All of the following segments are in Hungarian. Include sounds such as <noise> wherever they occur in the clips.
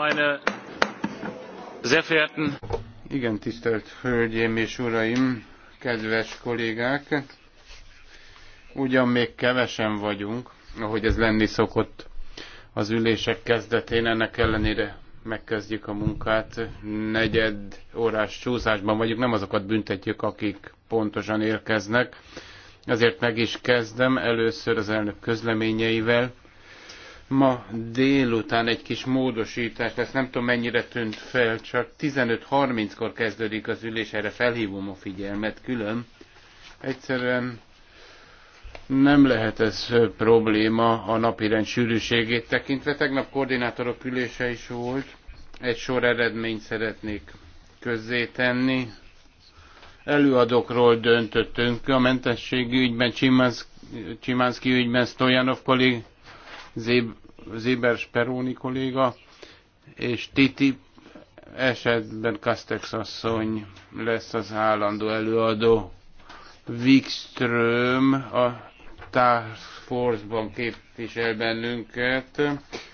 meine sehr verehrten igen, tisztelt Hölgyeim és Uraim, kedves kollégák! Ugyan még kevesen vagyunk, ahogy ez lenni szokott az ülések kezdetén, ennek ellenére megkezdjük a munkát. Negyed órás csúszásban vagyunk, nem azokat büntetjük, akik pontosan érkeznek. Ezért meg is kezdem először az elnök közleményeivel ma délután egy kis módosítás lesz, nem tudom mennyire tűnt fel, csak 15.30-kor kezdődik az ülés, erre felhívom a figyelmet külön. Egyszerűen nem lehet ez probléma a napirend sűrűségét tekintve. Tegnap koordinátorok ülése is volt. Egy sor eredményt szeretnék közzétenni. Előadókról döntöttünk a mentességi ügyben, Csimánszki ügyben, Stojanov kollég, Zéb Zéber Speróni kolléga, és titi esetben Kastex asszony lesz az állandó előadó. Wikström a Task Force-ban képvisel bennünket,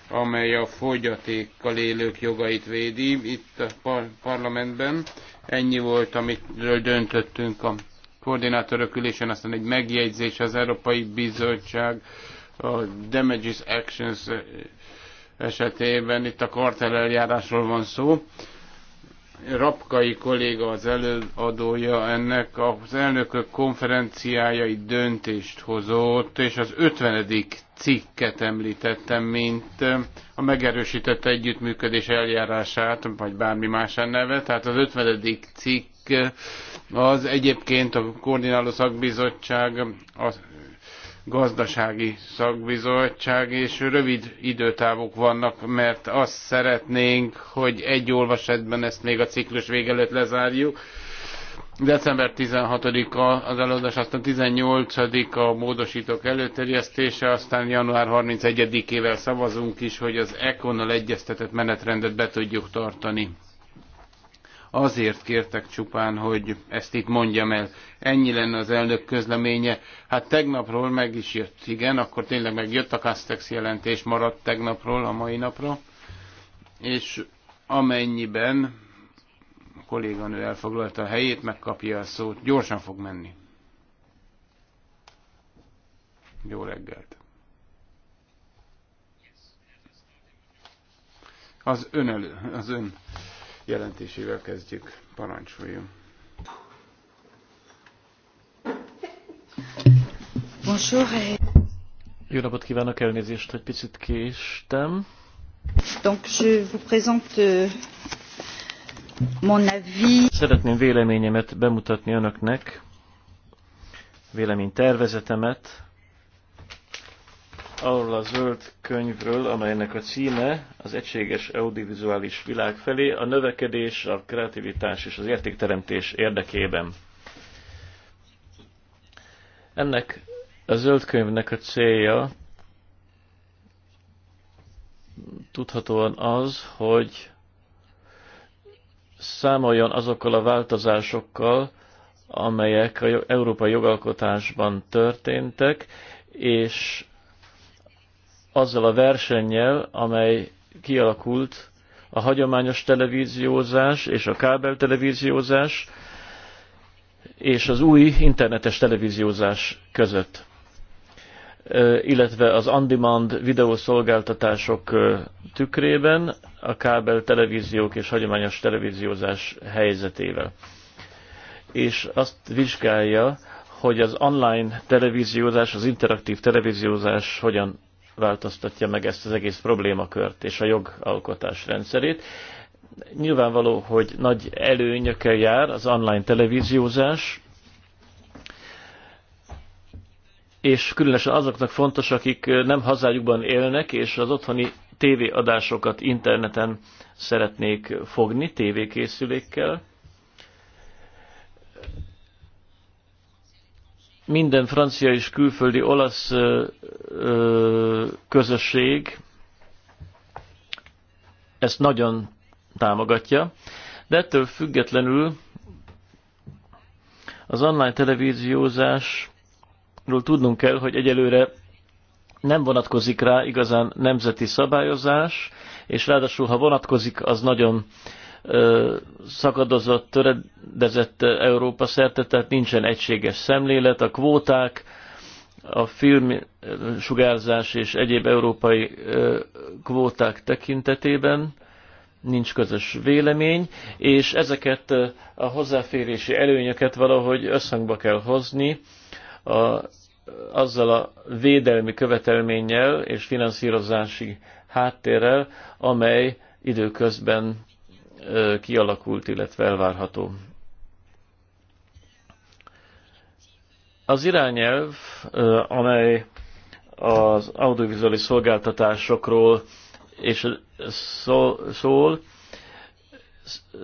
amely a fogyatékkal élők jogait védi itt a par- parlamentben. Ennyi volt, amitről döntöttünk a koordinátorok ülésen, aztán egy megjegyzés az Európai Bizottság a Damages Actions eh, esetében itt a kartel eljárásról van szó. Rapkai kolléga az előadója ennek az elnökök konferenciájai döntést hozott, és az 50. cikket említettem, mint eh, a megerősített együttműködés eljárását, vagy bármi más neve. Tehát az 50. cikk eh, az egyébként a koordináló szakbizottság az gazdasági szakbizottság, és rövid időtávok vannak, mert azt szeretnénk, hogy egy olvasatban ezt még a ciklus vége előtt lezárjuk. December 16-a az eladás, aztán 18-a a módosítók előterjesztése, aztán január 31-ével szavazunk is, hogy az ECON-nal egyeztetett menetrendet be tudjuk tartani azért kértek csupán, hogy ezt itt mondjam el. Ennyi lenne az elnök közleménye. Hát tegnapról meg is jött, igen, akkor tényleg megjött a Castex jelentés, maradt tegnapról a mai napra. És amennyiben a kolléganő elfoglalta a helyét, megkapja a szót, gyorsan fog menni. Jó reggelt! Az ön elő, az ön jelentésével kezdjük. Parancsoljon! Bonjour. Eh. Jó napot kívánok, elnézést, hogy picit késtem. Donc je vous présente euh, mon avis. Szeretném véleményemet bemutatni önöknek, véleménytervezetemet arról a zöld könyvről, amelynek a címe az egységes audiovizuális világ felé, a növekedés, a kreativitás és az értékteremtés érdekében. Ennek a zöld könyvnek a célja tudhatóan az, hogy számoljon azokkal a változásokkal, amelyek a európai jogalkotásban történtek, és azzal a versennyel, amely kialakult a hagyományos televíziózás és a kábel televíziózás és az új internetes televíziózás között, illetve az on-demand videószolgáltatások tükrében a kábel televíziók és hagyományos televíziózás helyzetével. És azt vizsgálja, hogy az online televíziózás, az interaktív televíziózás hogyan változtatja meg ezt az egész problémakört és a jogalkotás rendszerét. Nyilvánvaló, hogy nagy előnyökkel jár az online televíziózás, és különösen azoknak fontos, akik nem hazájukban élnek, és az otthoni tévéadásokat interneten szeretnék fogni tévékészülékkel minden francia és külföldi olasz ö, ö, közösség ezt nagyon támogatja, de ettől függetlenül az online televíziózásról tudnunk kell, hogy egyelőre nem vonatkozik rá igazán nemzeti szabályozás, és ráadásul, ha vonatkozik, az nagyon szakadozott, töredezett Európa szerte, tehát nincsen egységes szemlélet. A kvóták, a film sugárzás és egyéb európai kvóták tekintetében nincs közös vélemény, és ezeket a hozzáférési előnyöket valahogy összhangba kell hozni a, azzal a védelmi követelménnyel és finanszírozási háttérrel, amely időközben kialakult, illetve elvárható. Az irányelv, amely az audiovizuális szolgáltatásokról és szól,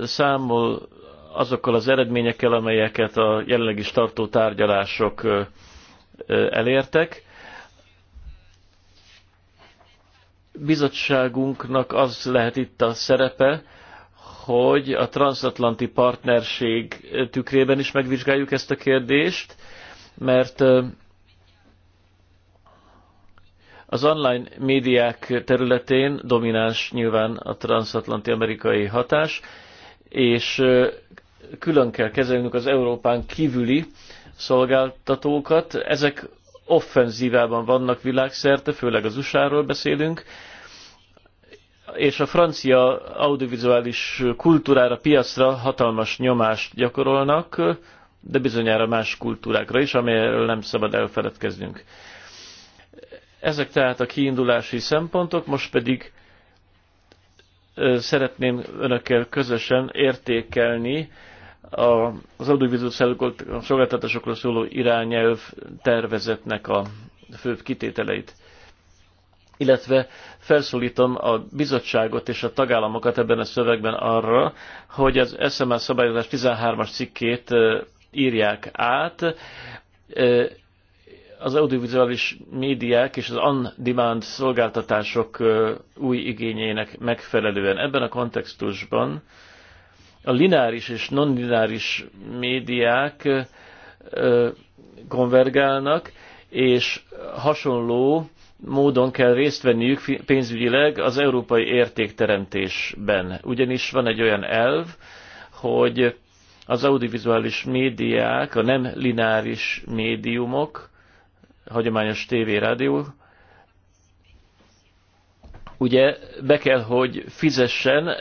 számol azokkal az eredményekkel, amelyeket a jelenleg is tartó tárgyalások elértek. Bizottságunknak az lehet itt a szerepe, hogy a transatlanti partnerség tükrében is megvizsgáljuk ezt a kérdést, mert az online médiák területén domináns nyilván a transatlanti amerikai hatás, és külön kell kezelnünk az Európán kívüli szolgáltatókat. Ezek offenzívában vannak világszerte, főleg az USA-ról beszélünk, és a francia audiovizuális kultúrára, piacra hatalmas nyomást gyakorolnak, de bizonyára más kultúrákra is, amelyről nem szabad elfeledkeznünk. Ezek tehát a kiindulási szempontok, most pedig szeretném önökkel közösen értékelni az audiovizuális szolgáltatásokról szóló irányelv tervezetnek a főbb kitételeit illetve felszólítom a bizottságot és a tagállamokat ebben a szövegben arra, hogy az SMS szabályozás 13-as cikkét írják át. Az audiovizuális médiák és az on-demand szolgáltatások új igényeinek megfelelően. Ebben a kontextusban a lineáris és non-lineáris médiák konvergálnak, és hasonló módon kell részt venniük pénzügyileg az európai értékteremtésben. Ugyanis van egy olyan elv, hogy az audiovizuális médiák, a nem lineáris médiumok, hagyományos tévé, rádió, ugye be kell, hogy fizessen eh,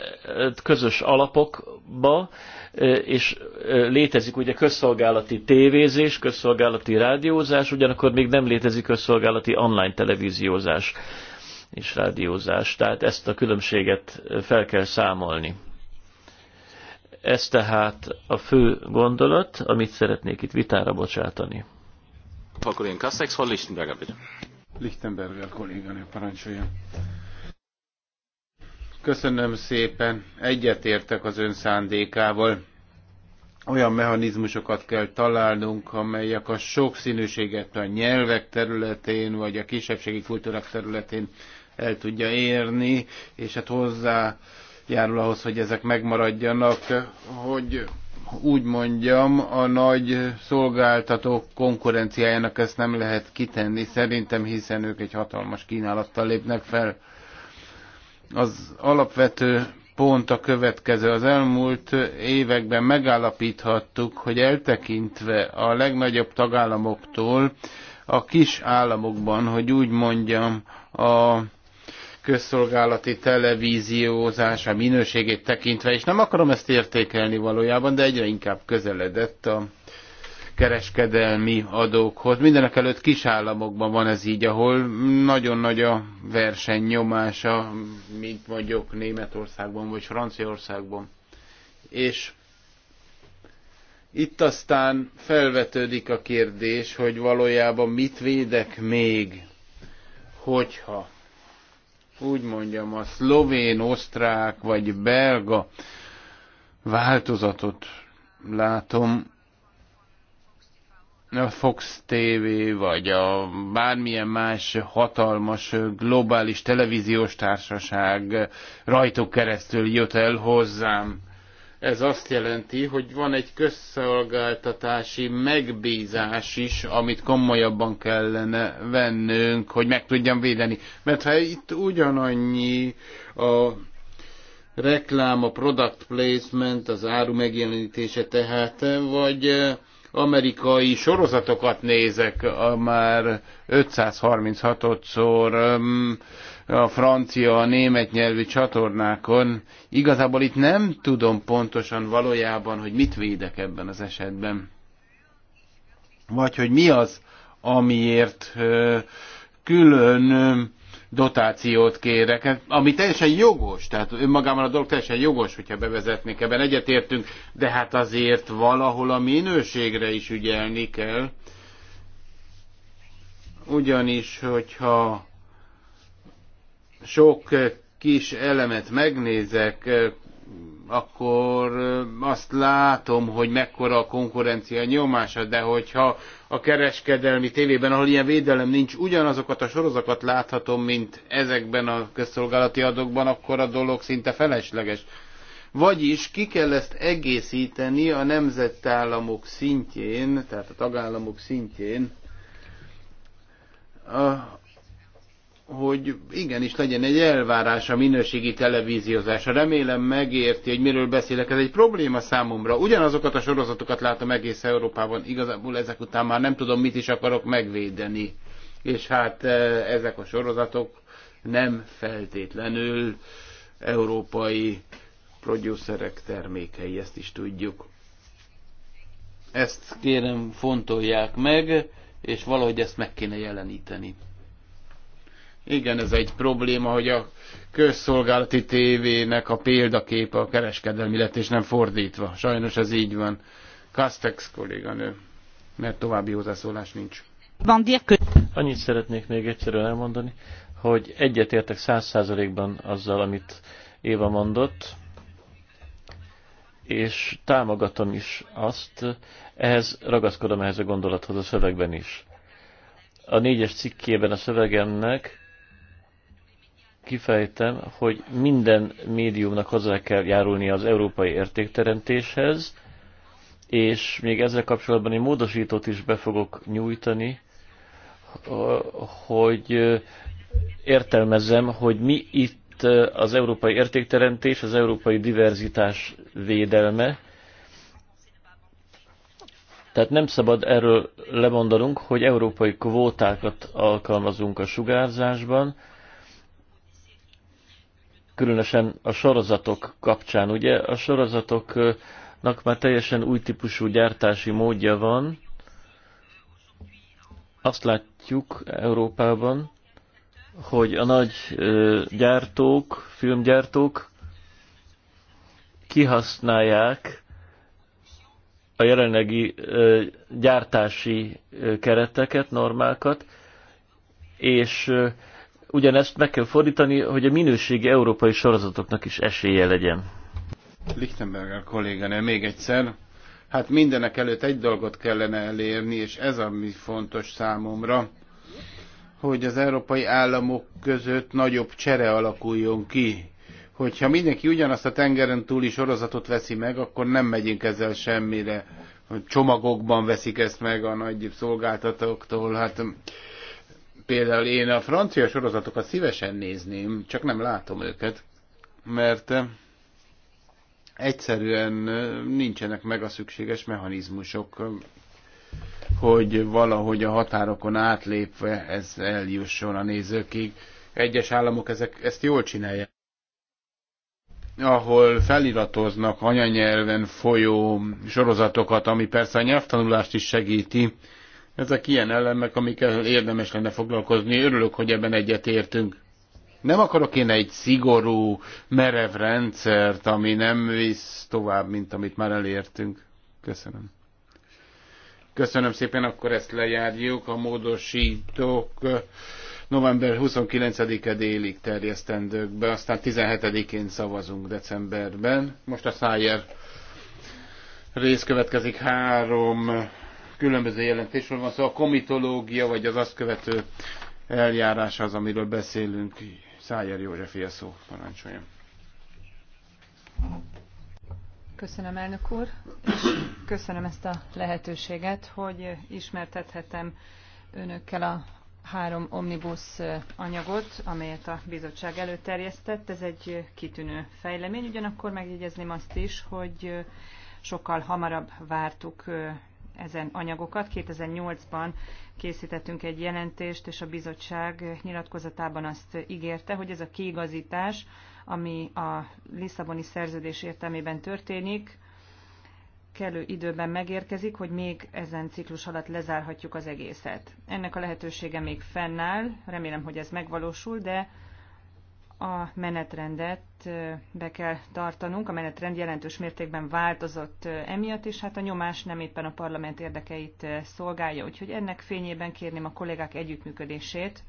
közös alapokba, eh, és eh, létezik ugye közszolgálati tévézés, közszolgálati rádiózás, ugyanakkor még nem létezik közszolgálati online televíziózás és rádiózás. Tehát ezt a különbséget fel kell számolni. Ez tehát a fő gondolat, amit szeretnék itt vitára bocsátani. Akkor én hol Lichtenberger, Lichtenberger kolléganő parancsolja. Köszönöm szépen. Egyetértek az ön szándékával. Olyan mechanizmusokat kell találnunk, amelyek a sokszínűséget a nyelvek területén, vagy a kisebbségi kultúrák területén el tudja érni, és hát hozzá járul ahhoz, hogy ezek megmaradjanak, hogy úgy mondjam, a nagy szolgáltatók konkurenciájának ezt nem lehet kitenni szerintem, hiszen ők egy hatalmas kínálattal lépnek fel az alapvető pont a következő. Az elmúlt években megállapíthattuk, hogy eltekintve a legnagyobb tagállamoktól, a kis államokban, hogy úgy mondjam, a közszolgálati televíziózása minőségét tekintve, és nem akarom ezt értékelni valójában, de egyre inkább közeledett a kereskedelmi adókhoz. Mindenek előtt kisállamokban van ez így, ahol nagyon nagy a verseny nyomása, mint mondjuk Németországban vagy Franciaországban. És itt aztán felvetődik a kérdés, hogy valójában mit védek még, hogyha úgy mondjam, a szlovén, osztrák vagy belga változatot látom, a Fox TV, vagy a bármilyen más hatalmas globális televíziós társaság rajtuk keresztül jött el hozzám. Ez azt jelenti, hogy van egy közszolgáltatási megbízás is, amit komolyabban kellene vennünk, hogy meg tudjam védeni. Mert ha itt ugyanannyi a reklám, a product placement, az áru megjelenítése tehát, vagy amerikai sorozatokat nézek, a már 536-szor a francia, a német nyelvű csatornákon. Igazából itt nem tudom pontosan valójában, hogy mit védek ebben az esetben. Vagy hogy mi az, amiért külön dotációt kérek, hát, ami teljesen jogos, tehát önmagában a dolog teljesen jogos, hogyha bevezetnék, ebben egyetértünk, de hát azért valahol a minőségre is ügyelni kell. Ugyanis, hogyha sok kis elemet megnézek, akkor azt látom, hogy mekkora a konkurencia nyomása, de hogyha a kereskedelmi tévében, ahol ilyen védelem nincs, ugyanazokat a sorozatokat láthatom, mint ezekben a közszolgálati adokban, akkor a dolog szinte felesleges. Vagyis ki kell ezt egészíteni a nemzetállamok szintjén, tehát a tagállamok szintjén, hogy igenis legyen egy elvárás a minőségi televíziózásra. Remélem megérti, hogy miről beszélek. Ez egy probléma számomra. Ugyanazokat a sorozatokat látom egész Európában. Igazából ezek után már nem tudom, mit is akarok megvédeni. És hát e, ezek a sorozatok nem feltétlenül európai producerek termékei, ezt is tudjuk. Ezt kérem fontolják meg, és valahogy ezt meg kéne jeleníteni. Igen, ez egy probléma, hogy a közszolgálati tévének a példaképe a kereskedelmi lett, és nem fordítva. Sajnos ez így van. Castex kolléganő, mert további hozzászólás nincs. Van Annyit szeretnék még egyszerűen elmondani, hogy egyetértek száz százalékban azzal, amit Éva mondott, és támogatom is azt, ehhez ragaszkodom ehhez a gondolathoz a szövegben is. A négyes cikkében a szövegemnek kifejtem, hogy minden médiumnak hozzá kell járulni az európai értékteremtéshez, és még ezzel kapcsolatban egy módosítót is be fogok nyújtani, hogy értelmezzem, hogy mi itt az európai értékteremtés, az európai diverzitás védelme. Tehát nem szabad erről lemondanunk, hogy európai kvótákat alkalmazunk a sugárzásban, különösen a sorozatok kapcsán. Ugye a sorozatoknak már teljesen új típusú gyártási módja van. Azt látjuk Európában, hogy a nagy gyártók, filmgyártók kihasználják a jelenlegi gyártási kereteket, normákat, és ugyanezt meg kell fordítani, hogy a minőségi európai sorozatoknak is esélye legyen. Lichtenberger kolléganő, még egyszer. Hát mindenek előtt egy dolgot kellene elérni, és ez ami fontos számomra, hogy az európai államok között nagyobb csere alakuljon ki. Hogyha mindenki ugyanazt a tengeren túli sorozatot veszi meg, akkor nem megyünk ezzel semmire. Csomagokban veszik ezt meg a nagy szolgáltatóktól. Hát Például én a francia sorozatokat szívesen nézném, csak nem látom őket, mert eh, egyszerűen eh, nincsenek meg a szükséges mechanizmusok, eh, hogy valahogy a határokon átlépve ez eljusson a nézőkig. Egyes államok ezek, ezt jól csinálják ahol feliratoznak anyanyelven folyó sorozatokat, ami persze a nyelvtanulást is segíti, ezek ilyen elemek, amikkel érdemes lenne foglalkozni. Örülök, hogy ebben egyetértünk. Nem akarok én egy szigorú, merev rendszert, ami nem visz tovább, mint amit már elértünk. Köszönöm. Köszönöm szépen, akkor ezt lejárjuk. A módosítók november 29-e délig terjesztendők be, aztán 17-én szavazunk decemberben. Most a Szájer rész következik három különböző jelentésről van szó, szóval a komitológia vagy az azt követő eljárás az, amiről beszélünk. Szájer József a szó, parancsoljon. Köszönöm, elnök úr, és köszönöm ezt a lehetőséget, hogy ismertethetem önökkel a három omnibus anyagot, amelyet a bizottság előterjesztett. Ez egy kitűnő fejlemény, ugyanakkor megjegyezném azt is, hogy sokkal hamarabb vártuk, ezen anyagokat. 2008-ban készítettünk egy jelentést, és a bizottság nyilatkozatában azt ígérte, hogy ez a kiigazítás, ami a Lisszaboni szerződés értelmében történik, kellő időben megérkezik, hogy még ezen ciklus alatt lezárhatjuk az egészet. Ennek a lehetősége még fennáll, remélem, hogy ez megvalósul, de a menetrendet be kell tartanunk. A menetrend jelentős mértékben változott emiatt, és hát a nyomás nem éppen a parlament érdekeit szolgálja. Úgyhogy ennek fényében kérném a kollégák együttműködését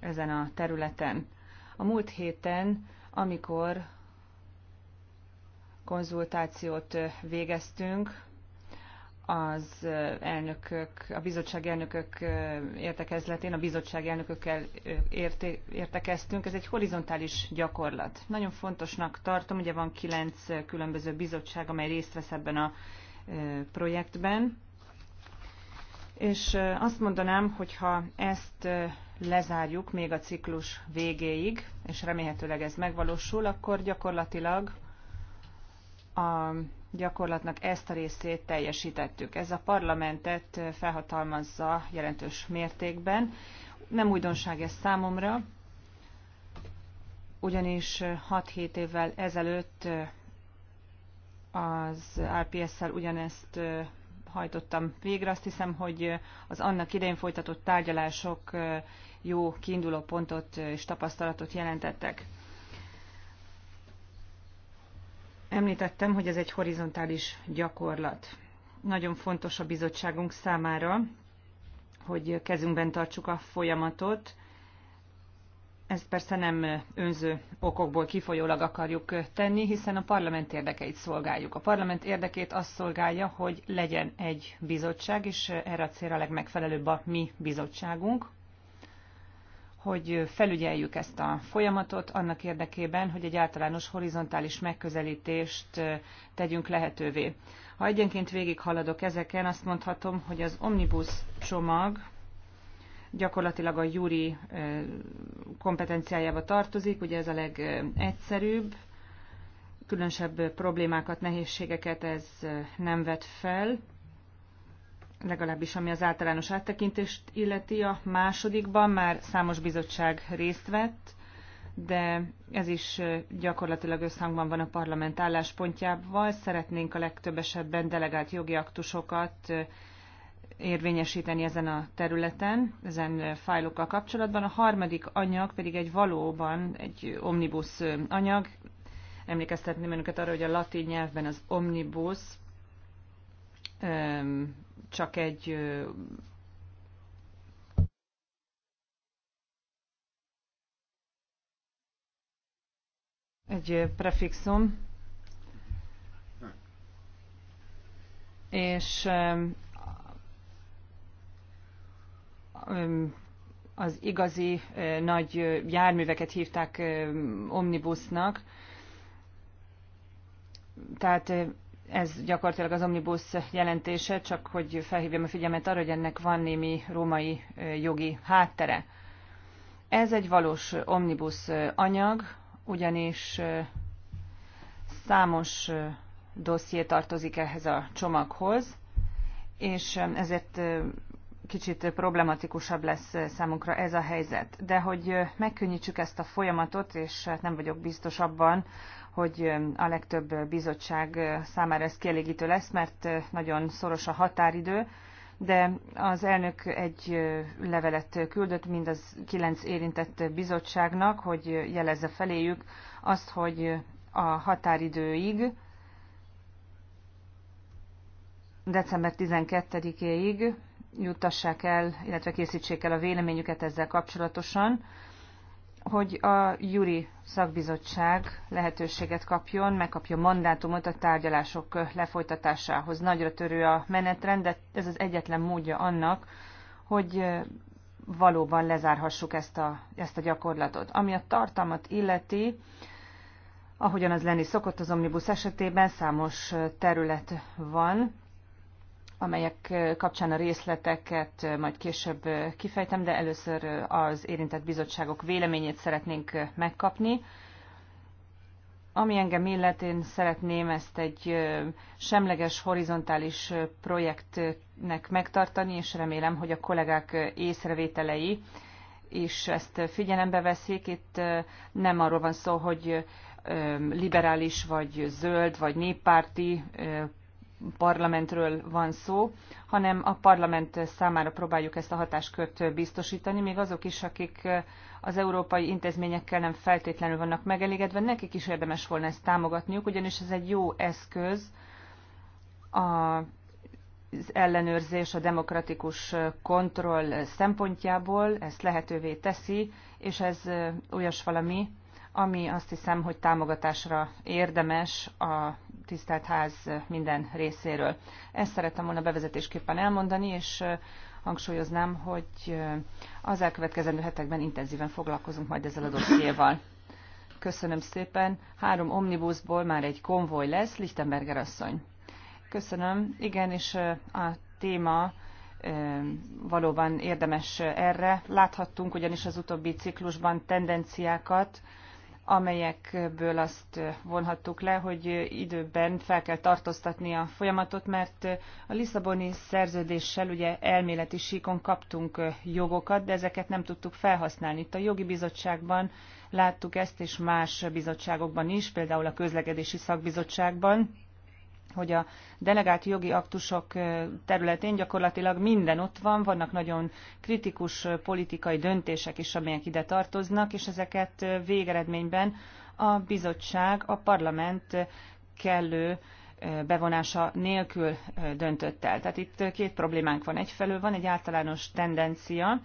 ezen a területen. A múlt héten, amikor konzultációt végeztünk az elnökök, a bizottság elnökök értekezletén, a bizottság elnökökkel érté, értekeztünk. Ez egy horizontális gyakorlat. Nagyon fontosnak tartom, ugye van kilenc különböző bizottság, amely részt vesz ebben a projektben. És azt mondanám, hogyha ezt lezárjuk még a ciklus végéig, és remélhetőleg ez megvalósul, akkor gyakorlatilag a gyakorlatnak ezt a részét teljesítettük. Ez a parlamentet felhatalmazza jelentős mértékben. Nem újdonság ez számomra, ugyanis 6-7 évvel ezelőtt az RPS-szel ugyanezt hajtottam végre. Azt hiszem, hogy az annak idején folytatott tárgyalások jó kiinduló pontot és tapasztalatot jelentettek. Említettem, hogy ez egy horizontális gyakorlat. Nagyon fontos a bizottságunk számára, hogy kezünkben tartsuk a folyamatot. Ezt persze nem önző okokból kifolyólag akarjuk tenni, hiszen a parlament érdekeit szolgáljuk. A parlament érdekét azt szolgálja, hogy legyen egy bizottság, és erre a célra legmegfelelőbb a mi bizottságunk, hogy felügyeljük ezt a folyamatot annak érdekében, hogy egy általános horizontális megközelítést tegyünk lehetővé. Ha egyenként végighaladok ezeken, azt mondhatom, hogy az omnibus csomag gyakorlatilag a júri kompetenciájába tartozik, ugye ez a legegyszerűbb, különösebb problémákat, nehézségeket ez nem vet fel, legalábbis ami az általános áttekintést illeti, a másodikban már számos bizottság részt vett, de ez is gyakorlatilag összhangban van a parlament álláspontjával. Szeretnénk a legtöbb esetben delegált jogi aktusokat érvényesíteni ezen a területen, ezen fájlokkal kapcsolatban. A harmadik anyag pedig egy valóban egy omnibus anyag. Emlékeztetném önöket arra, hogy a latin nyelvben az omnibus csak egy egy prefixum, és az igazi nagy járműveket hívták omnibusznak, tehát ez gyakorlatilag az omnibus jelentése, csak hogy felhívjam a figyelmet arra, hogy ennek van némi római jogi háttere. Ez egy valós omnibus anyag, ugyanis számos dosszié tartozik ehhez a csomaghoz, és ezért kicsit problematikusabb lesz számunkra ez a helyzet. De hogy megkönnyítsük ezt a folyamatot, és hát nem vagyok biztos abban, hogy a legtöbb bizottság számára ez kielégítő lesz, mert nagyon szoros a határidő, de az elnök egy levelet küldött mind az kilenc érintett bizottságnak, hogy jelezze feléjük azt, hogy a határidőig, december 12-éig juttassák el, illetve készítsék el a véleményüket ezzel kapcsolatosan, hogy a Juri szakbizottság lehetőséget kapjon, megkapja mandátumot a tárgyalások lefolytatásához. Nagyra törő a menetrend, de ez az egyetlen módja annak, hogy valóban lezárhassuk ezt a, ezt a gyakorlatot. Ami a tartalmat illeti, ahogyan az lenni szokott az omnibus esetében, számos terület van, amelyek kapcsán a részleteket majd később kifejtem, de először az érintett bizottságok véleményét szeretnénk megkapni. Ami engem illet, én szeretném ezt egy semleges, horizontális projektnek megtartani, és remélem, hogy a kollégák észrevételei is ezt figyelembe veszik. Itt nem arról van szó, hogy liberális, vagy zöld, vagy néppárti parlamentről van szó, hanem a parlament számára próbáljuk ezt a hatáskört biztosítani, még azok is, akik az európai intézményekkel nem feltétlenül vannak megelégedve, nekik is érdemes volna ezt támogatniuk, ugyanis ez egy jó eszköz a az ellenőrzés a demokratikus kontroll szempontjából ezt lehetővé teszi, és ez olyas valami, ami azt hiszem, hogy támogatásra érdemes a tisztelt ház minden részéről. Ezt szerettem volna bevezetésképpen elmondani, és hangsúlyoznám, hogy az elkövetkezendő hetekben intenzíven foglalkozunk majd ezzel a dossziéval. Köszönöm szépen. Három omnibuszból már egy konvoj lesz, Lichtenberger asszony. Köszönöm. Igen, és a téma valóban érdemes erre. Láthattunk ugyanis az utóbbi ciklusban tendenciákat, amelyekből azt vonhattuk le, hogy időben fel kell tartóztatni a folyamatot, mert a Lisszaboni szerződéssel ugye elméleti síkon kaptunk jogokat, de ezeket nem tudtuk felhasználni. Itt a jogi bizottságban láttuk ezt, és más bizottságokban is, például a közlekedési szakbizottságban hogy a delegált jogi aktusok területén gyakorlatilag minden ott van, vannak nagyon kritikus politikai döntések is, amelyek ide tartoznak, és ezeket végeredményben a bizottság, a parlament kellő bevonása nélkül döntött el. Tehát itt két problémánk van. Egyfelől van egy általános tendencia,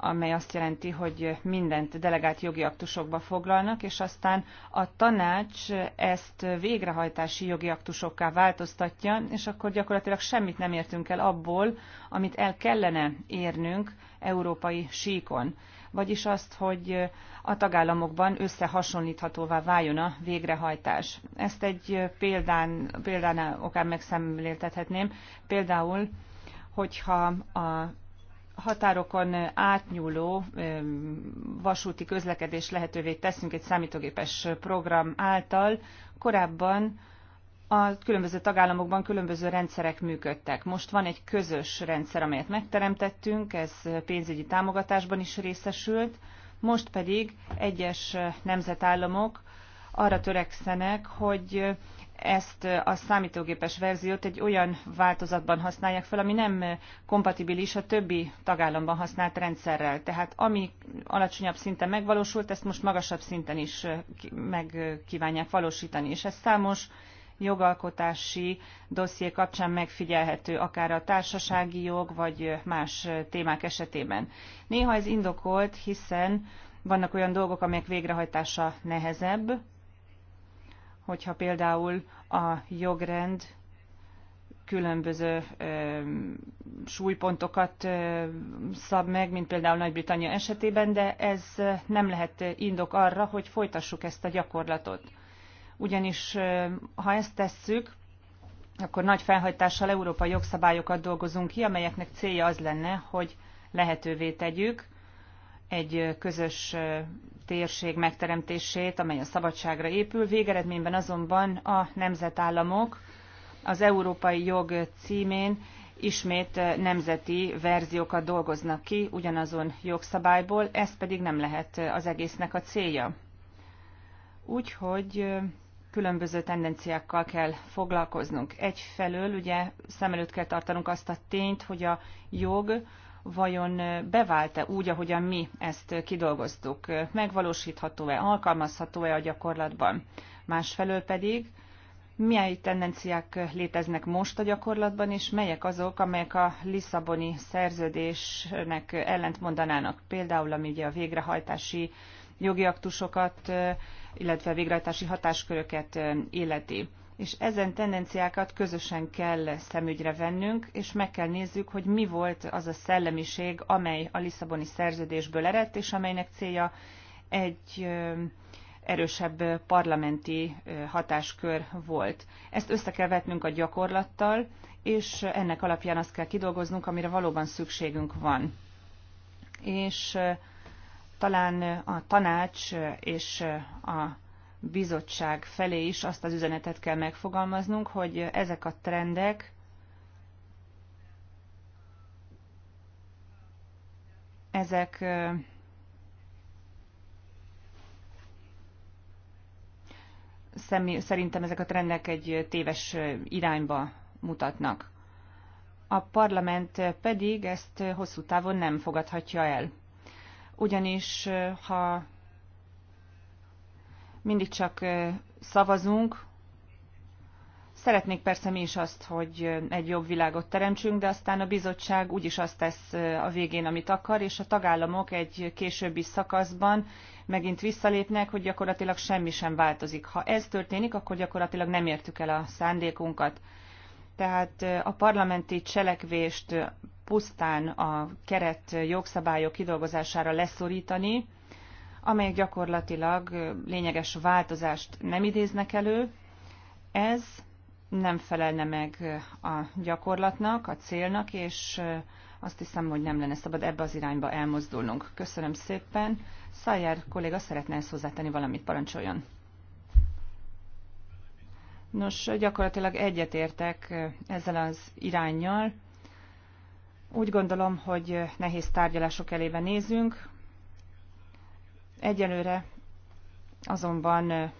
amely azt jelenti, hogy mindent delegált jogi aktusokba foglalnak, és aztán a tanács ezt végrehajtási jogi aktusokká változtatja, és akkor gyakorlatilag semmit nem értünk el abból, amit el kellene érnünk európai síkon. Vagyis azt, hogy a tagállamokban összehasonlíthatóvá váljon a végrehajtás. Ezt egy példán, példán okán megszemléltethetném. Például, hogyha a határokon átnyúló vasúti közlekedés lehetővé teszünk egy számítógépes program által. Korábban a különböző tagállamokban különböző rendszerek működtek. Most van egy közös rendszer, amelyet megteremtettünk, ez pénzügyi támogatásban is részesült, most pedig egyes nemzetállamok arra törekszenek, hogy ezt a számítógépes verziót egy olyan változatban használják fel, ami nem kompatibilis a többi tagállamban használt rendszerrel. Tehát ami alacsonyabb szinten megvalósult, ezt most magasabb szinten is meg kívánják valósítani. És ez számos jogalkotási dosszié kapcsán megfigyelhető, akár a társasági jog, vagy más témák esetében. Néha ez indokolt, hiszen vannak olyan dolgok, amelyek végrehajtása nehezebb, hogyha például a jogrend különböző ö, súlypontokat ö, szab meg, mint például Nagy-Britannia esetében, de ez nem lehet indok arra, hogy folytassuk ezt a gyakorlatot. Ugyanis ö, ha ezt tesszük, akkor nagy felhajtással európai jogszabályokat dolgozunk ki, amelyeknek célja az lenne, hogy lehetővé tegyük, egy közös térség megteremtését, amely a szabadságra épül. Végeredményben azonban a nemzetállamok az európai jog címén ismét nemzeti verziókat dolgoznak ki ugyanazon jogszabályból, ez pedig nem lehet az egésznek a célja. Úgyhogy különböző tendenciákkal kell foglalkoznunk. Egyfelől ugye szem előtt kell tartanunk azt a tényt, hogy a jog vajon bevált-e úgy, ahogyan mi ezt kidolgoztuk? Megvalósítható-e, alkalmazható-e a gyakorlatban? Másfelől pedig, milyen tendenciák léteznek most a gyakorlatban, és melyek azok, amelyek a Lisszaboni szerződésnek ellentmondanának? Például, ami ugye a végrehajtási jogi aktusokat, illetve végrehajtási hatásköröket illeti és ezen tendenciákat közösen kell szemügyre vennünk, és meg kell nézzük, hogy mi volt az a szellemiség, amely a Lisszaboni szerződésből eredt, és amelynek célja egy erősebb parlamenti hatáskör volt. Ezt össze kell vetnünk a gyakorlattal, és ennek alapján azt kell kidolgoznunk, amire valóban szükségünk van. És talán a tanács és a bizottság felé is azt az üzenetet kell megfogalmaznunk, hogy ezek a trendek ezek szerintem ezek a trendek egy téves irányba mutatnak. A parlament pedig ezt hosszú távon nem fogadhatja el. Ugyanis, ha mindig csak szavazunk. Szeretnék persze mi is azt, hogy egy jobb világot teremtsünk, de aztán a bizottság úgyis azt tesz a végén, amit akar, és a tagállamok egy későbbi szakaszban megint visszalépnek, hogy gyakorlatilag semmi sem változik. Ha ez történik, akkor gyakorlatilag nem értük el a szándékunkat. Tehát a parlamenti cselekvést pusztán a keret jogszabályok kidolgozására leszorítani, amelyek gyakorlatilag lényeges változást nem idéznek elő. Ez nem felelne meg a gyakorlatnak, a célnak, és azt hiszem, hogy nem lenne szabad ebbe az irányba elmozdulnunk. Köszönöm szépen. Szájár kolléga szeretne ezt hozzátenni valamit, parancsoljon. Nos, gyakorlatilag egyetértek ezzel az irányjal. Úgy gondolom, hogy nehéz tárgyalások elébe nézünk, Egyelőre azonban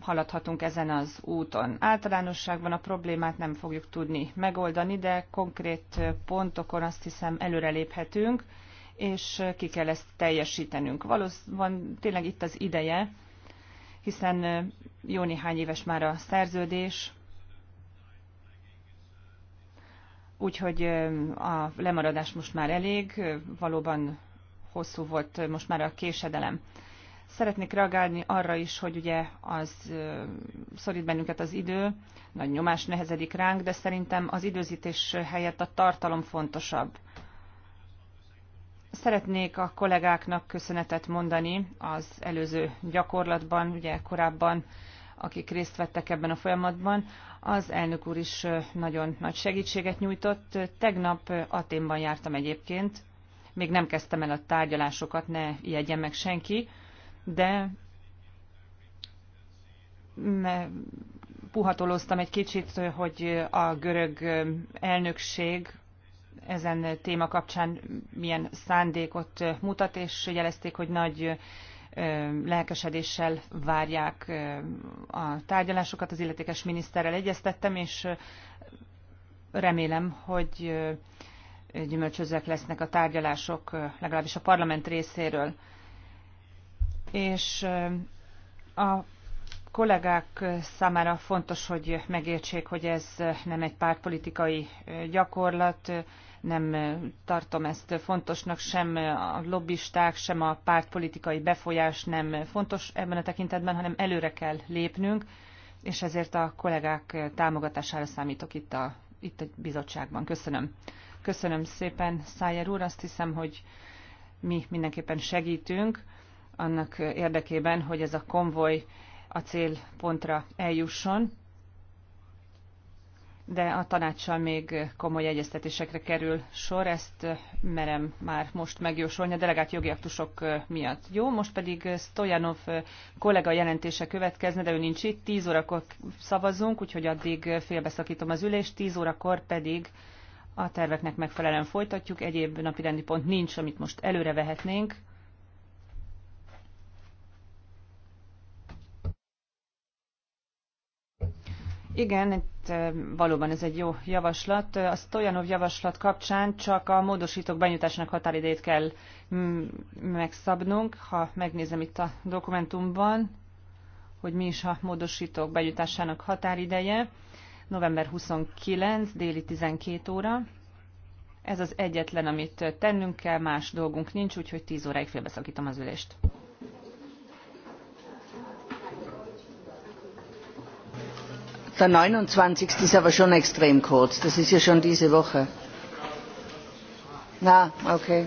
haladhatunk ezen az úton. Általánosságban a problémát nem fogjuk tudni megoldani, de konkrét pontokon azt hiszem előreléphetünk, és ki kell ezt teljesítenünk. Valószínűleg tényleg itt az ideje, hiszen jó néhány éves már a szerződés, úgyhogy a lemaradás most már elég, valóban hosszú volt most már a késedelem. Szeretnék reagálni arra is, hogy ugye az szorít bennünket az idő, nagy nyomás nehezedik ránk, de szerintem az időzítés helyett a tartalom fontosabb. Szeretnék a kollégáknak köszönetet mondani az előző gyakorlatban, ugye korábban, akik részt vettek ebben a folyamatban. Az elnök úr is nagyon nagy segítséget nyújtott. Tegnap Aténban jártam egyébként, még nem kezdtem el a tárgyalásokat, ne ijedjen meg senki, de puhatolóztam egy kicsit, hogy a görög elnökség ezen téma kapcsán milyen szándékot mutat, és jelezték, hogy nagy lelkesedéssel várják a tárgyalásokat. Az illetékes miniszterrel egyeztettem, és remélem, hogy gyümölcsözőek lesznek a tárgyalások, legalábbis a parlament részéről. És a kollégák számára fontos, hogy megértsék, hogy ez nem egy pártpolitikai gyakorlat, nem tartom ezt fontosnak, sem a lobbisták, sem a pártpolitikai befolyás nem fontos ebben a tekintetben, hanem előre kell lépnünk, és ezért a kollégák támogatására számítok itt a, itt a bizottságban. Köszönöm. Köszönöm szépen, Szájer úr. Azt hiszem, hogy mi mindenképpen segítünk annak érdekében, hogy ez a konvoj a célpontra eljusson, de a tanácssal még komoly egyeztetésekre kerül sor, ezt merem már most megjósolni a delegált jogi aktusok miatt. Jó, most pedig Stojanov kollega jelentése következne, de ő nincs itt, 10 órakor szavazunk, úgyhogy addig félbeszakítom az ülést, 10 órakor pedig a terveknek megfelelően folytatjuk. Egyéb napirendi pont nincs, amit most előre vehetnénk. Igen, itt valóban ez egy jó javaslat. A Stojanov javaslat kapcsán csak a módosítók benyújtásának határidejét kell megszabnunk. Ha megnézem itt a dokumentumban, hogy mi is a módosítók benyújtásának határideje, november 29, déli 12 óra. Ez az egyetlen, amit tennünk kell, más dolgunk nincs, úgyhogy 10 óráig félbeszakítom az ülést. Der 29. ist aber schon extrem kurz. Das ist ja schon diese Woche. Na, okay.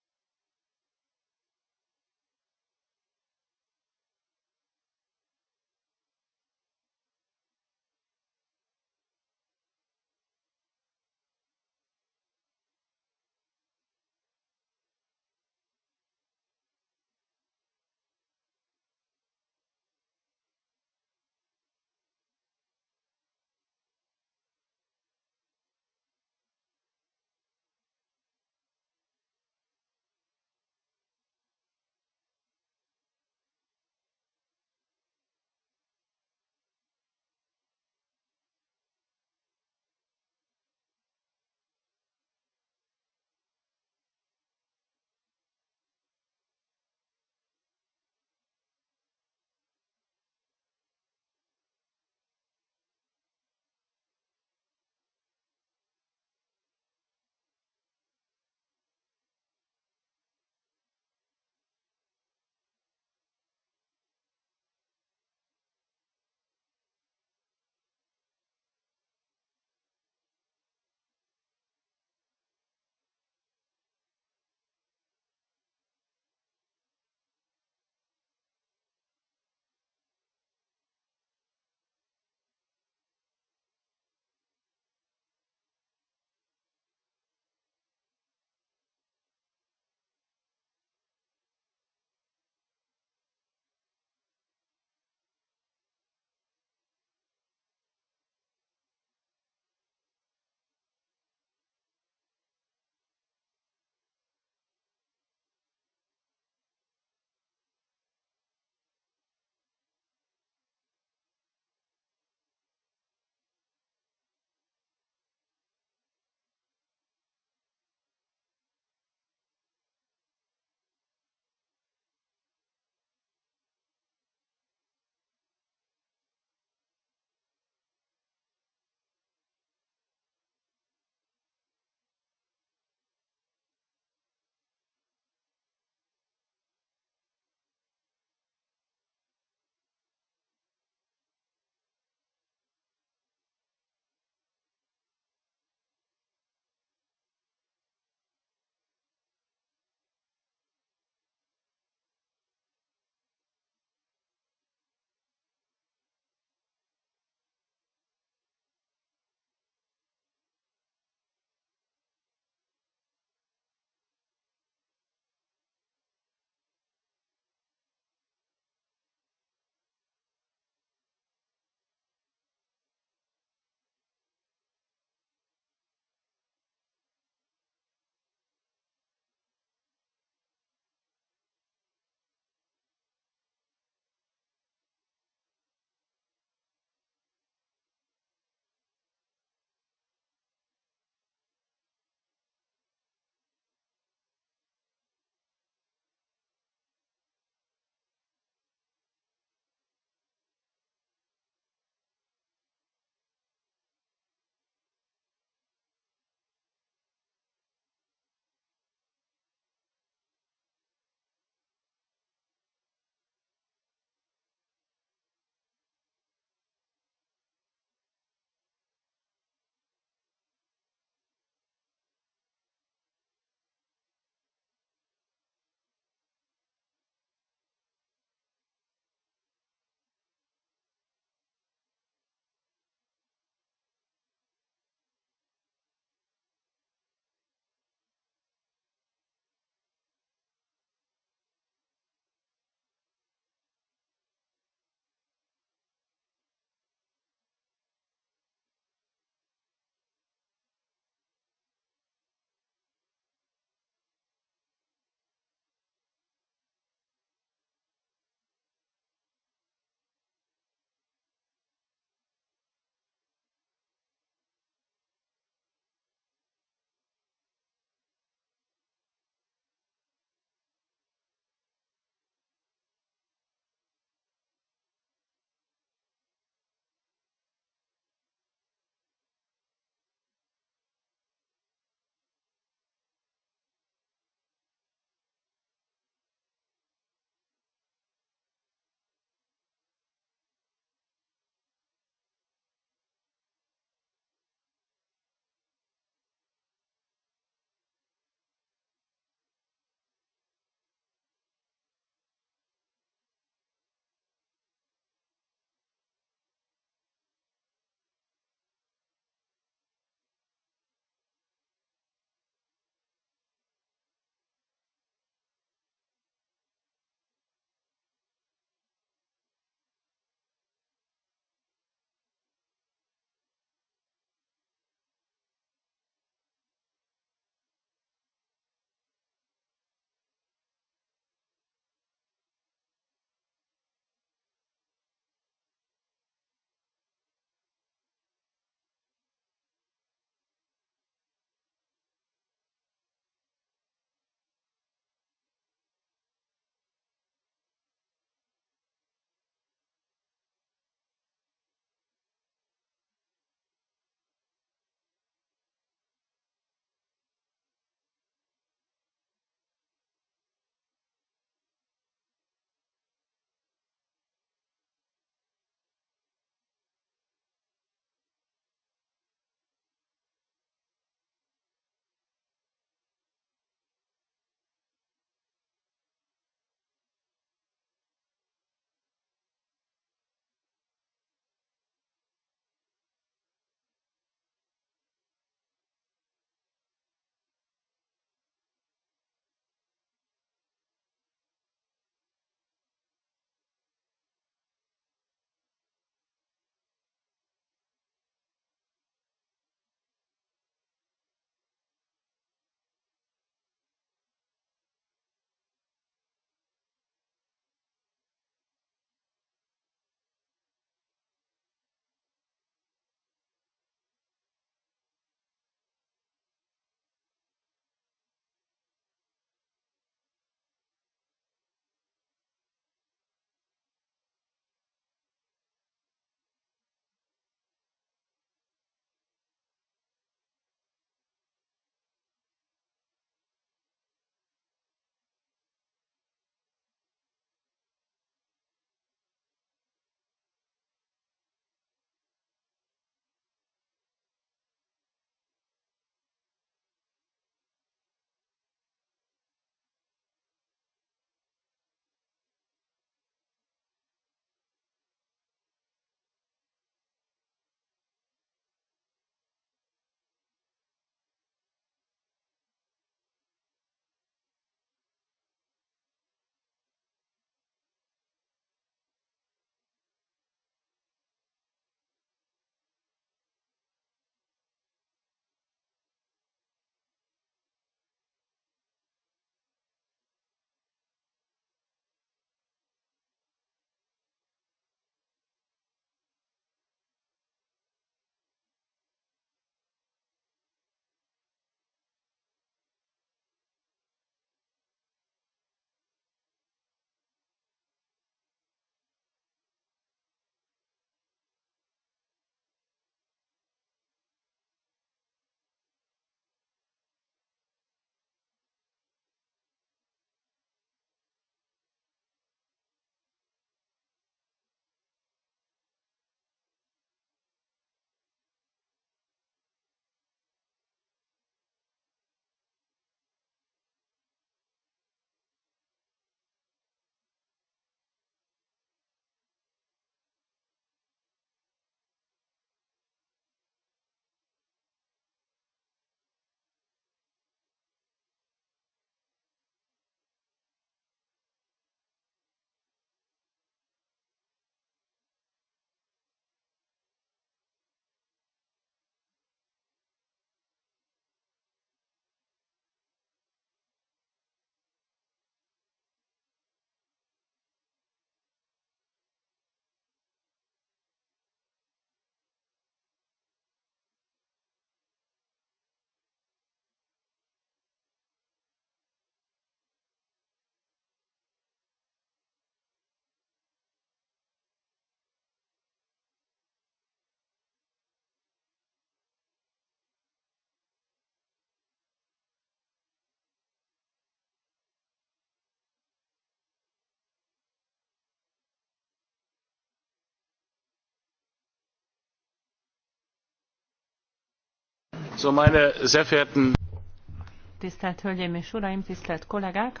Tisztelt Hölgyeim és Uraim, tisztelt kollégák!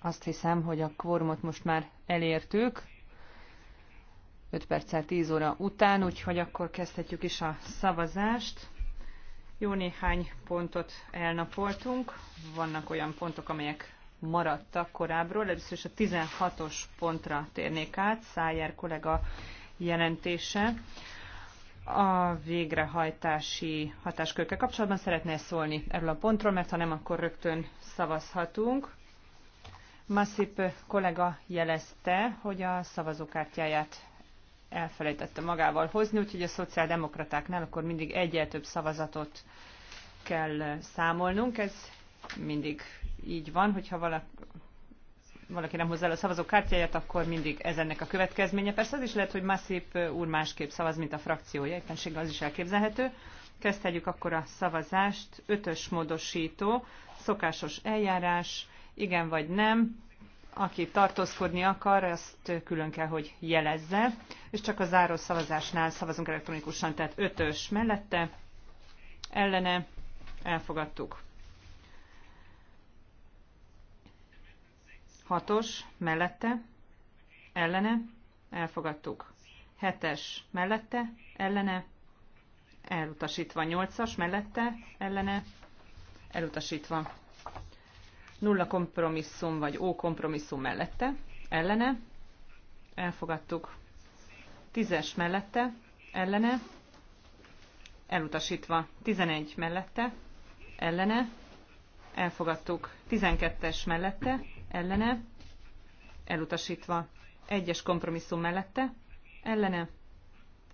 Azt hiszem, hogy a kvórumot most már elértük. 5 perccel 10 óra után, úgyhogy akkor kezdhetjük is a szavazást. Jó néhány pontot elnapoltunk. Vannak olyan pontok, amelyek maradtak korábbról. Először is a 16-os pontra térnék át, Szájer kollega jelentése a végrehajtási hatáskörkel kapcsolatban szeretné szólni erről a pontról, mert ha nem, akkor rögtön szavazhatunk. Masip kollega jelezte, hogy a szavazókártyáját elfelejtette magával hozni, úgyhogy a szociáldemokratáknál akkor mindig egyel több szavazatot kell számolnunk. Ez mindig így van, hogyha vala, valaki nem hozza el a szavazókártyáját, akkor mindig ez ennek a következménye. Persze az is lehet, hogy Massip úr másképp szavaz, mint a frakciója, éppenséggel az is elképzelhető. Kezdhetjük akkor a szavazást. Ötös módosító, szokásos eljárás, igen vagy nem. Aki tartózkodni akar, azt külön kell, hogy jelezze. És csak a záró szavazásnál szavazunk elektronikusan, tehát ötös mellette, ellene, elfogadtuk. Hatos mellette, ellene, elfogadtuk. Hetes mellette, ellene, elutasítva. Nyolcas mellette, ellene, elutasítva. Nulla kompromisszum vagy ó kompromisszum mellette, ellene, elfogadtuk. Tízes mellette, ellene, elutasítva. Tizenegy mellette, ellene, elfogadtuk. Tizenkettes mellette, ellene, elutasítva. Egyes kompromisszum mellette, ellene,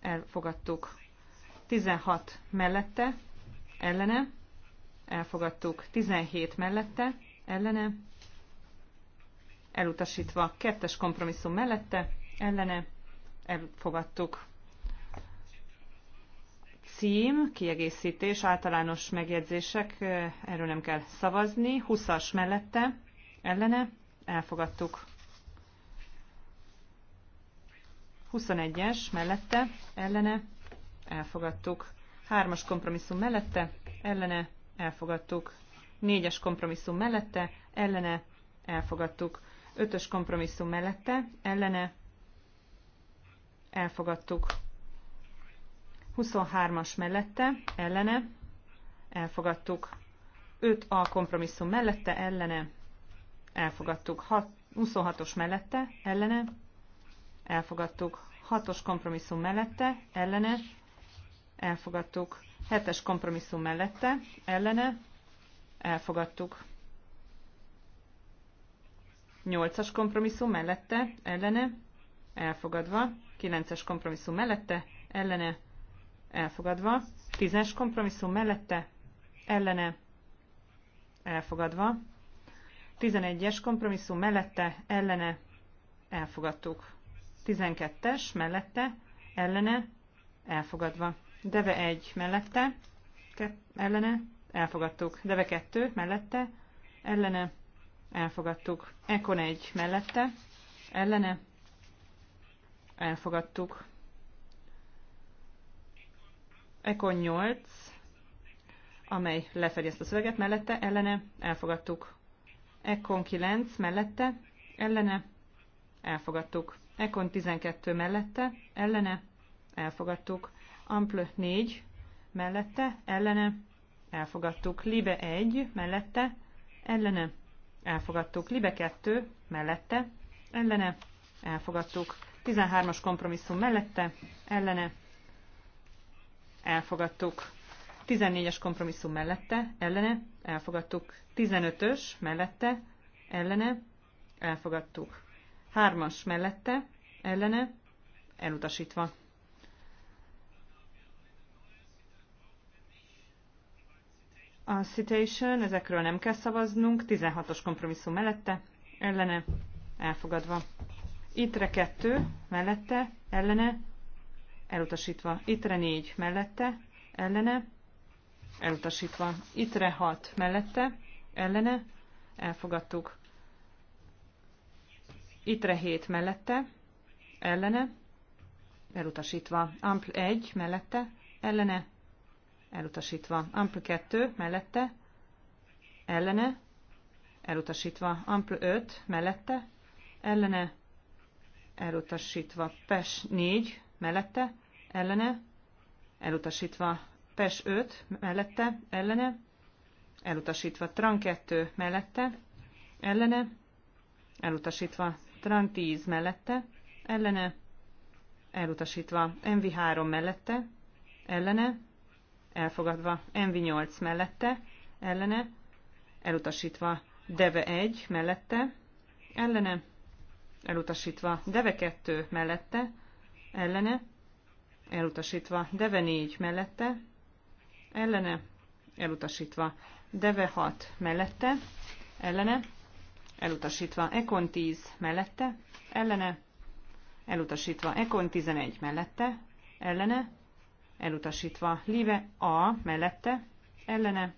elfogadtuk. 16 mellette, ellene, elfogadtuk. 17 mellette, ellene, elutasítva. Kettes kompromisszum mellette, ellene, elfogadtuk. Cím, kiegészítés, általános megjegyzések, eh, erről nem kell szavazni. 20-as mellette, ellene, elfogadtuk. 21-es mellette, ellene, elfogadtuk. 3-as kompromisszum mellette, ellene, elfogadtuk. 4-es kompromisszum mellette, ellene, elfogadtuk. 5-ös kompromisszum mellette, ellene, elfogadtuk. 23-as mellette, ellene, elfogadtuk. 5 a kompromisszum mellette, ellene, elfogadtuk. 26-os mellette, ellene, elfogadtuk. 6-os kompromisszum mellette, ellene, elfogadtuk. 7-es kompromisszum mellette, ellene, elfogadtuk. 8-as kompromisszum mellette, ellene, elfogadva. 9-es kompromisszum mellette, ellene, elfogadva. 10-es kompromisszum mellette, ellene, elfogadva. 11-es kompromisszum mellette, ellene, elfogadtuk. 12-es mellette, ellene, elfogadva. Deve 1 mellette, ellene, elfogadtuk. Deve 2 mellette, ellene, elfogadtuk. Ekon 1 mellette, ellene, elfogadtuk. Ekon 8, amely lefedi ezt a szöveget, mellette, ellene, elfogadtuk. Ekkon 9 mellette, ellene, elfogadtuk. Ekkon 12 mellette, ellene, elfogadtuk. Ample 4 mellette, ellene, elfogadtuk. Libe 1 mellette, ellene, elfogadtuk. Libe 2 mellette, ellene, elfogadtuk. 13-as kompromisszum mellette, ellene, elfogadtuk. 14-es kompromisszum mellette, ellene, elfogadtuk. 15-ös mellette, ellene, elfogadtuk. 3-as mellette, ellene, elutasítva. A citation, ezekről nem kell szavaznunk, 16-os kompromisszum mellette, ellene, elfogadva. Ittre 2, mellette, ellene, elutasítva. Ittre 4, mellette, ellene, elutasítva elutasítva. Itre 6 mellette, ellene, elfogadtuk. Itre hét mellette, ellene, elutasítva. Ampl 1 mellette, ellene, elutasítva. Ampl 2 mellette, ellene, elutasítva. Ampl 5 mellette, ellene, elutasítva. Pes 4 mellette, ellene, elutasítva. PES 5 mellette, ellene, elutasítva. TRAN 2 mellette, ellene, elutasítva. TRAN 10 mellette, ellene, elutasítva. MV3 mellette, ellene, elfogadva. MV8 mellette, ellene, elutasítva. Deve 1 mellette, ellene, elutasítva. Deve 2 mellette, ellene, elutasítva. Deve 4 mellette, ellene, elutasítva. Deve 6 mellette, ellene, elutasítva. Ekon 10 mellette, ellene, elutasítva. Ekon 11 mellette, ellene, elutasítva. Live A mellette, ellene,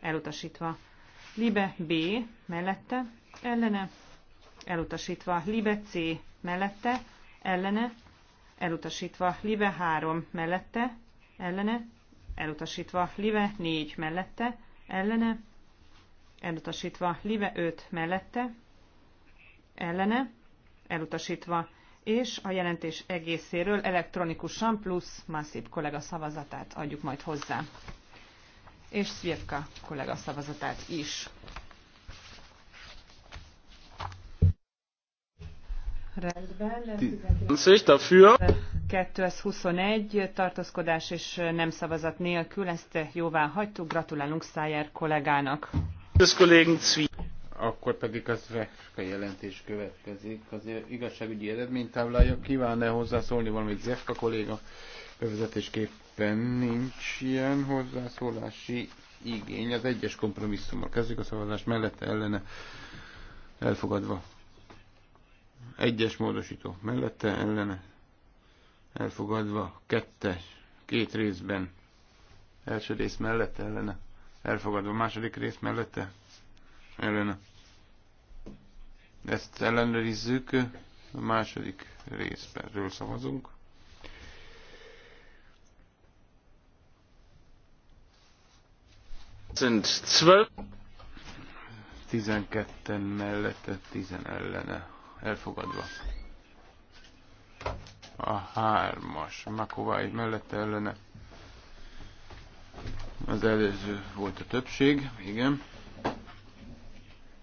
elutasítva. Libe B mellette, ellene, elutasítva. Libe C mellette, ellene, elutasítva. Libe 3 mellette, ellene, elutasítva live 4 mellette, ellene, elutasítva live 5 mellette, ellene, elutasítva, és a jelentés egészéről elektronikusan plusz Massip kollega szavazatát adjuk majd hozzá, és Szvjevka kollega szavazatát is. Rendben, dafür. 2, ez tartózkodás és nem szavazat nélkül, ezt jóvá hagytuk, gratulálunk Szájer kollégának. Akkor pedig az a jelentés következik. Az igazságügyi eredménytáblája kíván-e hozzászólni valamit Zefka kolléga? Bevezetésképpen nincs ilyen hozzászólási igény. Az egyes kompromisszummal kezdjük a szavazás mellette ellene elfogadva. Egyes módosító mellette ellene elfogadva, kettes, két részben, első rész mellette ellene, elfogadva, második rész mellette ellene. Ezt ellenőrizzük, a második részről szavazunk. Sind 12. mellette, 10 ellene. Elfogadva a hármas makovai mellette ellene. Az előző volt a többség, igen.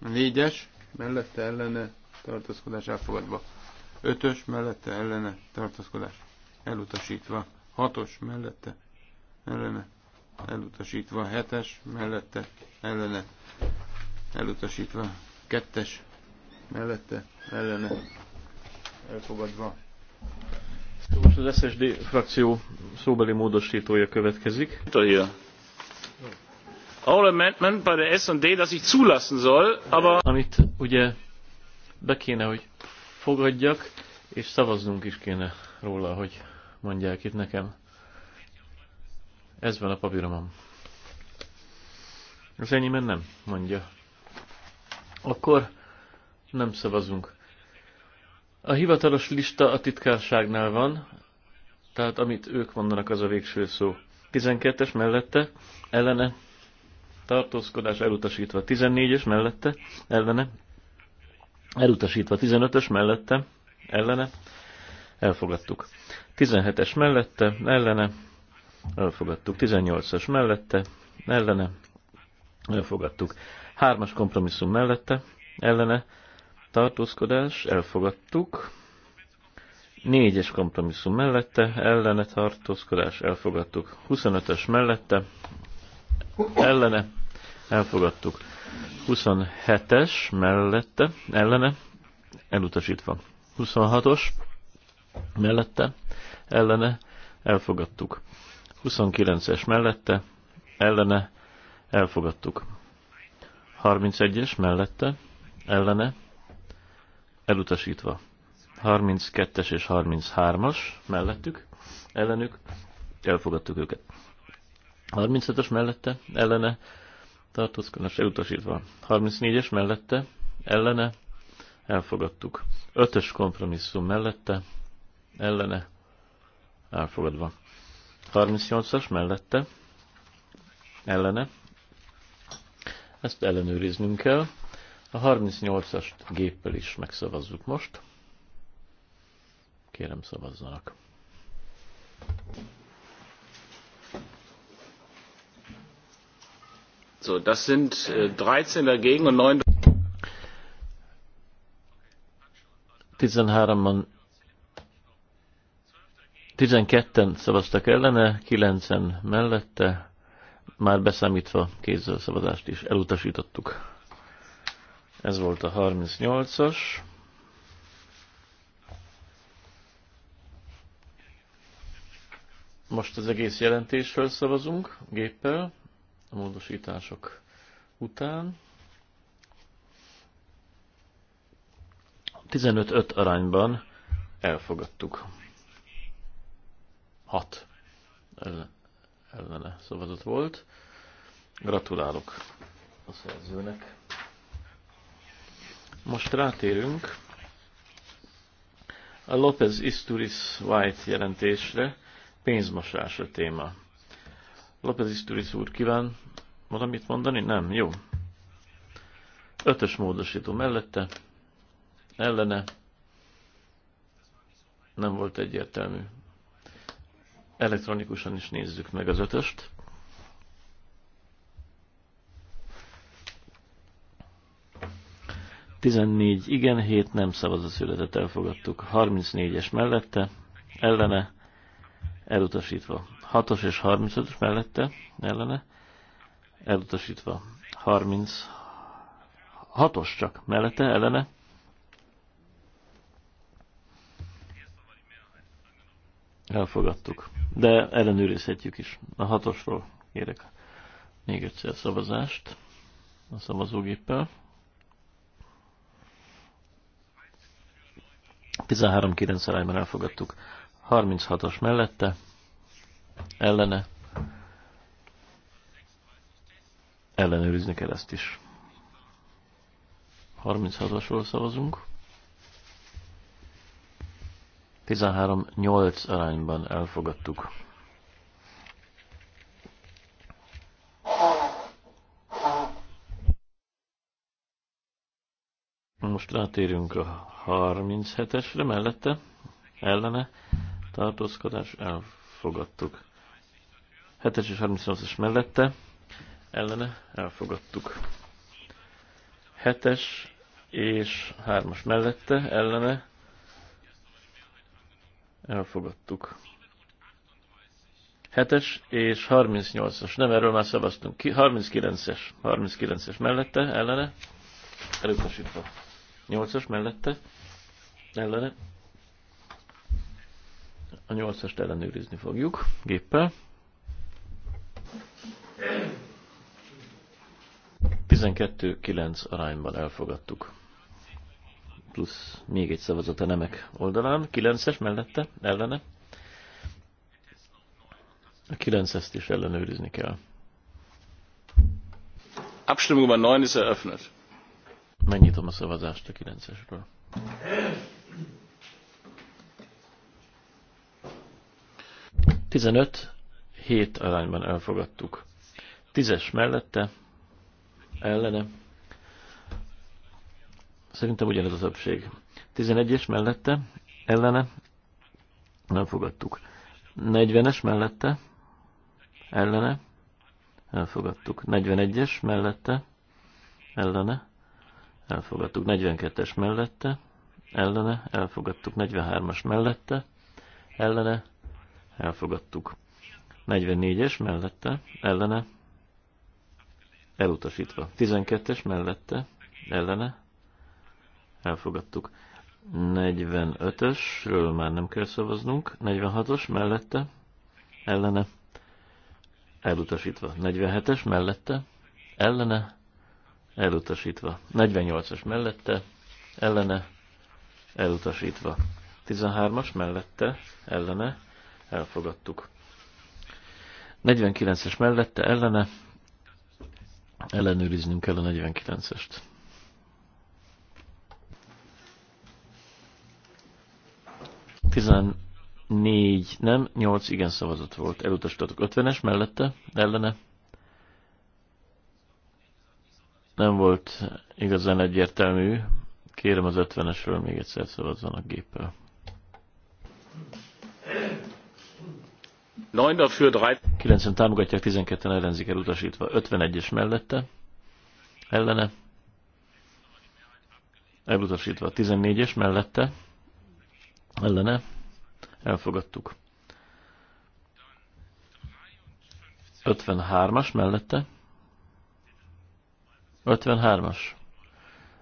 A négyes mellette ellene tartózkodás elfogadva. Ötös mellette ellene tartózkodás elutasítva. Hatos mellette ellene elutasítva. Hetes mellette ellene elutasítva. Kettes mellette ellene elfogadva most az SSD frakció szóbeli módosítója következik. Hier. a amendment by the S&D, das ich zulassen soll, aber... Amit ugye be kéne, hogy fogadjak, és szavaznunk is kéne róla, hogy mondják itt nekem. Ez van a papíromon. Az enyémben nem, mondja. Akkor nem szavazunk. A hivatalos lista a titkárságnál van, tehát amit ők mondanak, az a végső szó. 12-es mellette, ellene, tartózkodás elutasítva. 14-es mellette, ellene, elutasítva. 15-ös mellette, ellene, elfogadtuk. 17-es mellette, ellene, elfogadtuk. 18-as mellette, ellene, elfogadtuk. 3-as kompromisszum mellette, ellene, tartózkodás, elfogadtuk. Négyes kompromisszum mellette, ellene tartózkodás, elfogadtuk. 25-ös mellette, ellene, elfogadtuk. 27-es mellette, ellene, elutasítva. 26-os mellette, ellene, elfogadtuk. 29-es mellette, ellene, elfogadtuk. 31-es mellette, ellene, elutasítva. 32-es és 33-as mellettük, ellenük, elfogadtuk őket. 35-ös mellette, ellene, tartózkodás elutasítva. 34-es mellette, ellene, elfogadtuk. 5-ös kompromisszum mellette, ellene, elfogadva. 38-as mellette, ellene, ezt ellenőriznünk kell. A 38-as géppel is megszavazzuk most. Kérem szavazzanak. So, das sind 13 äh, dagegen und 9 13 ban 12 szavaztak ellene, 9-en mellette, már beszámítva kézzel szavazást is elutasítottuk. Ez volt a 38-as. Most az egész jelentésről szavazunk géppel, a módosítások után. 15-5 arányban elfogadtuk. 6 ellene szavazat volt. Gratulálok a szerzőnek. Most rátérünk a López Isturis White jelentésre, pénzmosás a téma. López Isturis úr kíván valamit mondani? Nem, jó. Ötös módosító mellette, ellene, nem volt egyértelmű. Elektronikusan is nézzük meg az ötöst. 14 igen, 7 nem a születet elfogadtuk. 34-es mellette, ellene, elutasítva. 6-os és 35-ös mellette, ellene, elutasítva. 36-os csak mellette, ellene. Elfogadtuk. De ellenőrizhetjük is. A hatosról kérek még egyszer szavazást a szavazógéppel. 13-9 arányban elfogadtuk. 36-os mellette, ellene, ellenőrizni kell ezt is. 36-osról szavazunk. 13-8 arányban elfogadtuk. Most rátérünk a 37-esre mellette ellene tartózkodás elfogadtuk. 7-es és 38-as mellette ellene elfogadtuk. 7-es és 3-as mellette ellene elfogadtuk. 7-es és 38-as. Nem, erről már szavaztunk. 39-es. 39-es mellette, ellene. Elutasítva. 8-as mellette ellene. A 8-ast ellenőrizni fogjuk géppel. 12-9 arányban elfogadtuk. Plusz még egy szavazat a nemek oldalán. 9-es mellette, ellene. A 9-est is ellenőrizni kell. Abstimmung über 9 ist eröffnet. Megnyitom a szavazást a 9-esről. Tizenöt, hét arányban elfogadtuk. Tízes mellette, ellene. Szerintem ugyanez a többség. Tizenegyes mellette, ellene. Nem fogadtuk. Negyvenes mellette, ellene. Elfogadtuk. Negyvenegyes mellette, ellene elfogadtuk 42-es mellette, ellene, elfogadtuk 43-as mellette, ellene, elfogadtuk 44-es mellette, ellene, elutasítva. 12-es mellette, ellene, elfogadtuk. 45-ösről már nem kell szavaznunk, 46-os mellette, ellene, elutasítva. 47-es mellette, ellene, elutasítva. 48-as mellette, ellene, elutasítva. 13-as mellette, ellene, elfogadtuk. 49-es mellette, ellene, ellenőriznünk kell a 49-est. Tizen négy nem, nyolc igen szavazat volt. Elutasítottuk 50-es mellette, ellene, nem volt igazán egyértelmű. Kérem az 50-esről még egyszer szavazzanak géppel. 90 támogatják, 12-en ellenzik elutasítva. 51-es mellette, ellene, elutasítva. 14-es mellette, ellene, elfogadtuk. 53-as mellette, 53-as.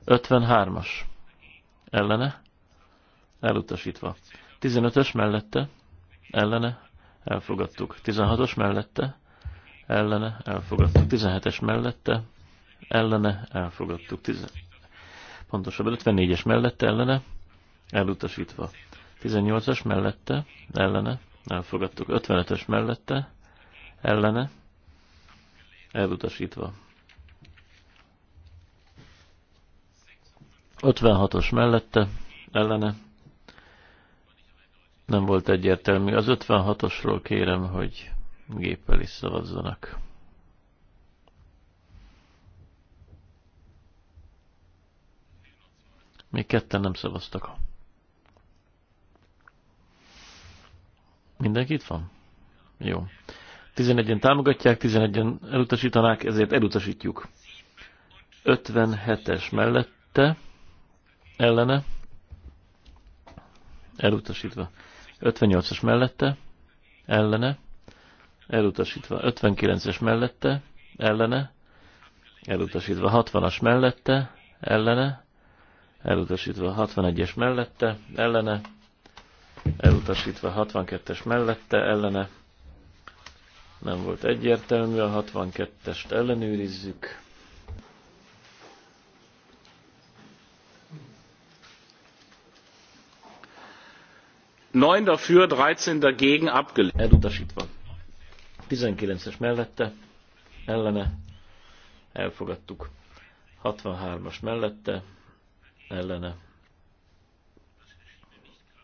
53-as. Ellene. Elutasítva. 15-ös mellette. Ellene. Elfogadtuk. 16-os mellette. Ellene. Elfogadtuk. 17-es mellette. Ellene. Elfogadtuk. Tizen... Pontosabban 54-es mellette. Ellene. Elutasítva. 18-as mellette. Ellene. Elfogadtuk. 55-ös mellette. Ellene. Elutasítva. 56-os mellette, ellene. Nem volt egyértelmű. Az 56-osról kérem, hogy géppel is szavazzanak. Még ketten nem szavaztak. Mindenki itt van? Jó. 11-en támogatják, 11-en elutasítanák, ezért elutasítjuk. 57-es mellette ellene, elutasítva. 58-as mellette, ellene, elutasítva. 59-es mellette, ellene, elutasítva. 60-as mellette, ellene, elutasítva. 61-es mellette, ellene, elutasítva. 62-es mellette, ellene, nem volt egyértelmű, a 62-est ellenőrizzük. neun dafür, dreizehn dagegen abgelehnt. Elutasítva. 19-es mellette, ellene, elfogadtuk. 63-as mellette, ellene.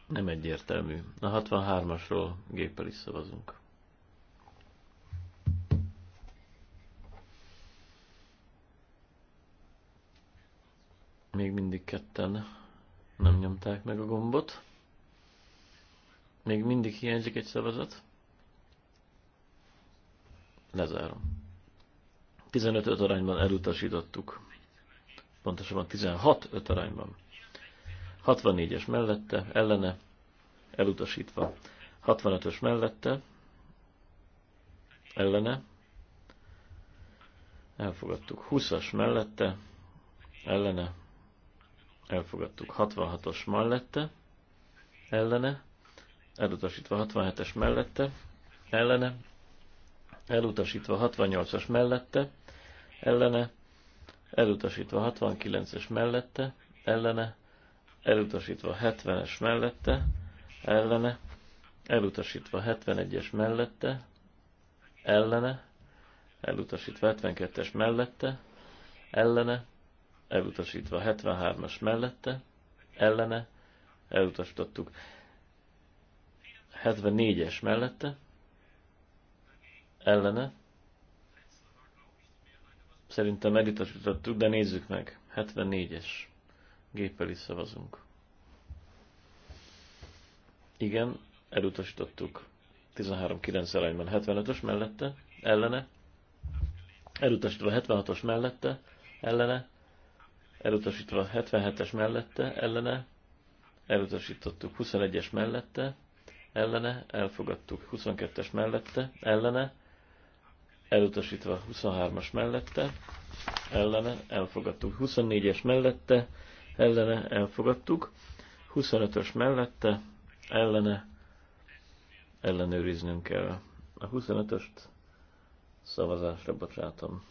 Nem egyértelmű. A 63-asról géppel is szavazunk. Még mindig ketten nem nyomták meg a gombot. Még mindig hiányzik egy szavazat. Lezárom. 15-5 arányban elutasítottuk. Pontosabban 16-5 arányban. 64-es mellette, ellene, elutasítva. 65-ös mellette, ellene, elfogadtuk. 20-as mellette, ellene, elfogadtuk. 66-os mellette, ellene, elutasítva 67-es mellette, ellene, elutasítva 68-as mellette, ellene, elutasítva 69-es mellette, ellene, elutasítva 70-es mellette, ellene, elutasítva 71-es mellette, ellene, elutasítva 72-es mellette, ellene, elutasítva 73-as mellette, ellene, elutasítottuk 74-es mellette, ellene. Szerintem elutasítottuk, de nézzük meg. 74-es géppel is szavazunk. Igen, elutasítottuk. 13-9 arányban 75-ös mellette, ellene. Elutasítva 76-os mellette, ellene. Elutasítva 77-es mellette, ellene. Elutasítottuk 21-es mellette, ellene, elfogadtuk 22-es mellette, ellene, elutasítva 23-as mellette, ellene, elfogadtuk 24-es mellette, ellene, elfogadtuk 25-ös mellette, ellene, ellenőriznünk kell. A 25-öst szavazásra bocsátom.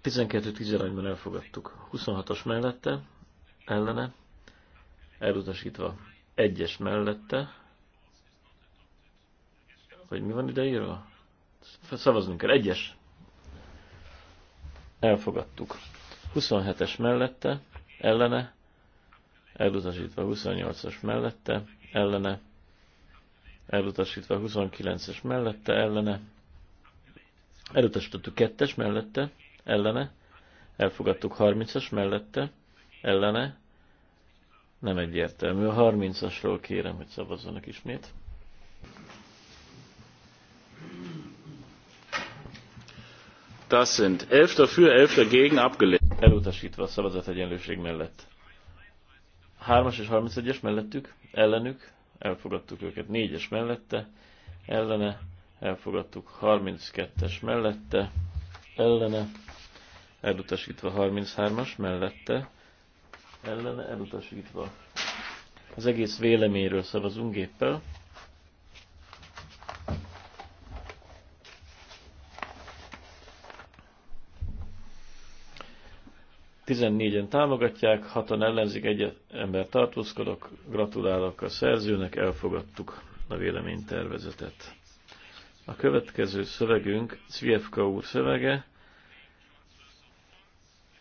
Tizenkettő tizenegyben elfogadtuk. 26-os mellette, ellene, elutasítva egyes mellette, hogy mi van ideírva? Szavaznunk kell, egyes. Elfogadtuk. 27-es mellette, ellene, elutasítva 28-as mellette, ellene, elutasítva 29-es mellette, ellene, elutasítottuk 2-es mellette, ellene, elfogadtuk 30-as mellette, ellene, nem egyértelmű. A 30-asról kérem, hogy szavazzanak ismét. Das sind 11 dafür, 11 dagegen abgelehnt. Elutasítva a szavazat egyenlőség mellett. 3-as és 31-es mellettük, ellenük, elfogadtuk őket. 4-es mellette, ellene, elfogadtuk. 32-es mellette, ellene, elutasítva 33-as mellette, ellene elutasítva. Az egész véleményről szavazunk géppel. Tizennégyen támogatják, hatan ellenzik, egy ember tartózkodok. Gratulálok a szerzőnek, elfogadtuk a véleménytervezetet. A következő szövegünk, Cvjevka úr szövege,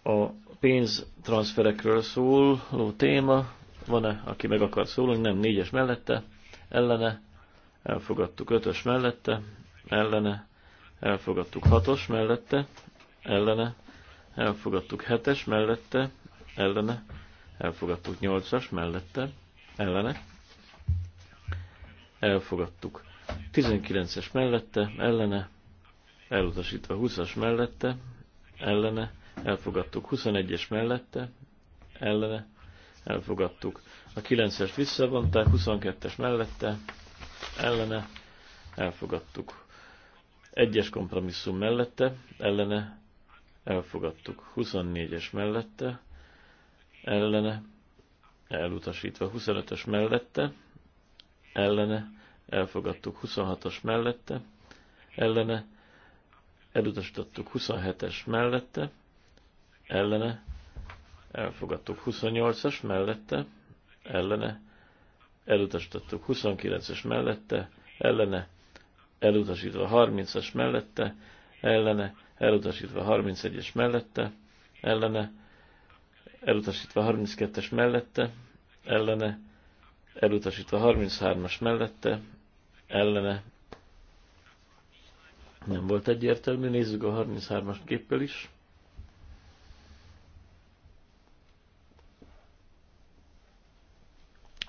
a pénztranszferekről szóló téma. Van-e, aki meg akar szólni? Nem, négyes mellette, ellene, elfogadtuk ötös mellette, ellene, elfogadtuk hatos mellette, ellene, elfogadtuk hetes mellette, ellene, elfogadtuk nyolcas mellette, ellene, elfogadtuk 19-es mellette, ellene, elutasítva 20-as mellette, ellene, elfogadtuk. 21-es mellette, ellene, elfogadtuk. A 9-est visszavonták, 22-es mellette, ellene, elfogadtuk. 1-es kompromisszum mellette, ellene, elfogadtuk. 24-es mellette, ellene, elutasítva. 25-ös mellette, ellene, elfogadtuk. 26-os mellette, ellene, elutasítottuk. 27-es mellette, ellene, elfogadtuk 28-as mellette, ellene, elutasítottuk 29-es mellette, ellene, elutasítva 30-as mellette, ellene, elutasítva 31-es mellette, ellene, elutasítva 32-es mellette, ellene, elutasítva 33-as mellette, ellene, nem volt egyértelmű, nézzük a 33-as képpel is.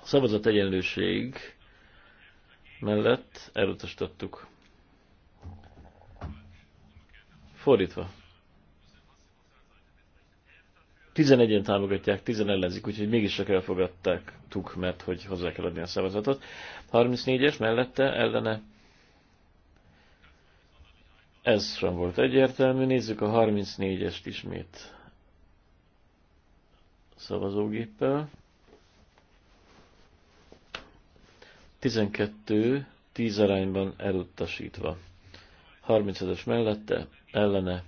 szavazat egyenlőség mellett elutasítottuk. Fordítva. 11-en támogatják, 10 ellenzik, úgyhogy mégis csak elfogadták tuk, mert hogy hozzá kell adni a szavazatot. 34-es mellette ellene. Ez sem volt egyértelmű. Nézzük a 34-est ismét szavazógéppel. 12 10 arányban elutasítva. 35-ös mellette, ellene,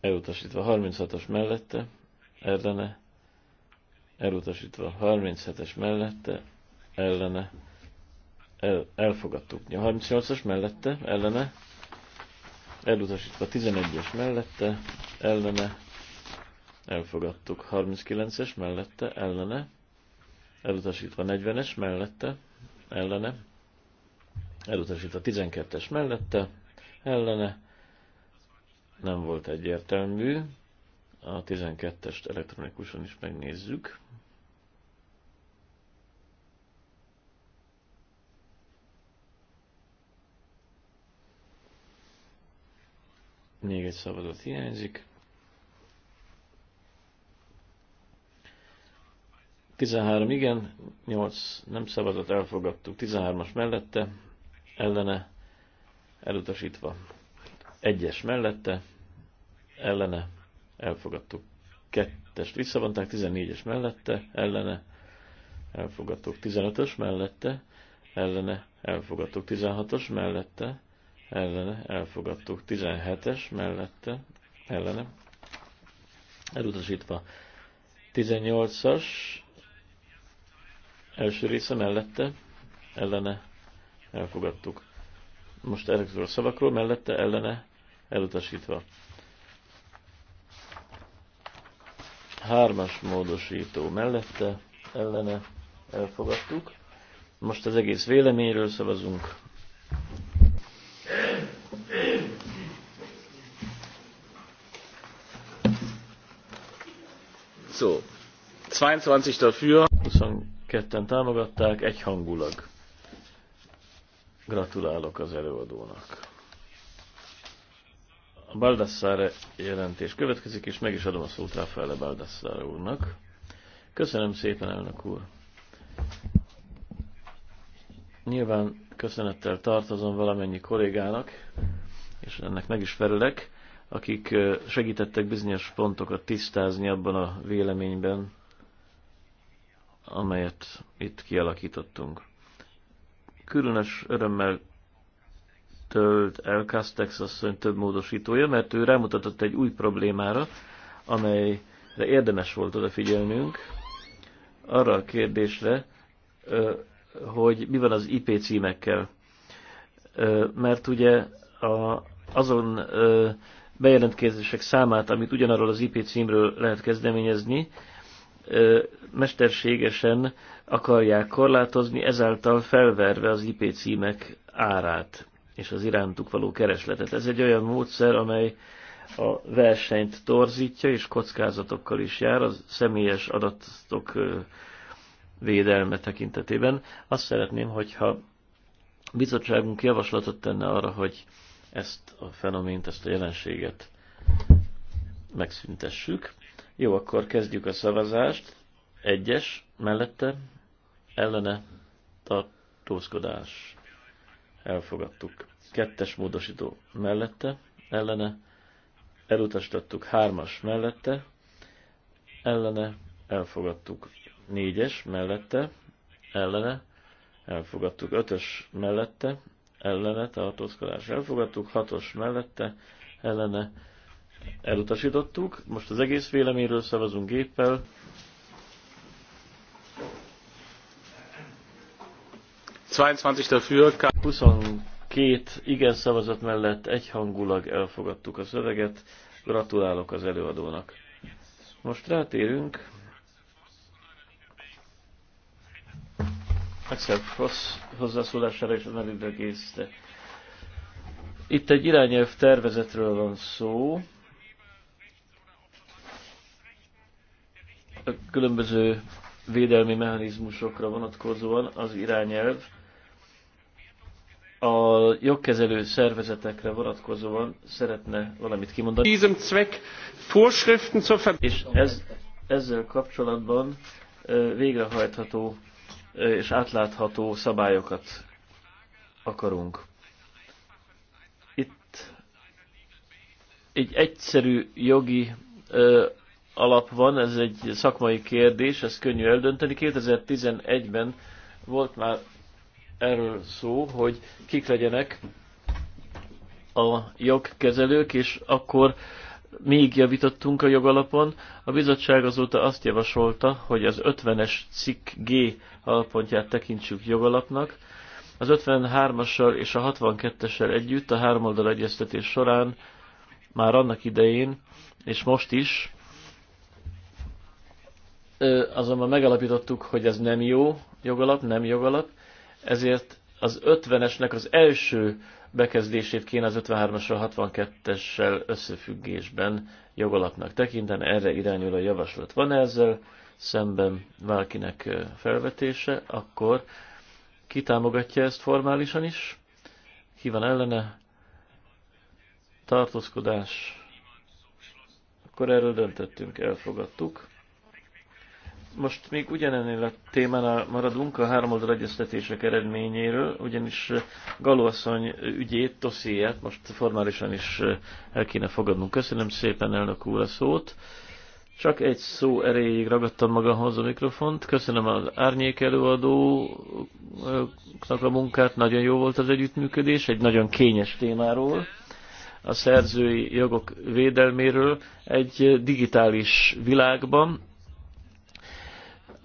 elutasítva. 36-os mellette, ellene, elutasítva. 37-es mellette, ellene, el, elfogadtuk. 38-as mellette, ellene, elutasítva. 11-es mellette, ellene, elfogadtuk. 39-es mellette, ellene, elutasítva 40-es mellette, ellene, elutasítva 12-es mellette, ellene, nem volt egyértelmű, a 12-est elektronikusan is megnézzük. Még egy szavazat hiányzik. 13 igen, 8 nem szavazott, elfogadtuk. 13-as mellette, ellene, elutasítva. 1-es mellette, ellene, elfogadtuk. 2-est visszavonták, 14-es mellette, ellene, elfogadtuk. 15-ös mellette, ellene, elfogadtuk. 16-os mellette, ellene, elfogadtuk. 17-es mellette, ellene, elutasítva. 18-as, első része mellette, ellene elfogadtuk. Most ezekről a szavakról mellette, ellene elutasítva. Hármas módosító mellette, ellene elfogadtuk. Most az egész véleményről szavazunk. So, 22 dafür ketten támogatták egyhangulag. Gratulálok az előadónak. A Baldassare jelentés következik, és meg is adom a szót Rafaele Baldassare úrnak. Köszönöm szépen, elnök úr. Nyilván köszönettel tartozom valamennyi kollégának, és ennek meg is felülök, akik segítettek bizonyos pontokat tisztázni abban a véleményben, amelyet itt kialakítottunk. Különös örömmel tölt el Castex asszony több módosítója, mert ő rámutatott egy új problémára, amelyre érdemes volt odafigyelnünk, arra a kérdésre, hogy mi van az IP címekkel. Mert ugye azon bejelentkezések számát, amit ugyanarról az IP címről lehet kezdeményezni, mesterségesen akarják korlátozni, ezáltal felverve az IP címek árát és az irántuk való keresletet. Ez egy olyan módszer, amely a versenyt torzítja, és kockázatokkal is jár a személyes adatok védelme tekintetében. Azt szeretném, hogyha bizottságunk javaslatot tenne arra, hogy ezt a fenomént, ezt a jelenséget megszüntessük. Jó, akkor kezdjük a szavazást. Egyes, mellette, ellene, tartózkodás. Elfogadtuk. Kettes módosító mellette, ellene, elutasítottuk. Hármas mellette, ellene, elfogadtuk. Négyes mellette, ellene, elfogadtuk. Ötös mellette, ellene, tartózkodás. Elfogadtuk. Hatos mellette, ellene, Elutasítottuk. Most az egész véleményről szavazunk géppel. dafür, 22 igen szavazat mellett egyhangulag elfogadtuk a szöveget. Gratulálok az előadónak. Most rátérünk Axel Foss hozzászólására és Annelida Itt egy irányelv tervezetről van szó. a különböző védelmi mechanizmusokra vonatkozóan az irányelv a jogkezelő szervezetekre vonatkozóan szeretne valamit kimondani. És ez, ezzel kapcsolatban végrehajtható és átlátható szabályokat akarunk. Itt egy egyszerű jogi alap van, ez egy szakmai kérdés, ez könnyű eldönteni. 2011-ben volt már erről szó, hogy kik legyenek a jogkezelők, és akkor még javítottunk a jogalapon. A bizottság azóta azt javasolta, hogy az 50-es cikk G alapontját tekintsük jogalapnak. Az 53-assal és a 62-essel együtt a háromoldal egyeztetés során már annak idején, és most is azonban megalapítottuk, hogy ez nem jó jogalap, nem jogalap, ezért az 50-esnek az első bekezdését kéne az 53-asra 62-essel összefüggésben jogalapnak tekinteni, erre irányul a javaslat. Van -e ezzel szemben valakinek felvetése, akkor kitámogatja ezt formálisan is, ki van ellene, tartózkodás, akkor erről döntöttünk, elfogadtuk most még ugyanennél a témánál maradunk a háromoldal egyeztetések eredményéről, ugyanis Galóasszony ügyét, dossziét most formálisan is el kéne fogadnunk. Köszönöm szépen elnök úr a szót. Csak egy szó erejéig ragadtam magamhoz a mikrofont. Köszönöm az árnyék előadóknak a munkát, nagyon jó volt az együttműködés, egy nagyon kényes témáról a szerzői jogok védelméről egy digitális világban,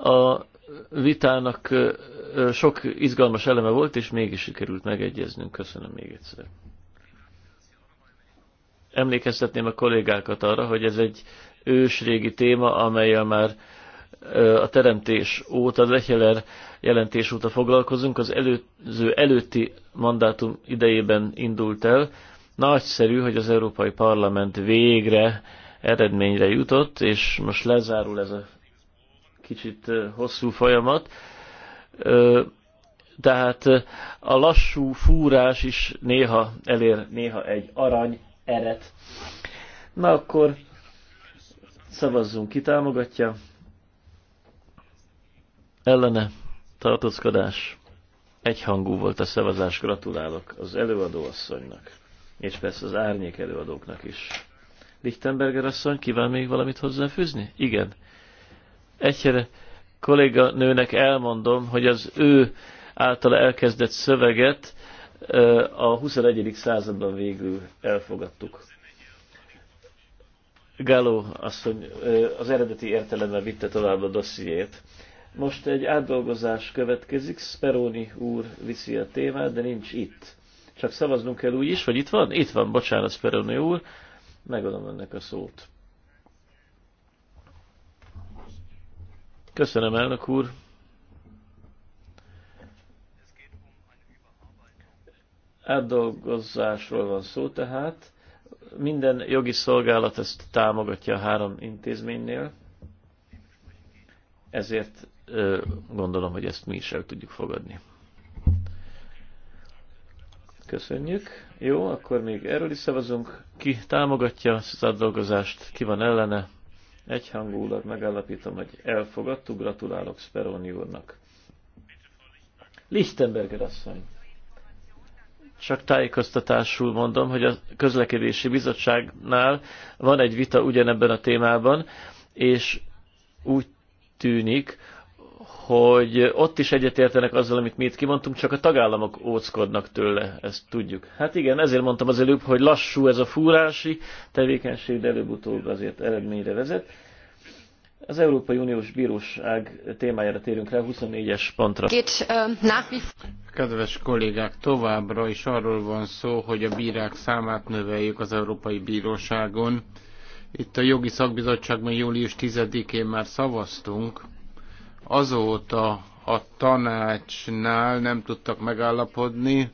a vitának sok izgalmas eleme volt, és mégis sikerült megegyeznünk. Köszönöm még egyszer. Emlékeztetném a kollégákat arra, hogy ez egy ősrégi téma, amelyel már a teremtés óta, az Echeler jelentés óta foglalkozunk, az előző előtti mandátum idejében indult el. Nagyszerű, hogy az Európai Parlament végre eredményre jutott, és most lezárul ez a kicsit hosszú folyamat. Tehát a lassú fúrás is néha elér néha egy arany eret. Na akkor szavazzunk, ki támogatja. Ellene tartózkodás. hangú volt a szavazás, gratulálok az előadóasszonynak, és persze az árnyék előadóknak is. Lichtenberger asszony, kíván még valamit hozzáfűzni? Igen. Egyre kolléga nőnek elmondom, hogy az ő általa elkezdett szöveget a 21. században végül elfogadtuk. Galo asszony az eredeti értelemben vitte tovább a dossziét. Most egy átdolgozás következik, Speroni úr viszi a témát, de nincs itt. Csak szavaznunk kell úgy is, vagy itt van? Itt van, bocsánat, Speroni úr. Megadom önnek a szót. Köszönöm, elnök úr. Átdolgozásról van szó tehát. Minden jogi szolgálat ezt támogatja a három intézménynél, ezért gondolom, hogy ezt mi is el tudjuk fogadni. Köszönjük. Jó, akkor még erről is szavazunk. Ki támogatja az átdolgozást, ki van ellene, Egyhangulat megállapítom, hogy elfogadtuk. Gratulálok Speroni úrnak. Lichtenberger asszony. Csak tájékoztatásul mondom, hogy a közlekedési bizottságnál van egy vita ugyanebben a témában, és úgy tűnik, hogy ott is egyetértenek azzal, amit mi itt kimondtunk, csak a tagállamok óckodnak tőle, ezt tudjuk. Hát igen, ezért mondtam az előbb, hogy lassú ez a fúrási tevékenység, de előbb-utóbb azért eredményre vezet. Az Európai Uniós Bíróság témájára térünk rá, 24-es pontra. Kedves kollégák, továbbra is arról van szó, hogy a bírák számát növeljük az Európai Bíróságon. Itt a jogi szakbizottságban július 10-én már szavaztunk, Azóta a tanácsnál nem tudtak megállapodni.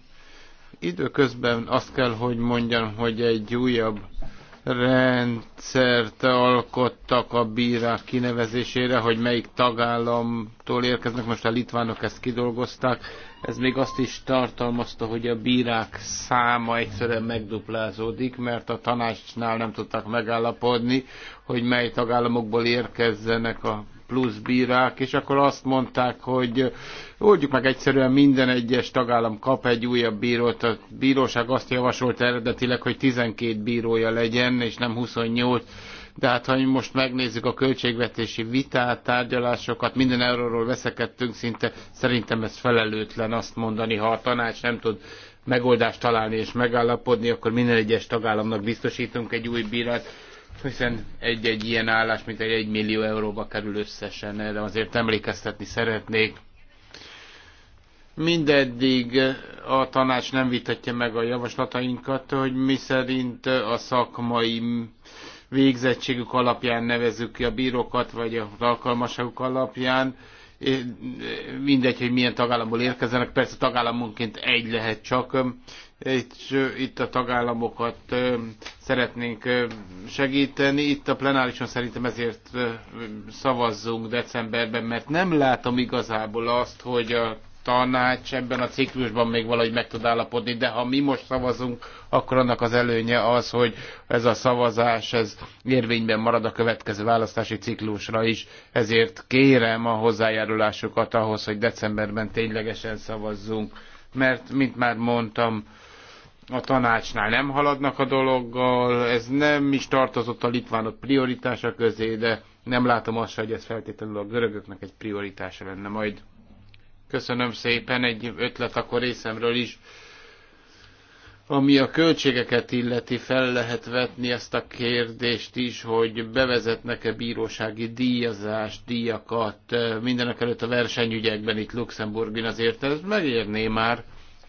Időközben azt kell, hogy mondjam, hogy egy újabb rendszert alkottak a bírák kinevezésére, hogy melyik tagállamtól érkeznek, most a litvánok ezt kidolgozták. Ez még azt is tartalmazta, hogy a bírák száma egyszerűen megduplázódik, mert a tanácsnál nem tudtak megállapodni, hogy mely tagállamokból érkezzenek a plusz bírák, és akkor azt mondták, hogy oldjuk meg egyszerűen minden egyes tagállam kap egy újabb bírót. A bíróság azt javasolt eredetileg, hogy 12 bírója legyen, és nem 28. De hát ha most megnézzük a költségvetési vitát, tárgyalásokat, minden euróról veszekedtünk szinte, szerintem ez felelőtlen azt mondani, ha a tanács nem tud megoldást találni és megállapodni, akkor minden egyes tagállamnak biztosítunk egy új bírát hiszen egy-egy ilyen állás, mint egy 1 millió euróba kerül összesen, de azért emlékeztetni szeretnék. Mindeddig a tanács nem vitatja meg a javaslatainkat, hogy mi szerint a szakmai végzettségük alapján nevezzük ki a bírókat, vagy a alkalmaságuk alapján. Mindegy, hogy milyen tagállamból érkezzenek, persze tagállamunként egy lehet csak itt, itt a tagállamokat szeretnénk segíteni. Itt a plenárison szerintem ezért szavazzunk decemberben, mert nem látom igazából azt, hogy a tanács ebben a ciklusban még valahogy meg tud állapodni, de ha mi most szavazunk, akkor annak az előnye az, hogy ez a szavazás ez érvényben marad a következő választási ciklusra is, ezért kérem a hozzájárulásokat ahhoz, hogy decemberben ténylegesen szavazzunk, mert, mint már mondtam, a tanácsnál nem haladnak a dologgal, ez nem is tartozott a litvánok prioritása közé, de nem látom azt se, hogy ez feltétlenül a görögöknek egy prioritása lenne majd. Köszönöm szépen, egy ötlet akkor részemről is. Ami a költségeket illeti, fel lehet vetni ezt a kérdést is, hogy bevezetnek-e bírósági díjazást, díjakat, mindenek előtt a versenyügyekben itt Luxemburgin azért ez megérné már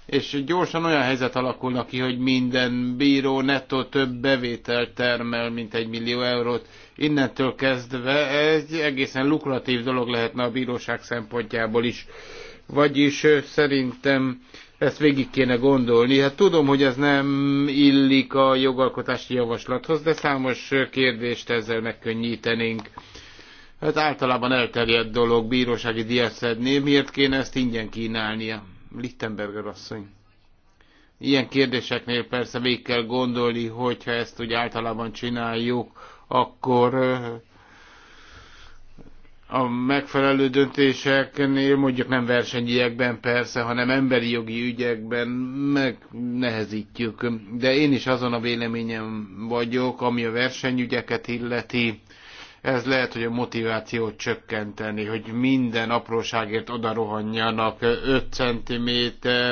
és gyorsan olyan helyzet alakulna ki, hogy minden bíró nettó több bevételt termel, mint egy millió eurót. Innentől kezdve egy egészen lukratív dolog lehetne a bíróság szempontjából is. Vagyis szerintem ezt végig kéne gondolni. Hát tudom, hogy ez nem illik a jogalkotási javaslathoz, de számos kérdést ezzel megkönnyítenénk. Hát általában elterjedt dolog bírósági díjat szedni, miért kéne ezt ingyen kínálnia? Lichtenberger asszony. Ilyen kérdéseknél persze végig kell gondolni, hogyha ezt úgy általában csináljuk, akkor eh, a megfelelő döntéseknél, mondjuk nem versenyiekben persze, hanem emberi jogi ügyekben megnehezítjük. De én is azon a véleményem vagyok, ami a versenyügyeket illeti, ez lehet, hogy a motivációt csökkenteni, hogy minden apróságért oda rohanjanak. 5 cm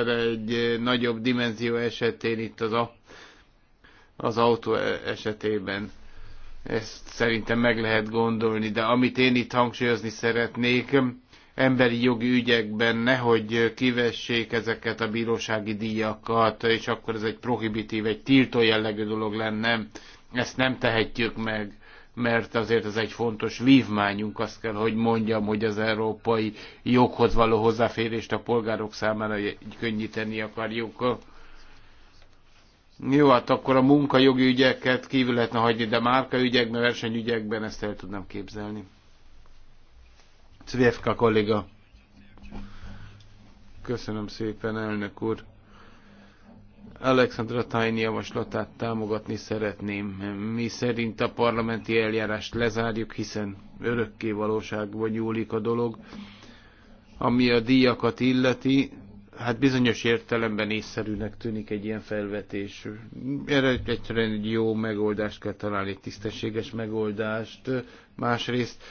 egy nagyobb dimenzió esetén itt az, a, az autó e- esetében. Ezt szerintem meg lehet gondolni, de amit én itt hangsúlyozni szeretnék, emberi jogi ügyekben nehogy kivessék ezeket a bírósági díjakat, és akkor ez egy prohibitív, egy tiltó jellegű dolog lenne. Ezt nem tehetjük meg mert azért ez egy fontos vívmányunk, azt kell, hogy mondjam, hogy az európai joghoz való hozzáférést a polgárok számára könnyíteni akarjuk. Jó, hát akkor a munkajogi ügyeket kívül lehetne hagyni, de márkaügyekben, versenyügyekben ezt el tudnám képzelni. Cvjevka kolléga. Köszönöm szépen, elnök úr. Alexandra Tajni javaslatát támogatni szeretném. Mi szerint a parlamenti eljárást lezárjuk, hiszen örökké valóságban nyúlik a dolog. Ami a díjakat illeti, hát bizonyos értelemben észszerűnek tűnik egy ilyen felvetés. Erre egyszerűen egy jó megoldást kell találni, tisztességes megoldást. Másrészt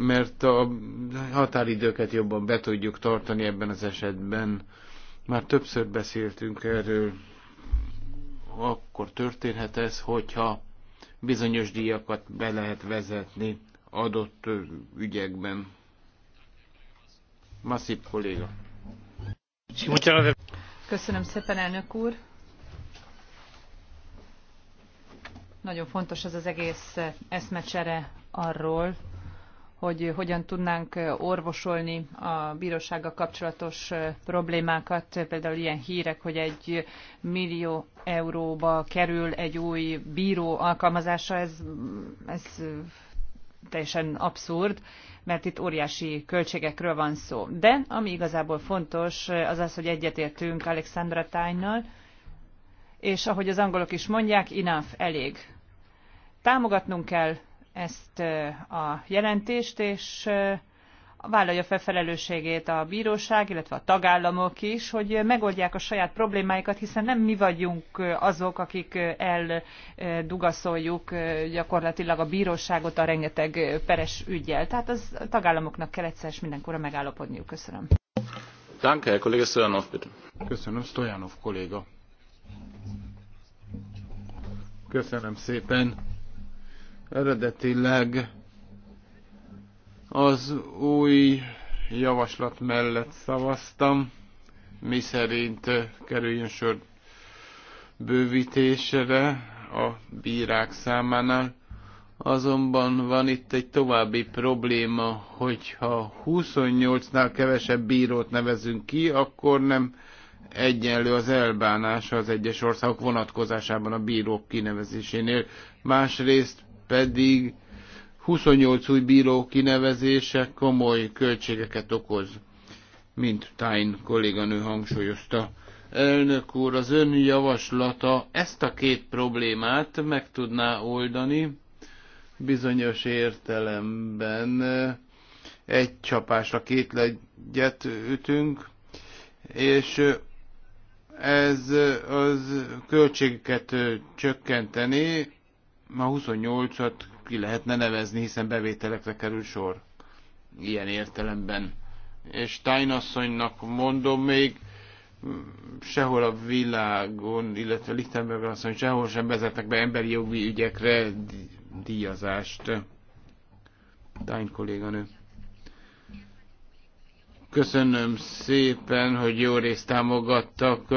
mert a határidőket jobban be tudjuk tartani ebben az esetben. Már többször beszéltünk erről, akkor történhet ez, hogyha bizonyos díjakat be lehet vezetni adott ügyekben. Masszív kolléga. Köszönöm szépen, elnök úr. Nagyon fontos ez az egész eszmecsere arról, hogy hogyan tudnánk orvosolni a bírósággal kapcsolatos problémákat, például ilyen hírek, hogy egy millió euróba kerül egy új bíró alkalmazása, ez, ez teljesen abszurd, mert itt óriási költségekről van szó. De ami igazából fontos, az az, hogy egyetértünk Alexandra Tájnal, és ahogy az angolok is mondják, enough, elég. Támogatnunk kell ezt a jelentést, és vállalja fel felelősségét a bíróság, illetve a tagállamok is, hogy megoldják a saját problémáikat, hiszen nem mi vagyunk azok, akik eldugaszoljuk gyakorlatilag a bíróságot a rengeteg peres ügyel. Tehát az a tagállamoknak kell egyszer és mindenkorra megállapodniuk. Köszönöm. Danke, kolléga Stojanov, bitte. Köszönöm, Stojanov kolléga. Köszönöm szépen Eredetileg az új javaslat mellett szavaztam, mi szerint kerüljön sor bővítésre a bírák számánál. Azonban van itt egy további probléma, hogyha 28-nál kevesebb bírót nevezünk ki, akkor nem egyenlő az elbánása az egyes országok vonatkozásában a bírók kinevezésénél. Másrészt pedig 28 új bíró kinevezése komoly költségeket okoz, mint Tain kolléganő hangsúlyozta. Elnök úr, az ön javaslata ezt a két problémát meg tudná oldani bizonyos értelemben. Egy csapásra két legyet ütünk, és ez az költségeket csökkenteni, Ma 28-at ki lehetne nevezni, hiszen bevételekre kerül sor. Ilyen értelemben. És Tájnasszonynak mondom még, sehol a világon, illetve Lichtenberg asszony sehol sem vezetnek be emberi jogi ügyekre díjazást. Tájn kolléganő. Köszönöm szépen, hogy jó részt támogattak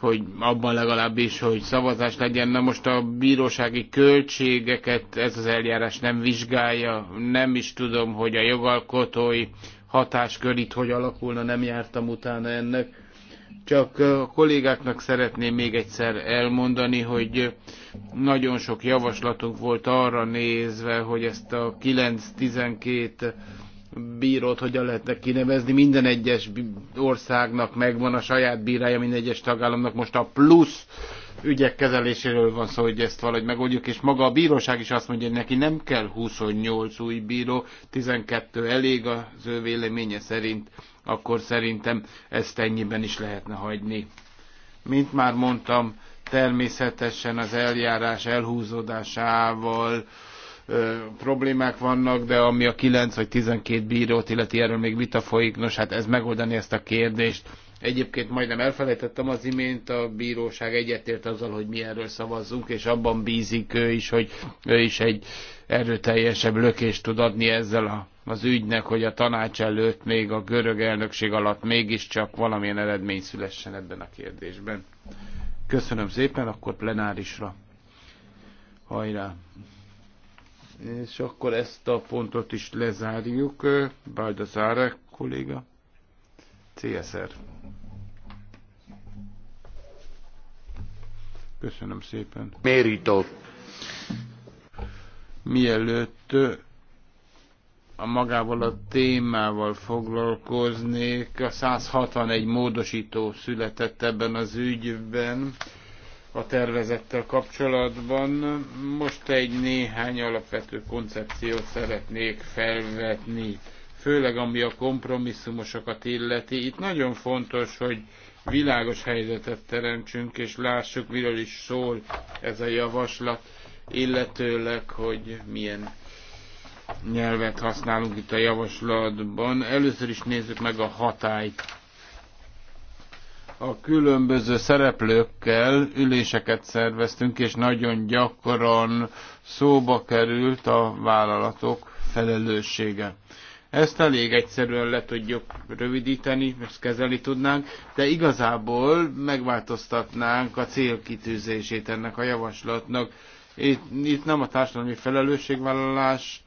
hogy abban legalábbis, hogy szavazás legyen. Na most a bírósági költségeket ez az eljárás nem vizsgálja, nem is tudom, hogy a jogalkotói hatáskör itt hogy alakulna, nem jártam utána ennek. Csak a kollégáknak szeretném még egyszer elmondani, hogy nagyon sok javaslatunk volt arra nézve, hogy ezt a 9-12 bírót hogyan lehetne kinevezni. Minden egyes országnak megvan a saját bírája, minden egyes tagállamnak most a plusz ügyek kezeléséről van szó, hogy ezt valahogy megoldjuk, és maga a bíróság is azt mondja, hogy neki nem kell 28 új bíró, 12 elég az ő véleménye szerint, akkor szerintem ezt ennyiben is lehetne hagyni. Mint már mondtam, természetesen az eljárás elhúzódásával problémák vannak, de ami a 9 vagy 12 bírót illeti, erről még vita folyik, nos hát ez megoldani ezt a kérdést. Egyébként majdnem elfelejtettem az imént, a bíróság egyetért azzal, hogy mi erről szavazzunk, és abban bízik ő is, hogy ő is egy erőteljesebb lökést tud adni ezzel a, az ügynek, hogy a tanács előtt még a görög elnökség alatt mégiscsak valamilyen eredmény szülessen ebben a kérdésben. Köszönöm szépen, akkor plenárisra. Hajrá! És akkor ezt a pontot is lezárjuk. Baldazára kolléga, CSR. Köszönöm szépen. Mérító. Mielőtt a magával a témával foglalkoznék, a 161 módosító született ebben az ügyben a tervezettel kapcsolatban. Most egy néhány alapvető koncepciót szeretnék felvetni, főleg ami a kompromisszumosokat illeti. Itt nagyon fontos, hogy világos helyzetet teremtsünk, és lássuk, miről is szól ez a javaslat, illetőleg, hogy milyen nyelvet használunk itt a javaslatban. Először is nézzük meg a hatályt a különböző szereplőkkel üléseket szerveztünk, és nagyon gyakran szóba került a vállalatok felelőssége. Ezt elég egyszerűen le tudjuk rövidíteni, ezt kezelni tudnánk, de igazából megváltoztatnánk a célkitűzését ennek a javaslatnak itt, itt nem a társadalmi felelősségvállalást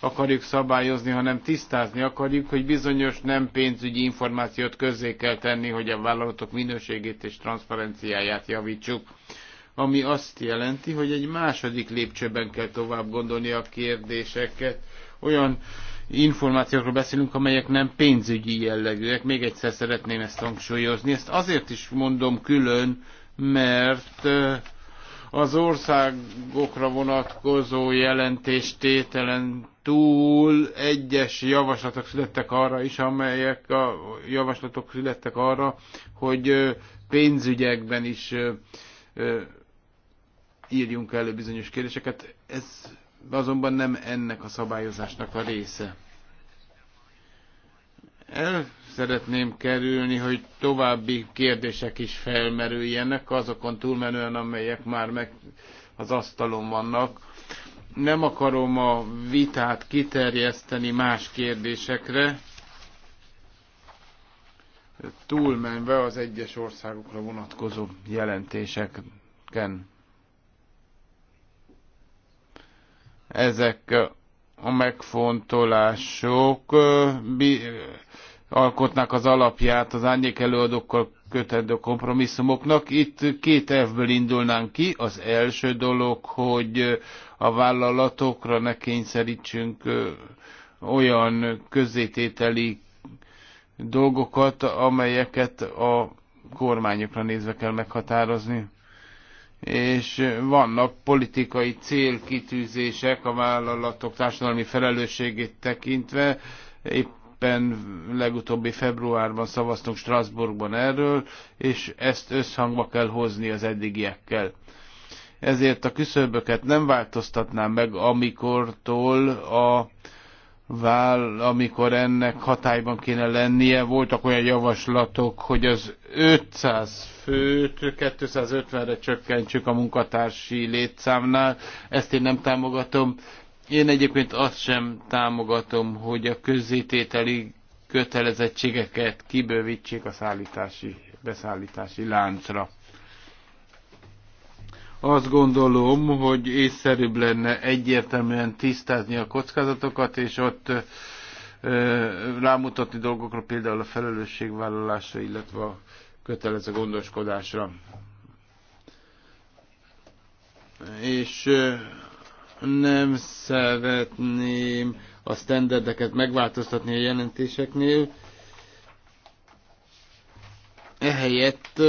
akarjuk szabályozni, hanem tisztázni akarjuk, hogy bizonyos nem pénzügyi információt közzé kell tenni, hogy a vállalatok minőségét és transzparenciáját javítsuk ami azt jelenti, hogy egy második lépcsőben kell tovább gondolni a kérdéseket. Olyan információkról beszélünk, amelyek nem pénzügyi jellegűek. Még egyszer szeretném ezt hangsúlyozni. Ezt azért is mondom külön, mert az országokra vonatkozó jelentéstételen túl egyes javaslatok születtek arra is, amelyek a javaslatok születtek arra, hogy pénzügyekben is írjunk elő bizonyos kérdéseket. Ez azonban nem ennek a szabályozásnak a része. El szeretném kerülni, hogy további kérdések is felmerüljenek, azokon túlmenően, amelyek már meg az asztalon vannak. Nem akarom a vitát kiterjeszteni más kérdésekre, túlmenve az egyes országokra vonatkozó jelentéseken. Ezek a megfontolások alkotnak az alapját az árnyék előadókkal kötendő kompromisszumoknak. Itt két elvből indulnánk ki. Az első dolog, hogy a vállalatokra ne kényszerítsünk olyan közzétételi dolgokat, amelyeket a kormányokra nézve kell meghatározni. És vannak politikai célkitűzések a vállalatok társadalmi felelősségét tekintve, épp éppen legutóbbi februárban szavaztunk Strasbourgban erről, és ezt összhangba kell hozni az eddigiekkel. Ezért a küszöböket nem változtatnám meg, amikortól a vál, amikor ennek hatályban kéne lennie. Voltak olyan javaslatok, hogy az 500 főt 250-re csökkentsük a munkatársi létszámnál. Ezt én nem támogatom. Én egyébként azt sem támogatom, hogy a közzétételi kötelezettségeket kibővítsék a szállítási, beszállítási láncra. Azt gondolom, hogy észszerűbb lenne egyértelműen tisztázni a kockázatokat, és ott rámutatni dolgokra, például a felelősségvállalásra, illetve a kötelező gondoskodásra. És nem szeretném a standardeket megváltoztatni a jelentéseknél. Ehelyett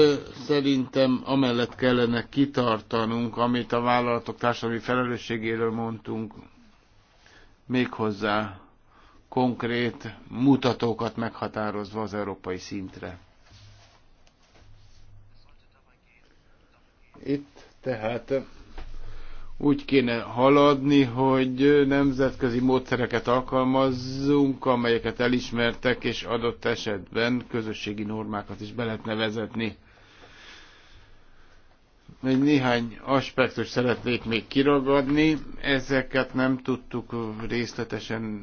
szerintem amellett kellene kitartanunk, amit a vállalatok társadalmi felelősségéről mondtunk, méghozzá konkrét mutatókat meghatározva az európai szintre. Itt tehát úgy kéne haladni, hogy nemzetközi módszereket alkalmazzunk, amelyeket elismertek, és adott esetben közösségi normákat is be lehetne vezetni egy néhány aspektus szeretnék még kiragadni. Ezeket nem tudtuk részletesen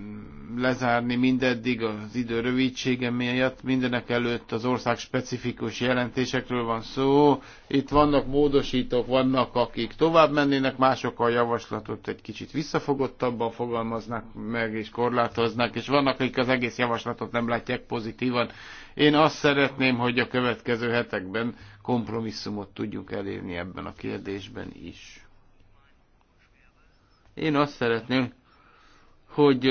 lezárni mindeddig az idő rövidsége miatt. Mindenek előtt az ország specifikus jelentésekről van szó. Itt vannak módosítók, vannak akik tovább mennének, mások a javaslatot egy kicsit visszafogottabban fogalmaznak meg és korlátoznak, és vannak, akik az egész javaslatot nem látják pozitívan. Én azt szeretném, hogy a következő hetekben kompromisszumot tudjunk elérni ebben a kérdésben is. Én azt szeretném, hogy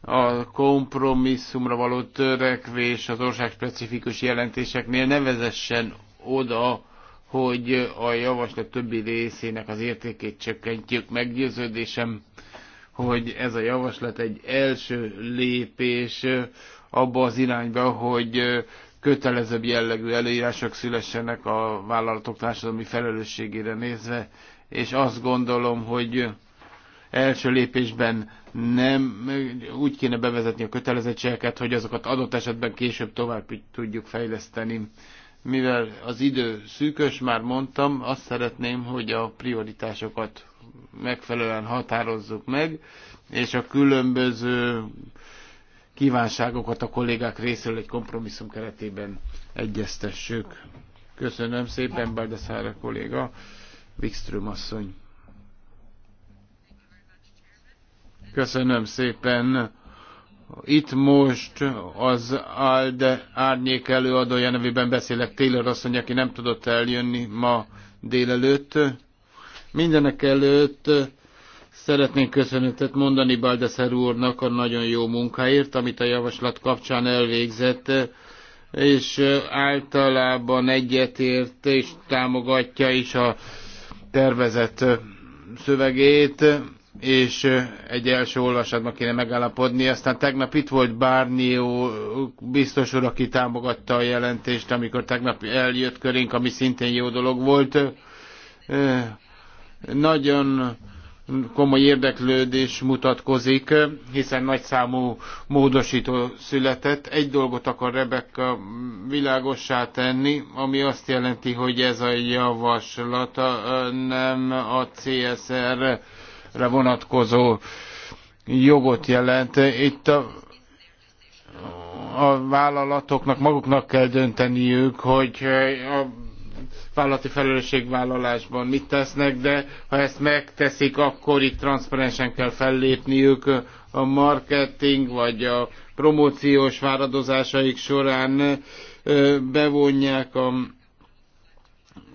a kompromisszumra való törekvés az ország specifikus jelentéseknél ne vezessen oda, hogy a javaslat többi részének az értékét csökkentjük. Meggyőződésem, hogy ez a javaslat egy első lépés abba az irányba, hogy kötelezőbb jellegű előírások szülessenek a vállalatok társadalmi felelősségére nézve, és azt gondolom, hogy első lépésben nem úgy kéne bevezetni a kötelezettségeket, hogy azokat adott esetben később tovább tudjuk fejleszteni. Mivel az idő szűkös, már mondtam, azt szeretném, hogy a prioritásokat megfelelően határozzuk meg, és a különböző kívánságokat a kollégák részéről egy kompromisszum keretében egyeztessük. Köszönöm szépen, Baldaszára kolléga, Wikström asszony. Köszönöm szépen. Itt most az ALDE árnyék előadója nevében beszélek Taylor asszony, aki nem tudott eljönni ma délelőtt. Mindenek előtt Szeretnénk köszönetet mondani Baldeszer úrnak a nagyon jó munkáért, amit a javaslat kapcsán elvégzett, és általában egyetért és támogatja is a tervezett szövegét, és egy első olvasatban kéne megállapodni. Aztán tegnap itt volt Bárnió biztos úr, aki támogatta a jelentést, amikor tegnap eljött körénk, ami szintén jó dolog volt. Nagyon komoly érdeklődés mutatkozik, hiszen nagyszámú módosító született. Egy dolgot akar Rebecca világossá tenni, ami azt jelenti, hogy ez a javaslat nem a CSR-re vonatkozó jogot jelent. Itt a, a vállalatoknak maguknak kell dönteniük, hogy a vállalati felelősségvállalásban mit tesznek, de ha ezt megteszik, akkor itt transzparensen kell fellépniük a marketing vagy a promóciós váradozásaik során bevonják a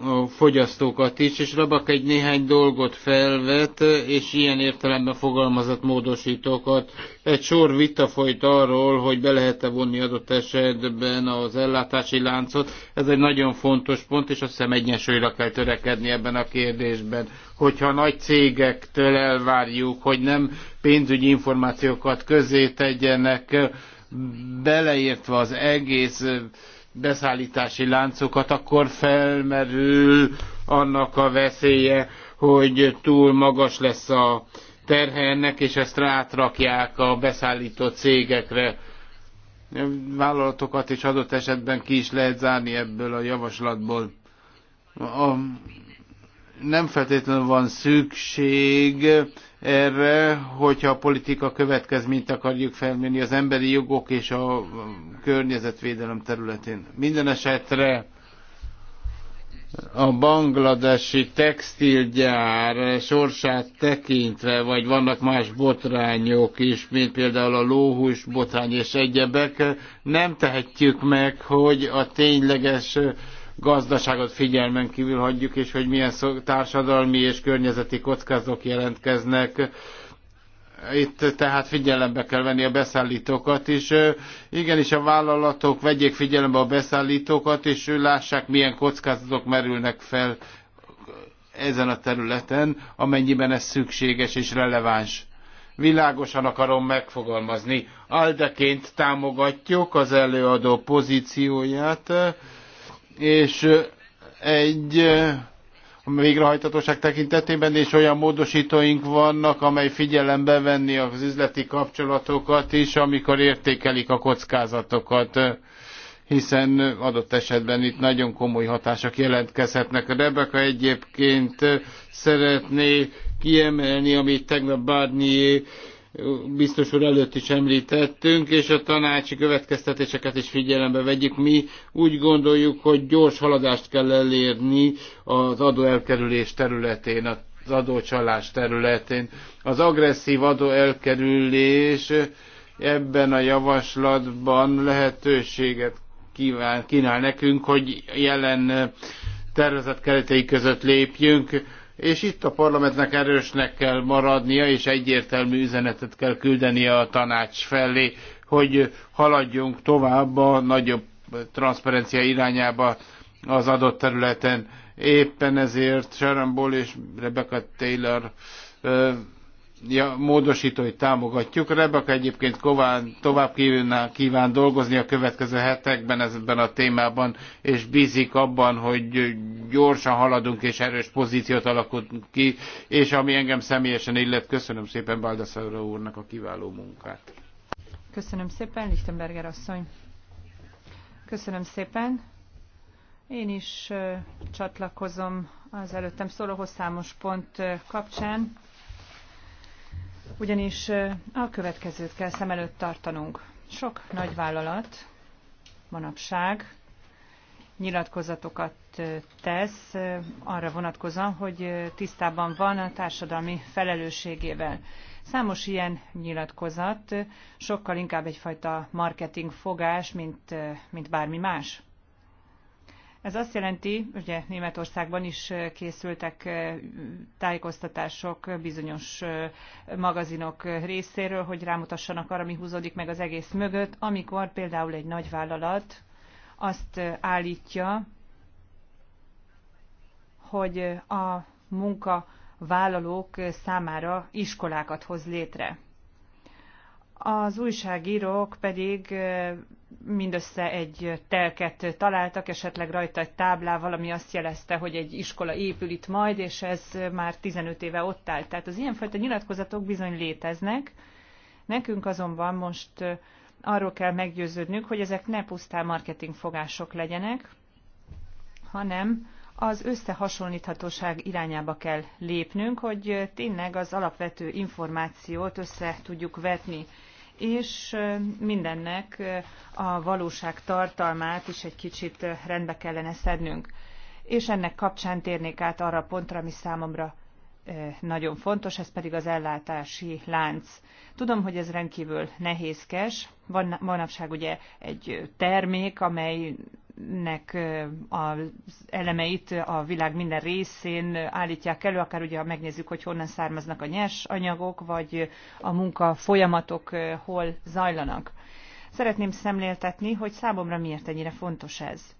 a fogyasztókat is, és Rabak egy néhány dolgot felvet, és ilyen értelemben fogalmazott módosítókat. Egy sor vita folyt arról, hogy be lehet-e vonni adott esetben az ellátási láncot. Ez egy nagyon fontos pont, és azt hiszem egyensúlyra kell törekedni ebben a kérdésben. Hogyha nagy cégektől elvárjuk, hogy nem pénzügyi információkat közé tegyenek, beleértve az egész beszállítási láncokat, akkor felmerül annak a veszélye, hogy túl magas lesz a terhe ennek, és ezt rátrakják a beszállító cégekre. Vállalatokat is adott esetben ki is lehet zárni ebből a javaslatból. A, nem feltétlenül van szükség erre, hogyha a politika következményt akarjuk felmérni az emberi jogok és a környezetvédelem területén. Minden esetre a bangladesi textilgyár sorsát tekintve, vagy vannak más botrányok is, mint például a lóhús botrány és egyebek, nem tehetjük meg, hogy a tényleges gazdaságot figyelmen kívül hagyjuk, és hogy milyen társadalmi és környezeti kockázatok jelentkeznek. Itt tehát figyelembe kell venni a beszállítókat is. Igenis a vállalatok vegyék figyelembe a beszállítókat, és lássák, milyen kockázatok merülnek fel ezen a területen, amennyiben ez szükséges és releváns. Világosan akarom megfogalmazni. Aldeként támogatjuk az előadó pozícióját, és egy a végrehajtatóság tekintetében, és olyan módosítóink vannak, amely figyelembe venni az üzleti kapcsolatokat is, amikor értékelik a kockázatokat, hiszen adott esetben itt nagyon komoly hatások jelentkezhetnek. Rebeka egyébként szeretné kiemelni, amit tegnap Barnier biztos úr előtt is említettünk, és a tanácsi következtetéseket is figyelembe vegyük. Mi úgy gondoljuk, hogy gyors haladást kell elérni az adóelkerülés területén, az adócsalás területén. Az agresszív adóelkerülés ebben a javaslatban lehetőséget kíván, kínál nekünk, hogy jelen tervezett keretei között lépjünk és itt a parlamentnek erősnek kell maradnia, és egyértelmű üzenetet kell küldenie a tanács felé, hogy haladjunk tovább a nagyobb transzparencia irányába az adott területen. Éppen ezért Sharon Ball és Rebecca Taylor ja, módosítóit támogatjuk. Rebek egyébként kován, tovább kíván, dolgozni a következő hetekben ebben a témában, és bízik abban, hogy gyorsan haladunk és erős pozíciót alakulunk ki, és ami engem személyesen illet, köszönöm szépen Baldassarra úrnak a kiváló munkát. Köszönöm szépen, Lichtenberger asszony. Köszönöm szépen. Én is csatlakozom az előttem szólóhoz számos pont kapcsán ugyanis a következőt kell szem előtt tartanunk. Sok nagyvállalat manapság nyilatkozatokat tesz arra vonatkozóan, hogy tisztában van a társadalmi felelősségével. Számos ilyen nyilatkozat sokkal inkább egyfajta marketing fogás, mint, mint bármi más. Ez azt jelenti, ugye Németországban is készültek tájékoztatások bizonyos magazinok részéről, hogy rámutassanak arra, mi húzódik meg az egész mögött, amikor például egy nagyvállalat azt állítja, hogy a munkavállalók számára iskolákat hoz létre. Az újságírók pedig mindössze egy telket találtak, esetleg rajta egy táblával, ami azt jelezte, hogy egy iskola épül itt majd, és ez már 15 éve ott áll. Tehát az ilyenfajta nyilatkozatok bizony léteznek. Nekünk azonban most arról kell meggyőződnünk, hogy ezek ne pusztán marketingfogások legyenek, hanem az összehasonlíthatóság irányába kell lépnünk, hogy tényleg az alapvető információt össze tudjuk vetni és mindennek a valóság tartalmát is egy kicsit rendbe kellene szednünk. És ennek kapcsán térnék át arra a pontra, ami számomra nagyon fontos, ez pedig az ellátási lánc. Tudom, hogy ez rendkívül nehézkes. Van, manapság ugye egy termék, amely nek az elemeit a világ minden részén állítják elő, akár ugye ha megnézzük, hogy honnan származnak a nyers anyagok, vagy a munka folyamatok hol zajlanak. Szeretném szemléltetni, hogy számomra miért ennyire fontos ez.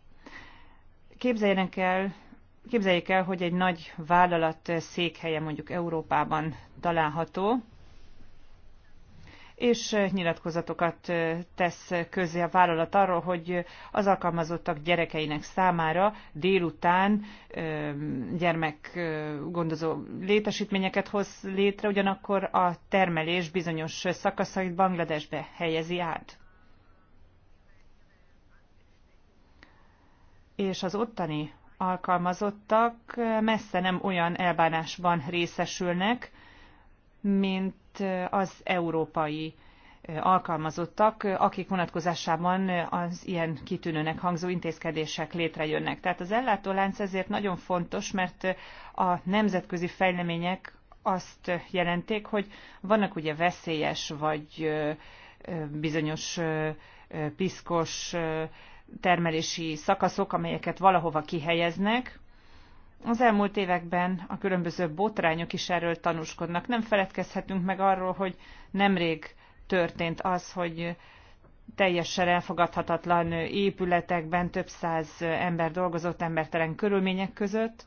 Képzeljenek el, képzeljék el, hogy egy nagy vállalat székhelye mondjuk Európában található, és nyilatkozatokat tesz közé a vállalat arról, hogy az alkalmazottak gyerekeinek számára délután gyermekgondozó létesítményeket hoz létre, ugyanakkor a termelés bizonyos szakaszait Bangladesbe helyezi át. És az ottani alkalmazottak messze nem olyan elbánásban részesülnek, mint az európai alkalmazottak, akik vonatkozásában az ilyen kitűnőnek hangzó intézkedések létrejönnek. Tehát az ellátólánc ezért nagyon fontos, mert a nemzetközi fejlemények azt jelenték, hogy vannak ugye veszélyes vagy bizonyos piszkos termelési szakaszok, amelyeket valahova kihelyeznek, az elmúlt években a különböző botrányok is erről tanúskodnak. Nem feledkezhetünk meg arról, hogy nemrég történt az, hogy teljesen elfogadhatatlan épületekben több száz ember dolgozott embertelen körülmények között.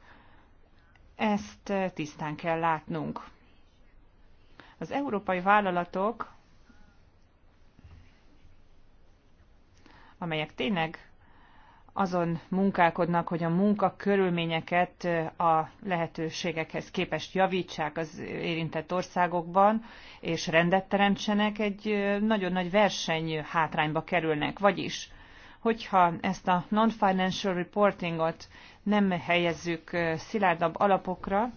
Ezt tisztán kell látnunk. Az európai vállalatok, amelyek tényleg azon munkálkodnak, hogy a munka körülményeket a lehetőségekhez képest javítsák az érintett országokban, és rendet teremtsenek, egy nagyon nagy verseny hátrányba kerülnek. Vagyis, hogyha ezt a non-financial reportingot nem helyezzük szilárdabb alapokra,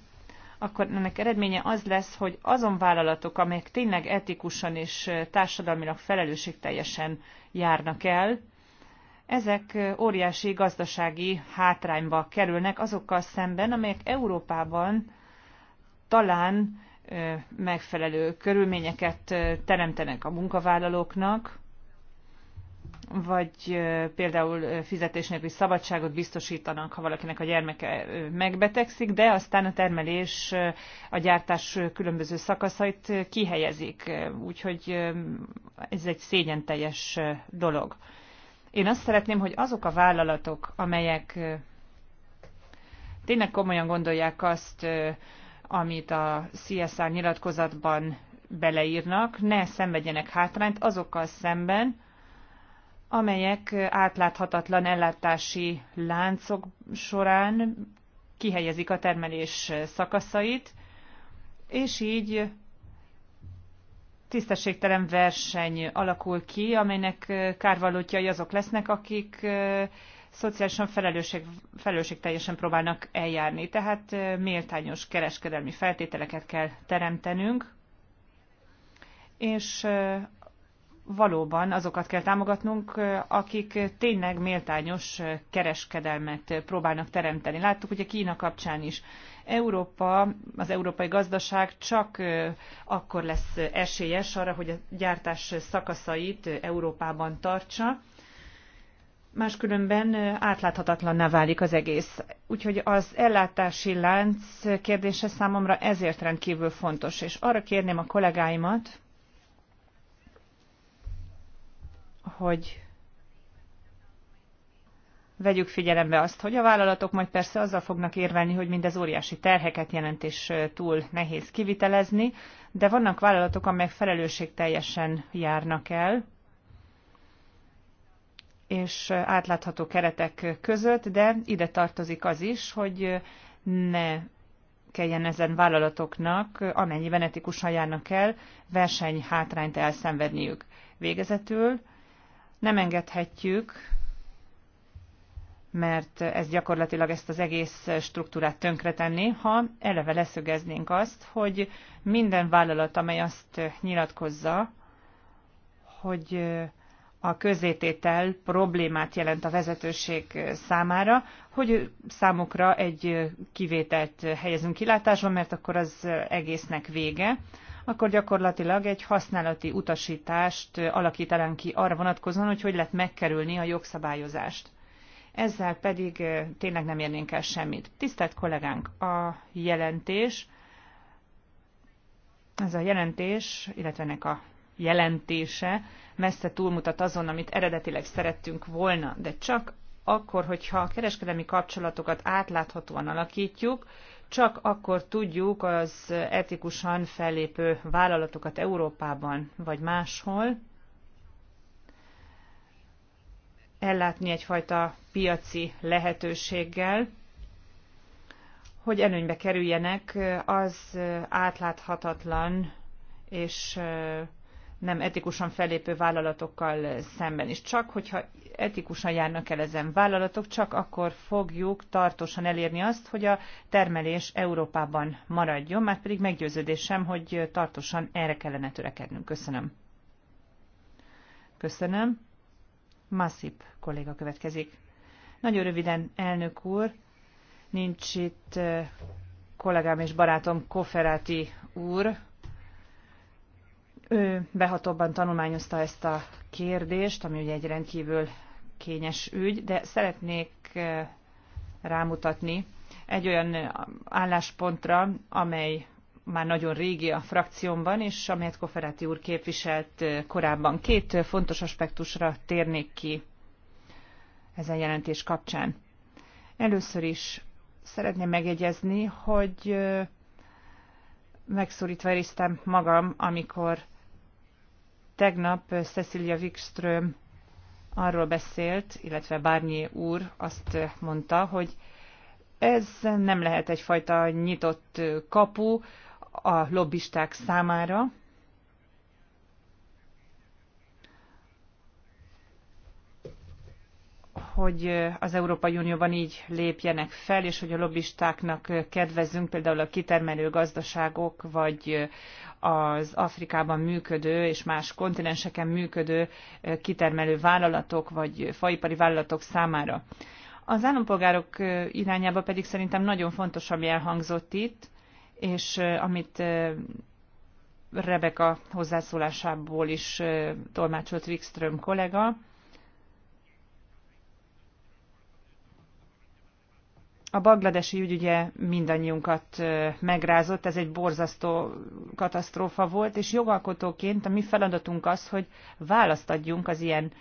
akkor ennek eredménye az lesz, hogy azon vállalatok, amelyek tényleg etikusan és társadalmilag felelősségteljesen járnak el, ezek óriási gazdasági hátrányba kerülnek azokkal szemben, amelyek Európában talán megfelelő körülményeket teremtenek a munkavállalóknak, vagy például fizetés nélküli szabadságot biztosítanak, ha valakinek a gyermeke megbetegszik, de aztán a termelés a gyártás különböző szakaszait kihelyezik. Úgyhogy ez egy szégyen teljes dolog. Én azt szeretném, hogy azok a vállalatok, amelyek tényleg komolyan gondolják azt, amit a CSR nyilatkozatban beleírnak, ne szenvedjenek hátrányt azokkal szemben, amelyek átláthatatlan ellátási láncok során kihelyezik a termelés szakaszait, és így tisztességtelen verseny alakul ki, amelynek kárvallótjai azok lesznek, akik szociálisan felelősség, felelősségteljesen próbálnak eljárni. Tehát méltányos kereskedelmi feltételeket kell teremtenünk, és valóban azokat kell támogatnunk, akik tényleg méltányos kereskedelmet próbálnak teremteni. Láttuk ugye Kína kapcsán is. Európa, az európai gazdaság csak akkor lesz esélyes arra, hogy a gyártás szakaszait Európában tartsa, Máskülönben átláthatatlanná válik az egész. Úgyhogy az ellátási lánc kérdése számomra ezért rendkívül fontos, és arra kérném a kollégáimat, hogy vegyük figyelembe azt, hogy a vállalatok majd persze azzal fognak érvelni, hogy mindez óriási terheket jelent és túl nehéz kivitelezni, de vannak vállalatok, amelyek teljesen járnak el, és átlátható keretek között, de ide tartozik az is, hogy ne kelljen ezen vállalatoknak, amennyiben etikusan járnak el, versenyhátrányt elszenvedniük. Végezetül nem engedhetjük mert ez gyakorlatilag ezt az egész struktúrát tönkretenni, ha eleve leszögeznénk azt, hogy minden vállalat, amely azt nyilatkozza, hogy a közététel problémát jelent a vezetőség számára, hogy számukra egy kivételt helyezünk kilátásba, mert akkor az egésznek vége, akkor gyakorlatilag egy használati utasítást alakítanánk ki arra vonatkozóan, hogy hogy lehet megkerülni a jogszabályozást ezzel pedig tényleg nem érnénk el semmit. Tisztelt kollégánk, a jelentés, ez a jelentés, illetve ennek a jelentése messze túlmutat azon, amit eredetileg szerettünk volna, de csak akkor, hogyha a kereskedelmi kapcsolatokat átláthatóan alakítjuk, csak akkor tudjuk az etikusan fellépő vállalatokat Európában vagy máshol ellátni egyfajta piaci lehetőséggel, hogy előnybe kerüljenek az átláthatatlan és nem etikusan fellépő vállalatokkal szemben is. Csak hogyha etikusan járnak el ezen vállalatok, csak akkor fogjuk tartósan elérni azt, hogy a termelés Európában maradjon, már pedig meggyőződésem, hogy tartósan erre kellene törekednünk. Köszönöm. Köszönöm. Masip kolléga következik. Nagyon röviden, elnök úr, nincs itt kollégám és barátom Koferáti úr. Ő behatóbban tanulmányozta ezt a kérdést, ami ugye egy rendkívül kényes ügy, de szeretnék rámutatni egy olyan álláspontra, amely már nagyon régi a frakciómban, és amelyet Koferáti úr képviselt korábban. Két fontos aspektusra térnék ki ezen jelentés kapcsán. Először is szeretném megjegyezni, hogy megszorítva eriztem magam, amikor tegnap Cecilia Wikström arról beszélt, illetve Bárnyé úr azt mondta, hogy ez nem lehet egyfajta nyitott kapu, a lobbisták számára, hogy az Európai Unióban így lépjenek fel, és hogy a lobbistáknak kedvezzünk, például a kitermelő gazdaságok, vagy az Afrikában működő és más kontinenseken működő kitermelő vállalatok, vagy faipari vállalatok számára. Az állampolgárok irányába pedig szerintem nagyon fontos, ami elhangzott itt, és amit Rebeka hozzászólásából is tolmácsolt Wikström kollega, a bagladesi ügy ugye mindannyiunkat megrázott, ez egy borzasztó katasztrófa volt, és jogalkotóként a mi feladatunk az, hogy választ adjunk az ilyen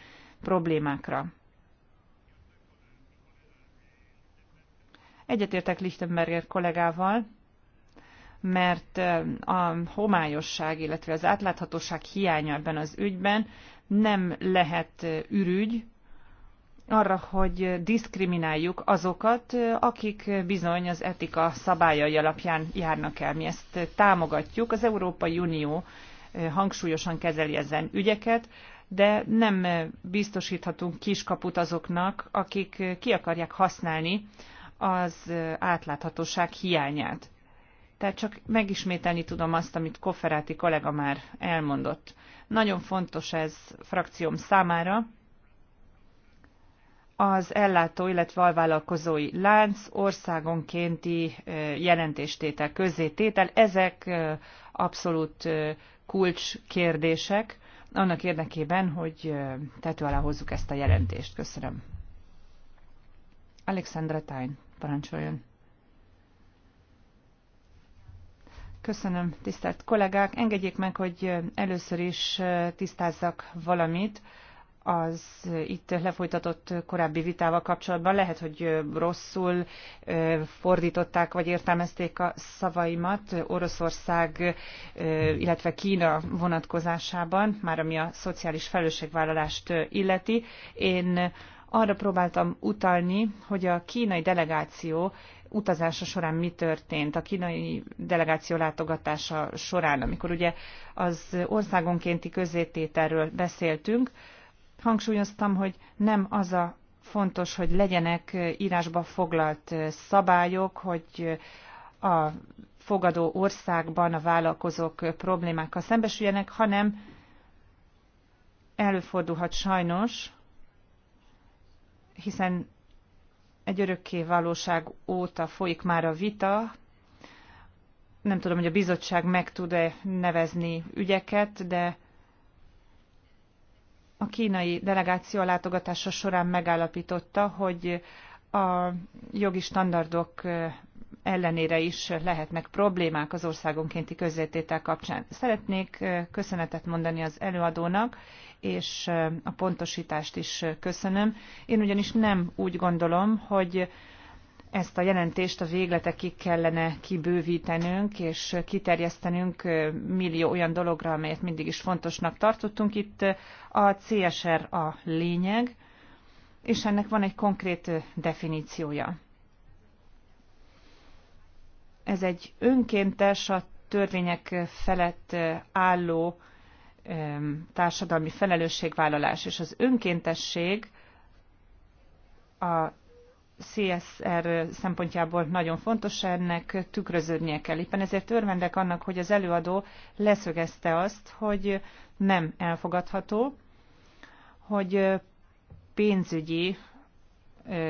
problémákra. Egyetértek Lichtenberger kollégával, mert a homályosság, illetve az átláthatóság hiánya ebben az ügyben nem lehet ürügy arra, hogy diszkrimináljuk azokat, akik bizony az etika szabályai alapján járnak el. Mi ezt támogatjuk. Az Európai Unió hangsúlyosan kezeli ezen ügyeket, de nem biztosíthatunk kiskaput azoknak, akik ki akarják használni az átláthatóság hiányát. Tehát csak megismételni tudom azt, amit Kofferáti kollega már elmondott. Nagyon fontos ez frakcióm számára. Az ellátó, illetve alvállalkozói lánc országonkénti jelentéstétel, közzététel, ezek abszolút kulcskérdések annak érdekében, hogy tető alá hozzuk ezt a jelentést. Köszönöm. Alexandra Tain, parancsoljon. Köszönöm, tisztelt kollégák. Engedjék meg, hogy először is tisztázzak valamit az itt lefolytatott korábbi vitával kapcsolatban. Lehet, hogy rosszul fordították vagy értelmezték a szavaimat Oroszország, illetve Kína vonatkozásában, már ami a szociális felelősségvállalást illeti. Én arra próbáltam utalni, hogy a kínai delegáció utazása során mi történt, a kínai delegáció látogatása során, amikor ugye az országonkénti közzétételről beszéltünk, hangsúlyoztam, hogy nem az a fontos, hogy legyenek írásba foglalt szabályok, hogy a fogadó országban a vállalkozók problémákkal szembesüljenek, hanem előfordulhat sajnos, hiszen egy örökké valóság óta folyik már a vita. Nem tudom, hogy a bizottság meg tud-e nevezni ügyeket, de a kínai delegáció látogatása során megállapította, hogy a jogi standardok ellenére is lehetnek problémák az országonkénti közzététel kapcsán. Szeretnék köszönetet mondani az előadónak, és a pontosítást is köszönöm. Én ugyanis nem úgy gondolom, hogy ezt a jelentést a végletekig kellene kibővítenünk és kiterjesztenünk millió olyan dologra, amelyet mindig is fontosnak tartottunk. Itt a CSR a lényeg, és ennek van egy konkrét definíciója. Ez egy önkéntes, a törvények felett álló társadalmi felelősségvállalás és az önkéntesség a CSR szempontjából nagyon fontos, ennek tükröződnie kell. Éppen ezért örvendek annak, hogy az előadó leszögezte azt, hogy nem elfogadható, hogy pénzügyi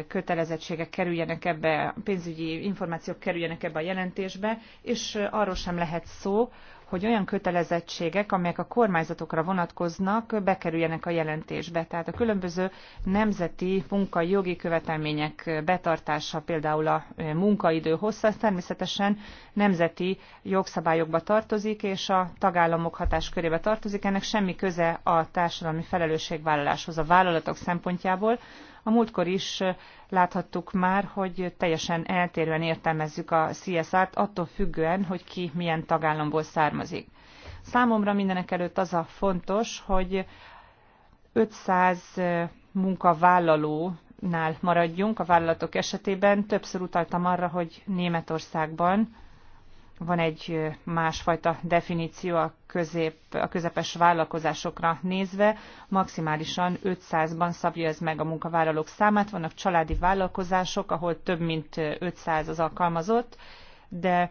kötelezettségek kerüljenek ebbe, pénzügyi információk kerüljenek ebbe a jelentésbe, és arról sem lehet szó, hogy olyan kötelezettségek, amelyek a kormányzatokra vonatkoznak, bekerüljenek a jelentésbe. Tehát a különböző nemzeti munkajogi követelmények betartása, például a munkaidő hossza, ez természetesen nemzeti jogszabályokba tartozik, és a tagállamok hatáskörébe tartozik. Ennek semmi köze a társadalmi felelősségvállaláshoz a vállalatok szempontjából, a múltkor is láthattuk már, hogy teljesen eltérően értelmezzük a CSR-t, attól függően, hogy ki milyen tagállamból származik. Számomra mindenek előtt az a fontos, hogy 500 munkavállalónál maradjunk a vállalatok esetében. Többször utaltam arra, hogy Németországban van egy másfajta definíció a, közép, a közepes vállalkozásokra nézve, maximálisan 500-ban szabja ez meg a munkavállalók számát. Vannak családi vállalkozások, ahol több mint 500 az alkalmazott, de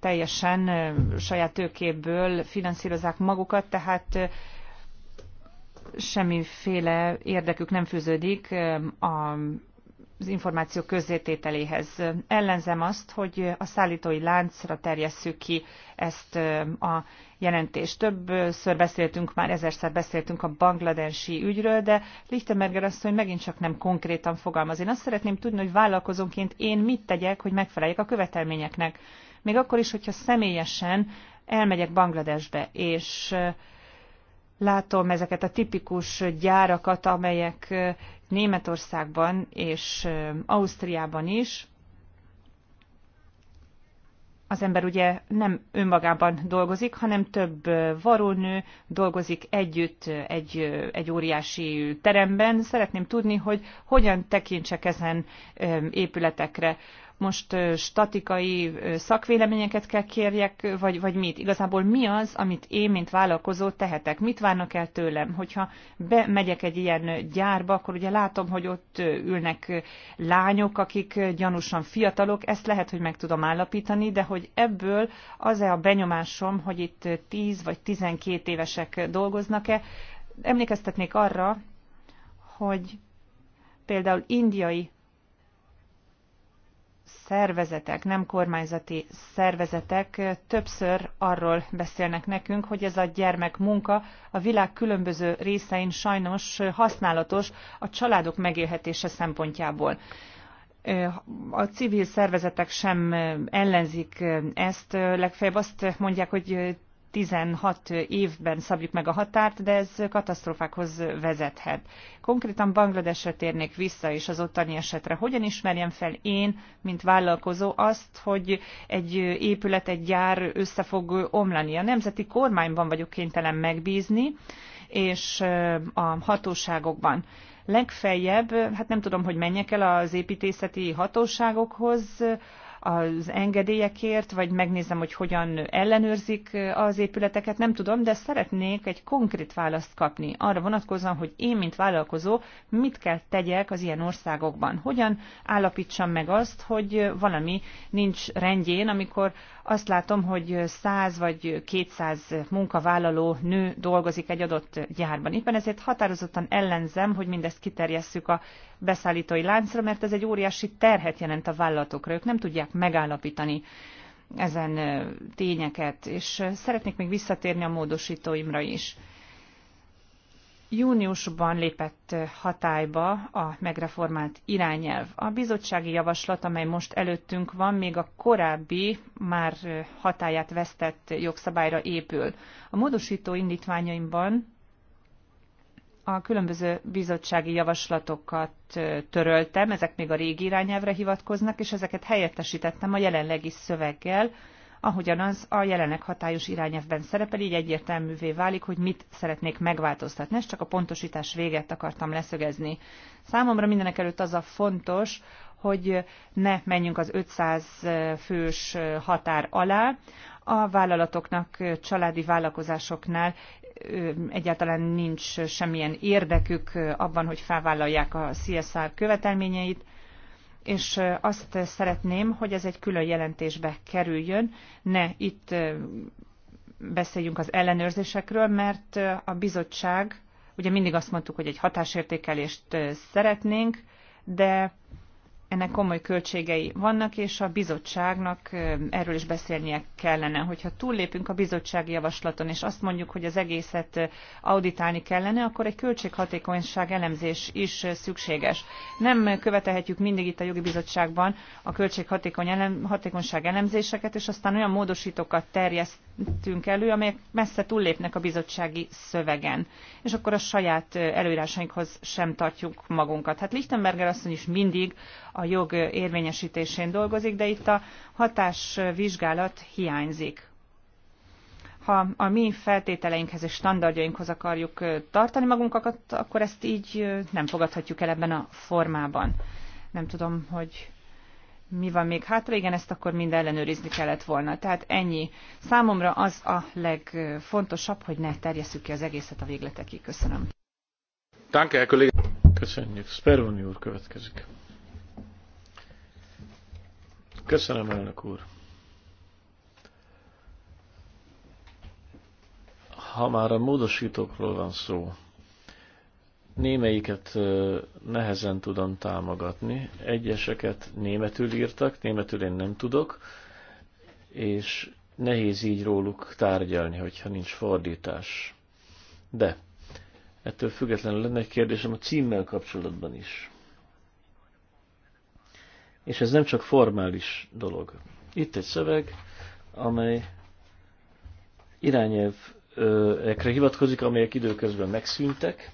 teljesen saját tőkéből finanszírozzák magukat, tehát semmiféle érdekük nem fűződik a az információ közzétételéhez. Ellenzem azt, hogy a szállítói láncra terjesszük ki ezt a jelentést. Többször beszéltünk már, ezerszer beszéltünk a bangladensi ügyről, de Lichtenberger azt, hogy megint csak nem konkrétan fogalmaz. Én azt szeretném tudni, hogy vállalkozónként én mit tegyek, hogy megfeleljek a követelményeknek. Még akkor is, hogyha személyesen elmegyek Bangladesbe, és látom ezeket a tipikus gyárakat, amelyek Németországban és Ausztriában is. Az ember ugye nem önmagában dolgozik, hanem több varónő dolgozik együtt egy, egy óriási teremben. Szeretném tudni, hogy hogyan tekintsek ezen épületekre most statikai szakvéleményeket kell kérjek, vagy, vagy mit? Igazából mi az, amit én, mint vállalkozó tehetek? Mit várnak el tőlem? Hogyha bemegyek egy ilyen gyárba, akkor ugye látom, hogy ott ülnek lányok, akik gyanúsan fiatalok, ezt lehet, hogy meg tudom állapítani, de hogy ebből az-e a benyomásom, hogy itt 10 vagy 12 évesek dolgoznak-e, emlékeztetnék arra, hogy például indiai szervezetek, nem kormányzati szervezetek többször arról beszélnek nekünk, hogy ez a gyermekmunka a világ különböző részein sajnos használatos a családok megélhetése szempontjából. A civil szervezetek sem ellenzik ezt, legfeljebb azt mondják, hogy 16 évben szabjuk meg a határt, de ez katasztrófákhoz vezethet. Konkrétan Bangladesre térnék vissza, és az ottani esetre hogyan ismerjem fel én, mint vállalkozó azt, hogy egy épület, egy gyár össze fog omlani. A nemzeti kormányban vagyok kénytelen megbízni, és a hatóságokban. Legfeljebb, hát nem tudom, hogy menjek el az építészeti hatóságokhoz, az engedélyekért, vagy megnézem, hogy hogyan ellenőrzik az épületeket, nem tudom, de szeretnék egy konkrét választ kapni arra vonatkozom, hogy én, mint vállalkozó, mit kell tegyek az ilyen országokban. Hogyan állapítsam meg azt, hogy valami nincs rendjén, amikor azt látom, hogy 100 vagy 200 munkavállaló nő dolgozik egy adott gyárban. Éppen ezért határozottan ellenzem, hogy mindezt kiterjesszük a beszállítói láncra, mert ez egy óriási terhet jelent a vállalatokra. Ők nem tudják megállapítani ezen tényeket, és szeretnék még visszatérni a módosítóimra is. Júniusban lépett hatályba a megreformált irányelv. A bizottsági javaslat, amely most előttünk van, még a korábbi, már hatáját vesztett jogszabályra épül. A módosító indítványaimban a különböző bizottsági javaslatokat töröltem, ezek még a régi irányelvre hivatkoznak, és ezeket helyettesítettem a jelenlegi szöveggel, ahogyan az a jelenleg hatályos irányelvben szerepel, így egyértelművé válik, hogy mit szeretnék megváltoztatni. Ezt csak a pontosítás véget akartam leszögezni. Számomra mindenek előtt az a fontos, hogy ne menjünk az 500 fős határ alá, a vállalatoknak, családi vállalkozásoknál egyáltalán nincs semmilyen érdekük abban, hogy felvállalják a CSR követelményeit, és azt szeretném, hogy ez egy külön jelentésbe kerüljön, ne itt beszéljünk az ellenőrzésekről, mert a bizottság, ugye mindig azt mondtuk, hogy egy hatásértékelést szeretnénk, de ennek komoly költségei vannak, és a bizottságnak erről is beszélnie kellene. Hogyha túllépünk a bizottsági javaslaton, és azt mondjuk, hogy az egészet auditálni kellene, akkor egy költséghatékonyság elemzés is szükséges. Nem követelhetjük mindig itt a jogi bizottságban a költséghatékonyság elem, elemzéseket, és aztán olyan módosítókat terjesztünk elő, amelyek messze túllépnek a bizottsági szövegen. És akkor a saját előírásainkhoz sem tartjuk magunkat. Hát Lichtenberger asszony is mindig a jog érvényesítésén dolgozik, de itt a hatásvizsgálat hiányzik. Ha a mi feltételeinkhez és standardjainkhoz akarjuk tartani magunkat, akkor ezt így nem fogadhatjuk el ebben a formában. Nem tudom, hogy mi van még hátra, igen, ezt akkor mind ellenőrizni kellett volna. Tehát ennyi. Számomra az a legfontosabb, hogy ne terjesszük ki az egészet a végletekig. Köszönöm. Danke, Köszönjük. Speroni úr következik. Köszönöm, elnök úr. Ha már a módosítókról van szó, némelyiket nehezen tudom támogatni. Egyeseket németül írtak, németül én nem tudok, és nehéz így róluk tárgyalni, hogyha nincs fordítás. De ettől függetlenül lenne egy kérdésem a címmel kapcsolatban is és ez nem csak formális dolog. Itt egy szöveg, amely irányelvekre hivatkozik, amelyek időközben megszűntek,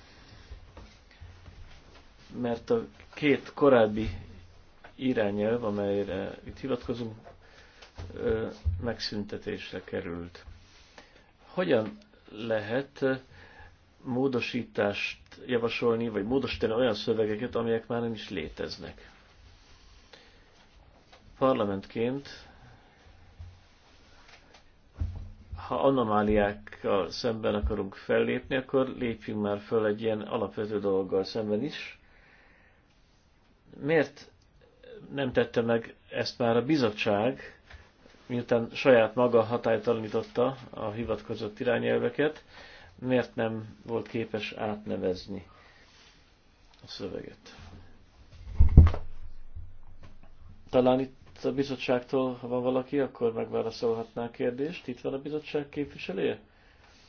mert a két korábbi irányelv, amelyre itt hivatkozunk, megszüntetésre került. Hogyan lehet módosítást javasolni, vagy módosítani olyan szövegeket, amelyek már nem is léteznek? Parlamentként, ha anomáliákkal szemben akarunk fellépni, akkor lépjünk már föl egy ilyen alapvető dologgal szemben is. Miért nem tette meg ezt már a bizottság, miután saját maga hatálytalanította a hivatkozott irányelveket, miért nem volt képes átnevezni a szöveget? Talán itt a bizottságtól, ha van valaki, akkor megválaszolhatná a kérdést. Itt van a bizottság képviselője?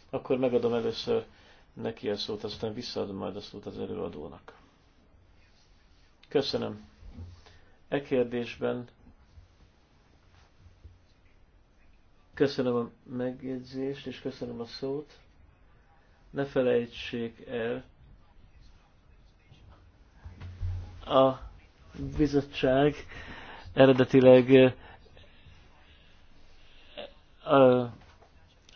Akkor megadom először neki a szót, aztán visszaadom majd a szót az előadónak. Köszönöm. E kérdésben köszönöm a megjegyzést, és köszönöm a szót. Ne felejtsék el, a bizottság eredetileg eh, a,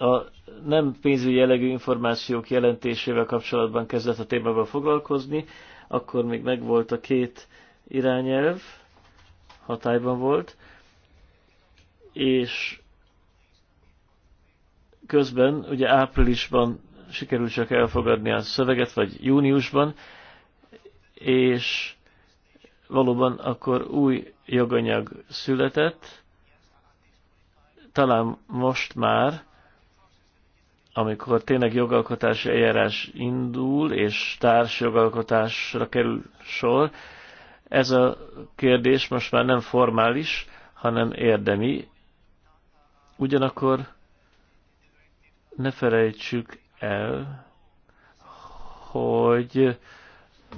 a nem pénzügyi jellegű információk jelentésével kapcsolatban kezdett a témával foglalkozni, akkor még megvolt a két irányelv, hatályban volt, és közben, ugye áprilisban sikerült csak elfogadni a szöveget, vagy júniusban, és valóban akkor új joganyag született, talán most már, amikor tényleg jogalkotási eljárás indul, és társ jogalkotásra kerül sor, ez a kérdés most már nem formális, hanem érdemi. Ugyanakkor ne felejtsük el, hogy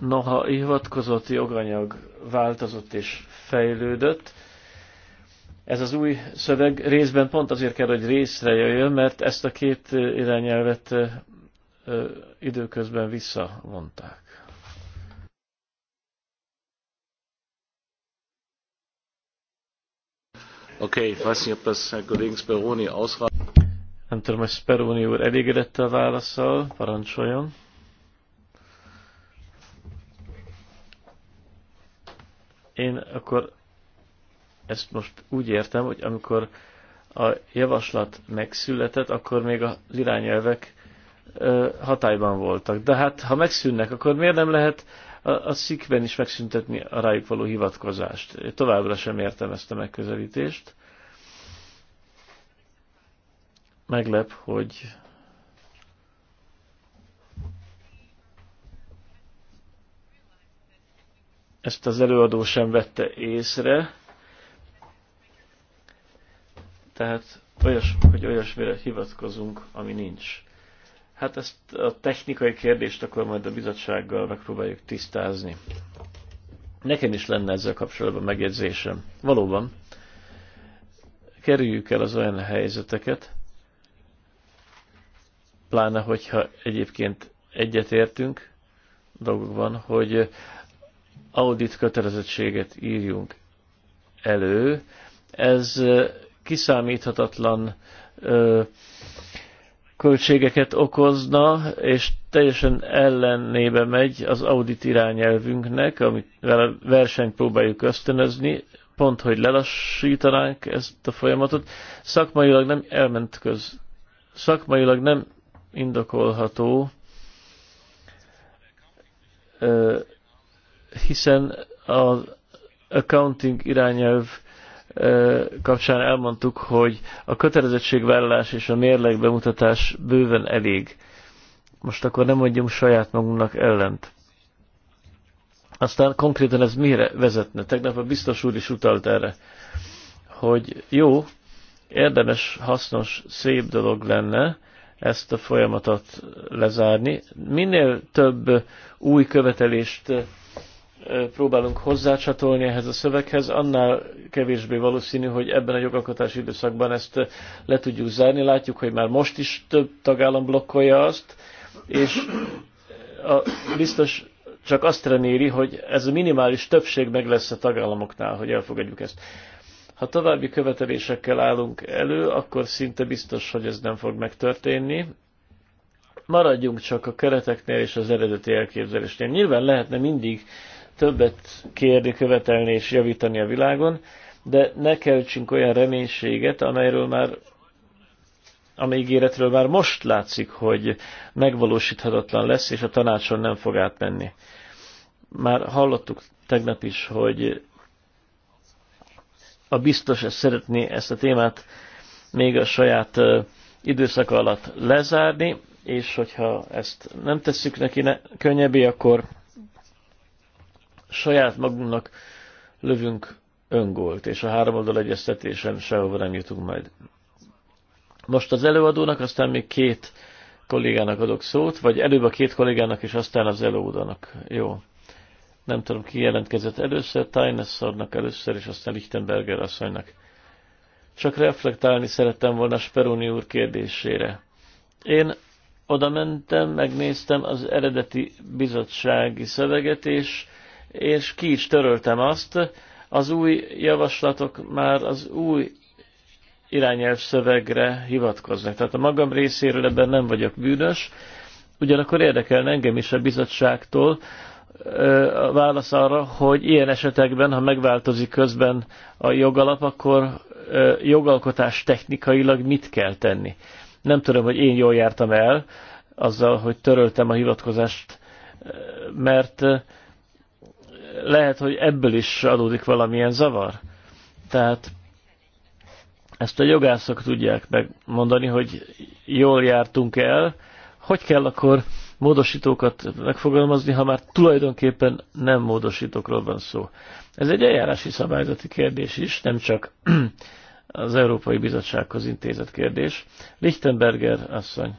Noha a hivatkozott joganyag változott és fejlődött, ez az új szöveg részben pont azért kell, hogy részre jöjjön, mert ezt a két irányelvet időközben visszavonták. Okay, ich weiß nicht, ob das Herr Kollegen Speroni ausreicht. Nem tudom, hogy Speroni úr elégedett a válaszsal, parancsoljon. én akkor ezt most úgy értem, hogy amikor a javaslat megszületett, akkor még a irányelvek hatályban voltak. De hát, ha megszűnnek, akkor miért nem lehet a, a szikben is megszüntetni a rájuk való hivatkozást? Én továbbra sem értem ezt a megközelítést. Meglep, hogy ezt az előadó sem vette észre, tehát olyas, hogy olyasmire hivatkozunk, ami nincs. Hát ezt a technikai kérdést akkor majd a bizottsággal megpróbáljuk tisztázni. Nekem is lenne ezzel kapcsolatban megjegyzésem. Valóban, kerüljük el az olyan helyzeteket, pláne hogyha egyébként egyetértünk dolgokban, hogy audit kötelezettséget írjunk elő. Ez kiszámíthatatlan költségeket okozna, és teljesen ellenébe megy az audit irányelvünknek, amit vele versenyt próbáljuk ösztönözni, pont, hogy lelassítanánk ezt a folyamatot. Szakmailag nem elment köz. Szakmailag nem indokolható hiszen az accounting irányelv kapcsán elmondtuk, hogy a kötelezettségvállalás és a mérleg bemutatás bőven elég. Most akkor nem mondjunk saját magunknak ellent. Aztán konkrétan ez mire vezetne? Tegnap a biztos úr is utalt erre, hogy jó, érdemes, hasznos, szép dolog lenne ezt a folyamatot lezárni. Minél több új követelést próbálunk hozzácsatolni ehhez a szöveghez, annál kevésbé valószínű, hogy ebben a jogalkotási időszakban ezt le tudjuk zárni. Látjuk, hogy már most is több tagállam blokkolja azt, és a biztos csak azt reméli, hogy ez a minimális többség meg lesz a tagállamoknál, hogy elfogadjuk ezt. Ha további követelésekkel állunk elő, akkor szinte biztos, hogy ez nem fog megtörténni. Maradjunk csak a kereteknél és az eredeti elképzelésnél. Nyilván lehetne mindig uh, többet kérni, követelni és javítani a világon, de ne keltsünk olyan reménységet, amelyről már amely ígéretről már most látszik, hogy megvalósíthatatlan lesz, és a tanácson nem fog átmenni. Már hallottuk tegnap is, hogy a biztos ezt szeretné ezt a témát még a saját időszaka alatt lezárni, és hogyha ezt nem tesszük neki ne, könnyebbé, akkor saját magunknak lövünk öngolt, és a háromoldal egyeztetésen sehova nem jutunk majd. Most az előadónak, aztán még két kollégának adok szót, vagy előbb a két kollégának, és aztán az előadónak. Jó. Nem tudom, ki jelentkezett először, Tajneszornak először, és aztán Lichtenberger asszonynak. Csak reflektálni szerettem volna Speroni úr kérdésére. Én oda mentem, megnéztem az eredeti bizottsági szöveget, és és ki is töröltem azt. Az új javaslatok már az új irányelv szövegre hivatkoznak. Tehát a magam részéről ebben nem vagyok bűnös, ugyanakkor érdekel engem is a bizottságtól a válasz arra, hogy ilyen esetekben, ha megváltozik közben a jogalap, akkor jogalkotás technikailag mit kell tenni. Nem tudom, hogy én jól jártam el azzal, hogy töröltem a hivatkozást, mert lehet, hogy ebből is adódik valamilyen zavar. Tehát ezt a jogászok tudják megmondani, hogy jól jártunk el, hogy kell akkor módosítókat megfogalmazni, ha már tulajdonképpen nem módosítókról van szó. Ez egy eljárási szabályzati kérdés is, nem csak <clears throat> az Európai Bizottsághoz intézett kérdés. Lichtenberger asszony,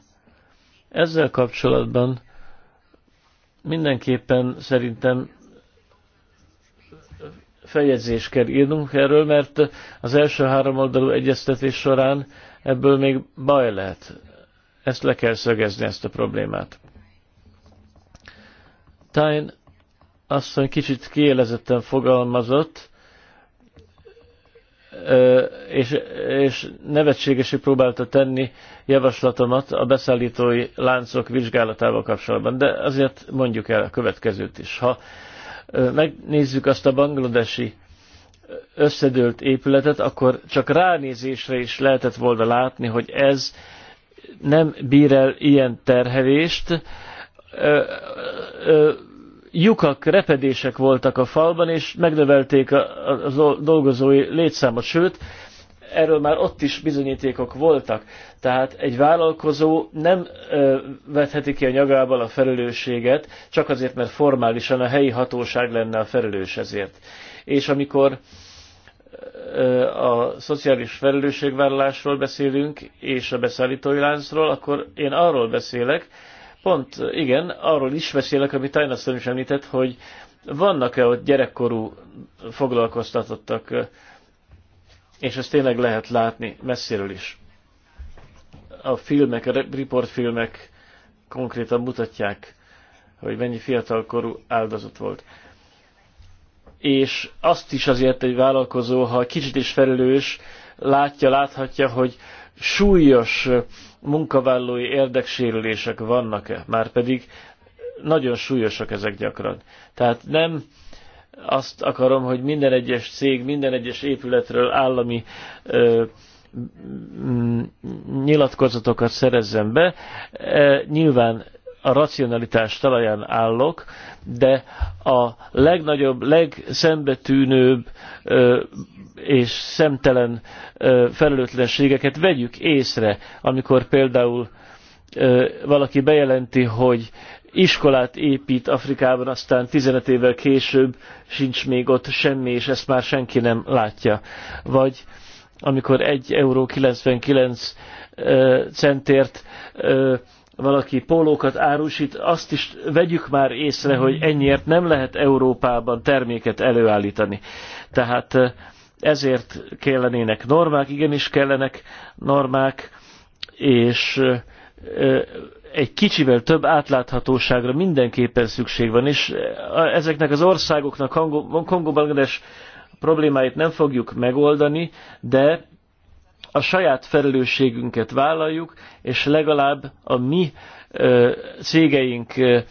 ezzel kapcsolatban mindenképpen szerintem feljegyzést kell írnunk erről, mert az első három oldalú egyeztetés során ebből még baj lehet. Ezt le kell szögezni, ezt a problémát. Tain, asszony kicsit kielezetten fogalmazott, és, és nevetségesé próbálta tenni javaslatomat a beszállítói láncok vizsgálatával kapcsolatban, de azért mondjuk el a következőt is. Ha megnézzük azt a bangladesi összedőlt épületet, akkor csak ránézésre is lehetett volna látni, hogy ez nem bír el ilyen terhelést. Lyukak, repedések voltak a falban, és megnövelték a, dolgozói létszámot, sőt, erről már ott is bizonyítékok voltak. Tehát egy vállalkozó nem ö, vetheti ki a nyagából a felelősséget, csak azért, mert formálisan a helyi hatóság lenne a felelős ezért. És amikor ö, a szociális felelősségvállalásról beszélünk, és a beszállítói láncról, akkor én arról beszélek, pont igen, arról is beszélek, amit Tajnasztan is említett, hogy vannak-e ott gyerekkorú foglalkoztatottak, és ezt tényleg lehet látni messziről is. A filmek, a riportfilmek konkrétan mutatják, hogy mennyi fiatalkorú áldozat volt. És azt is azért egy vállalkozó, ha kicsit is felelős, látja, láthatja, hogy súlyos munkavállalói érdeksérülések vannak-e, már pedig nagyon súlyosak ezek gyakran. Tehát nem azt akarom, hogy minden egyes cég, minden egyes épületről állami ö, mm, nyilatkozatokat szerezzem be. E, nyilván a racionalitás talaján állok, de a legnagyobb, legszembetűnőbb ö, és szemtelen ö, felelőtlenségeket vegyük észre, amikor például ö, valaki bejelenti, hogy iskolát épít Afrikában, aztán 15 évvel később sincs még ott semmi, és ezt már senki nem látja. Vagy amikor 1,99 euró centért valaki pólókat árusít, azt is vegyük már észre, hogy ennyiért nem lehet Európában terméket előállítani. Tehát ezért kellenének normák, igenis kellenek normák, és egy kicsivel több átláthatóságra mindenképpen szükség van, és eh, ezeknek az országoknak, Kongo bangladesh problémáit nem fogjuk megoldani, de a saját felelősségünket vállaljuk, és legalább a mi eh, cégeink eh,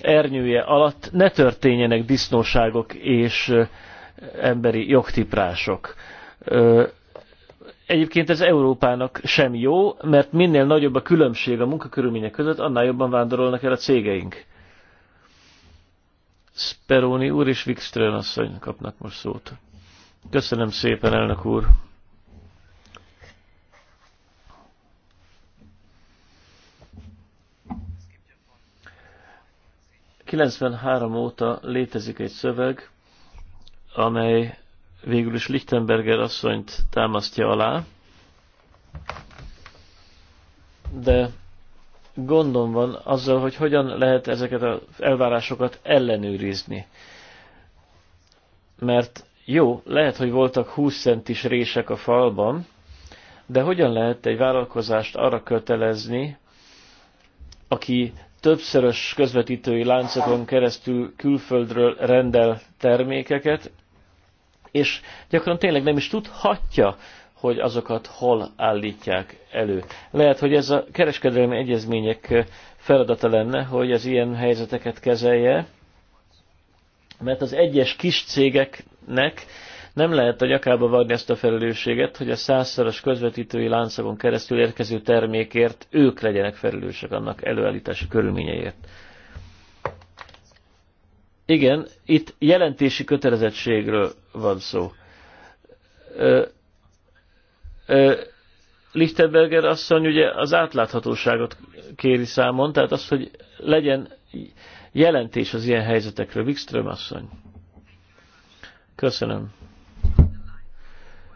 ernyője alatt ne történjenek disznóságok és emberi jogtiprások. Egyébként ez Európának sem jó, mert minél nagyobb a különbség a munkakörülmények között, annál jobban vándorolnak el a cégeink. Speroni úr és Wikström asszony kapnak most szót. Köszönöm szépen, elnök úr. ...93 óta létezik egy szöveg, amely végül is Lichtenberger asszonyt támasztja alá, de gondom van azzal, hogy hogyan lehet ezeket az elvárásokat ellenőrizni. Mert jó, lehet, hogy voltak 20 centis rések a falban, de hogyan lehet egy vállalkozást arra kötelezni, aki többszörös közvetítői láncokon keresztül külföldről rendel termékeket, és gyakran tényleg nem is tudhatja, hogy azokat hol állítják elő. Lehet, hogy ez a kereskedelmi egyezmények feladata lenne, hogy az ilyen helyzeteket kezelje, mert az egyes kis cégeknek nem lehet a nyakába vagni ezt a felelősséget, hogy a százszoros közvetítői láncokon keresztül érkező termékért ők legyenek felelősek annak előállítási körülményeért. Igen, itt jelentési kötelezettségről van szó. Ö, ö, Lichtenberger asszony ugye az átláthatóságot kéri számon, tehát az, hogy legyen jelentés az ilyen helyzetekről. Wikström asszony. Köszönöm.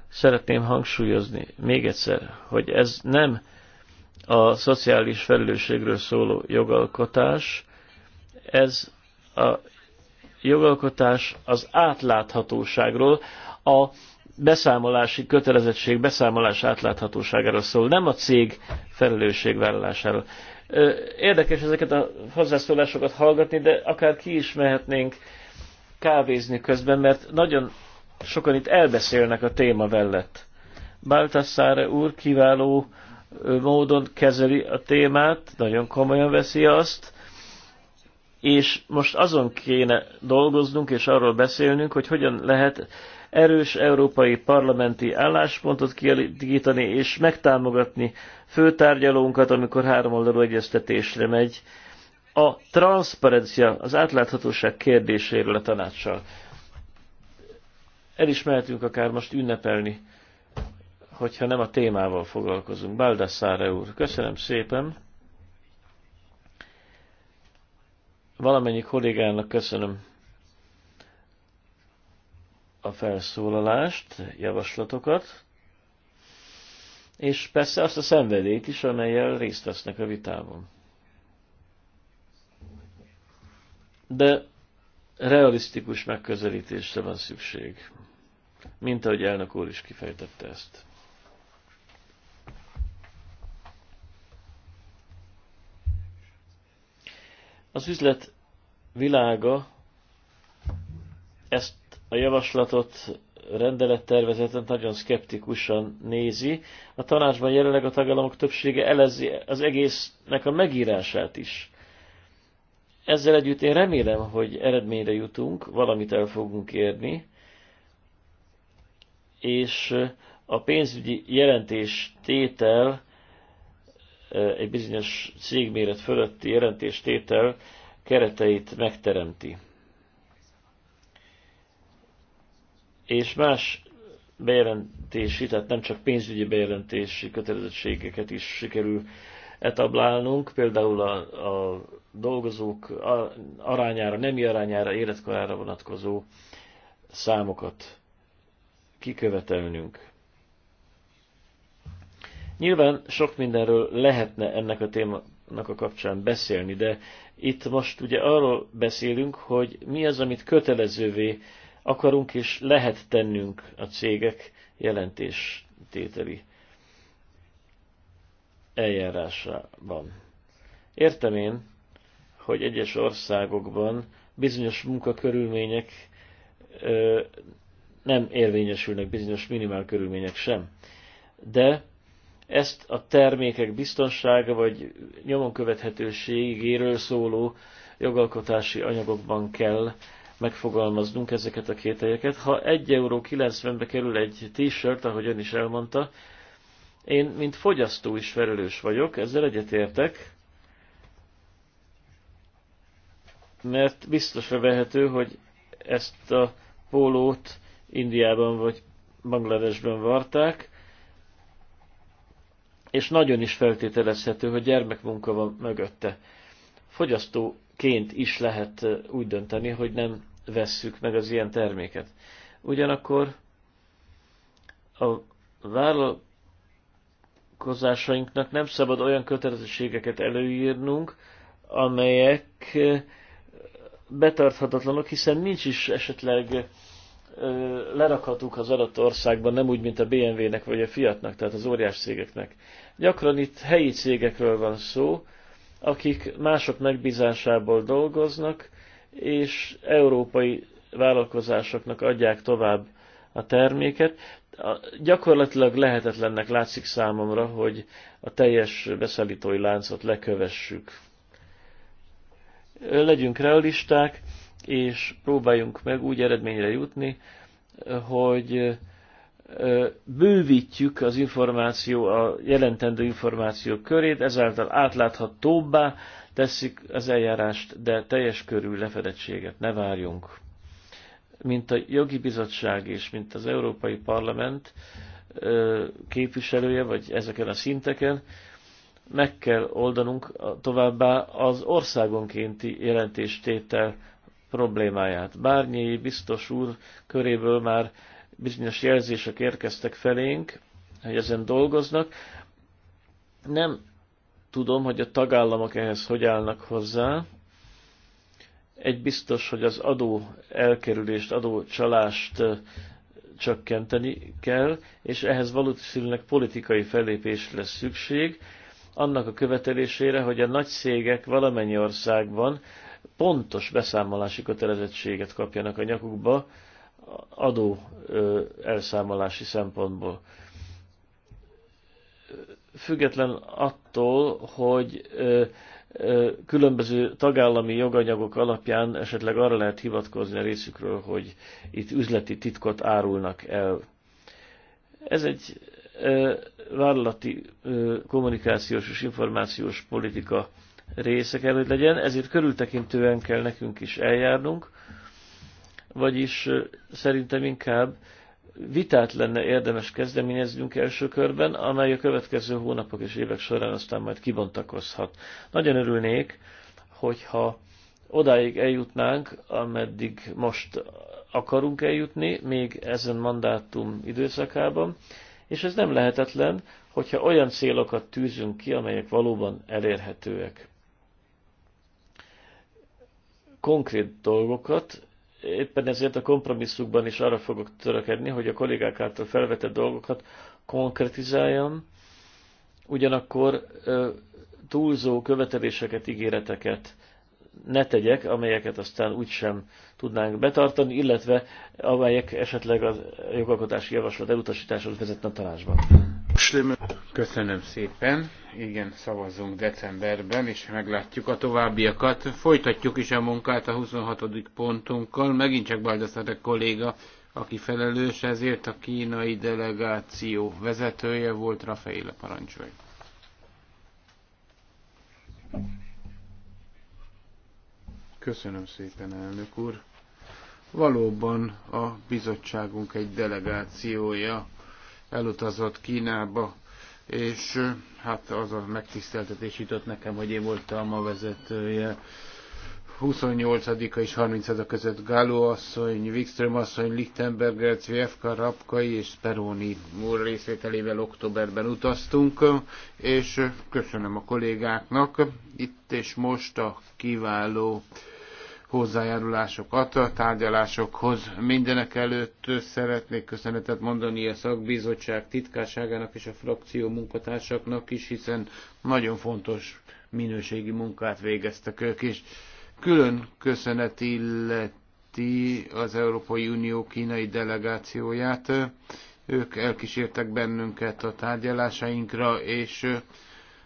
Szeretném hangsúlyozni még egyszer, hogy ez nem a szociális felelősségről szóló jogalkotás, ez a jogalkotás az átláthatóságról, a beszámolási kötelezettség, beszámolás átláthatóságáról szól, nem a cég felelősségvállalásáról. Érdekes ezeket a hozzászólásokat hallgatni, de akár ki is mehetnénk kávézni közben, mert nagyon sokan itt elbeszélnek a téma mellett. Baltassáre úr kiváló módon kezeli a témát, nagyon komolyan veszi azt, és most azon kéne dolgoznunk és arról beszélnünk, hogy hogyan lehet erős európai parlamenti álláspontot kialakítani és megtámogatni főtárgyalónkat, amikor háromoldalú egyeztetésre megy a transzparencia, az átláthatóság kérdéséről a tanácssal. El is mehetünk akár most ünnepelni, hogyha nem a témával foglalkozunk. Baldassare úr, köszönöm szépen! Valamennyi kollégának köszönöm a felszólalást, javaslatokat, és persze azt a szenvedélyt is, amelyel részt vesznek a vitában. De realisztikus megközelítésre van szükség, mint ahogy elnök úr is kifejtette ezt. Az üzlet világa ezt a javaslatot rendelettervezeten nagyon szkeptikusan nézi. A tanácsban jelenleg a tagállamok többsége elezi az egésznek a megírását is. Ezzel együtt én remélem, hogy eredményre jutunk, valamit el fogunk érni, és a pénzügyi jelentés tétel egy bizonyos cégméret fölötti jelentéstétel kereteit megteremti. És más bejelentési, tehát nem csak pénzügyi bejelentési kötelezettségeket is sikerül etablálnunk, például a, a dolgozók arányára, nemi arányára, életkorára vonatkozó számokat kikövetelnünk. Nyilván sok mindenről lehetne ennek a témának a kapcsán beszélni, de itt most ugye arról beszélünk, hogy mi az, amit kötelezővé akarunk és lehet tennünk a cégek jelentéstételi eljárásában. Értem én, hogy egyes országokban bizonyos munkakörülmények ö, nem érvényesülnek, bizonyos minimál körülmények sem. De ezt a termékek biztonsága vagy nyomon követhetőségéről szóló jogalkotási anyagokban kell megfogalmaznunk ezeket a kételyeket. Ha 1,90 euró be kerül egy t-shirt, ahogy ön is elmondta, én, mint fogyasztó is felelős vagyok, ezzel egyetértek, mert biztosra vehető, hogy ezt a pólót Indiában vagy Bangladesben varták, és nagyon is feltételezhető, hogy gyermekmunka van mögötte. Fogyasztóként is lehet úgy dönteni, hogy nem vesszük meg az ilyen terméket. Ugyanakkor a vállalkozásainknak nem szabad olyan kötelezettségeket előírnunk, amelyek betarthatatlanok, hiszen nincs is esetleg lerakhatók az adott országban, nem úgy, mint a BMW-nek vagy a Fiatnak, tehát az óriás cégeknek. Gyakran itt helyi cégekről van szó, akik mások megbízásából dolgoznak, és európai vállalkozásoknak adják tovább a terméket. Gyakorlatilag lehetetlennek látszik számomra, hogy a teljes beszállítói láncot lekövessük. Legyünk realisták, és próbáljunk meg úgy eredményre jutni, hogy bővítjük az információ, a jelentendő információ körét, ezáltal átláthatóbbá teszik az eljárást, de teljes körű lefedettséget ne várjunk. Mint a jogi bizottság és mint az Európai Parlament képviselője, vagy ezeken a szinteken, meg kell oldanunk továbbá az országonkénti jelentéstétel problémáját. Bárnyi biztos úr köréből már bizonyos jelzések érkeztek felénk, hogy ezen dolgoznak. Nem tudom, hogy a tagállamok ehhez hogy állnak hozzá. Egy biztos, hogy az adó elkerülést, adó csalást csökkenteni kell, és ehhez valószínűleg politikai fellépésre lesz szükség, annak a követelésére, hogy a nagy cégek valamennyi országban pontos beszámolási kötelezettséget kapjanak a nyakukba, adó elszámolási szempontból. Független attól, hogy különböző tagállami joganyagok alapján esetleg arra lehet hivatkozni a részükről, hogy itt üzleti titkot árulnak el. Ez egy vállalati kommunikációs és információs politika része kell, hogy legyen, ezért körültekintően kell nekünk is eljárnunk, vagyis szerintem inkább vitát lenne érdemes kezdeményeznünk első körben, amely a következő hónapok és évek során aztán majd kibontakozhat. Nagyon örülnék, hogyha odáig eljutnánk, ameddig most akarunk eljutni, még ezen mandátum időszakában, és ez nem lehetetlen, hogyha olyan célokat tűzünk ki, amelyek valóban elérhetőek. Konkrét dolgokat éppen ezért a kompromisszukban is arra fogok törekedni, hogy a kollégák által felvetett dolgokat konkretizáljam, ugyanakkor túlzó követeléseket, ígéreteket ne tegyek, amelyeket aztán úgysem tudnánk betartani, illetve amelyek esetleg a jogalkotási javaslat elutasításhoz vezetne a tanácsban. Köszönöm szépen. Igen, szavazunk decemberben, és meglátjuk a továbbiakat. Folytatjuk is a munkát a 26. pontunkkal. Megint csak Baldassare kolléga, aki felelős ezért a kínai delegáció vezetője volt, Rafaela parancsolj. Köszönöm szépen, elnök úr. Valóban a bizottságunk egy delegációja elutazott Kínába, és hát az a megtiszteltetés jutott nekem, hogy én voltam a vezetője. 28 és 30-a között Gáló asszony, Wikström asszony, Lichtenberger, Cvjevka, Rapkai és Speroni úr részvételével októberben utaztunk, és köszönöm a kollégáknak itt és most a kiváló hozzájárulásokat a tárgyalásokhoz. Mindenek előtt szeretnék köszönetet mondani a szakbizottság titkárságának és a frakció munkatársaknak is, hiszen nagyon fontos minőségi munkát végeztek ők, és külön köszönet illeti az Európai Unió kínai delegációját. Ők elkísértek bennünket a tárgyalásainkra, és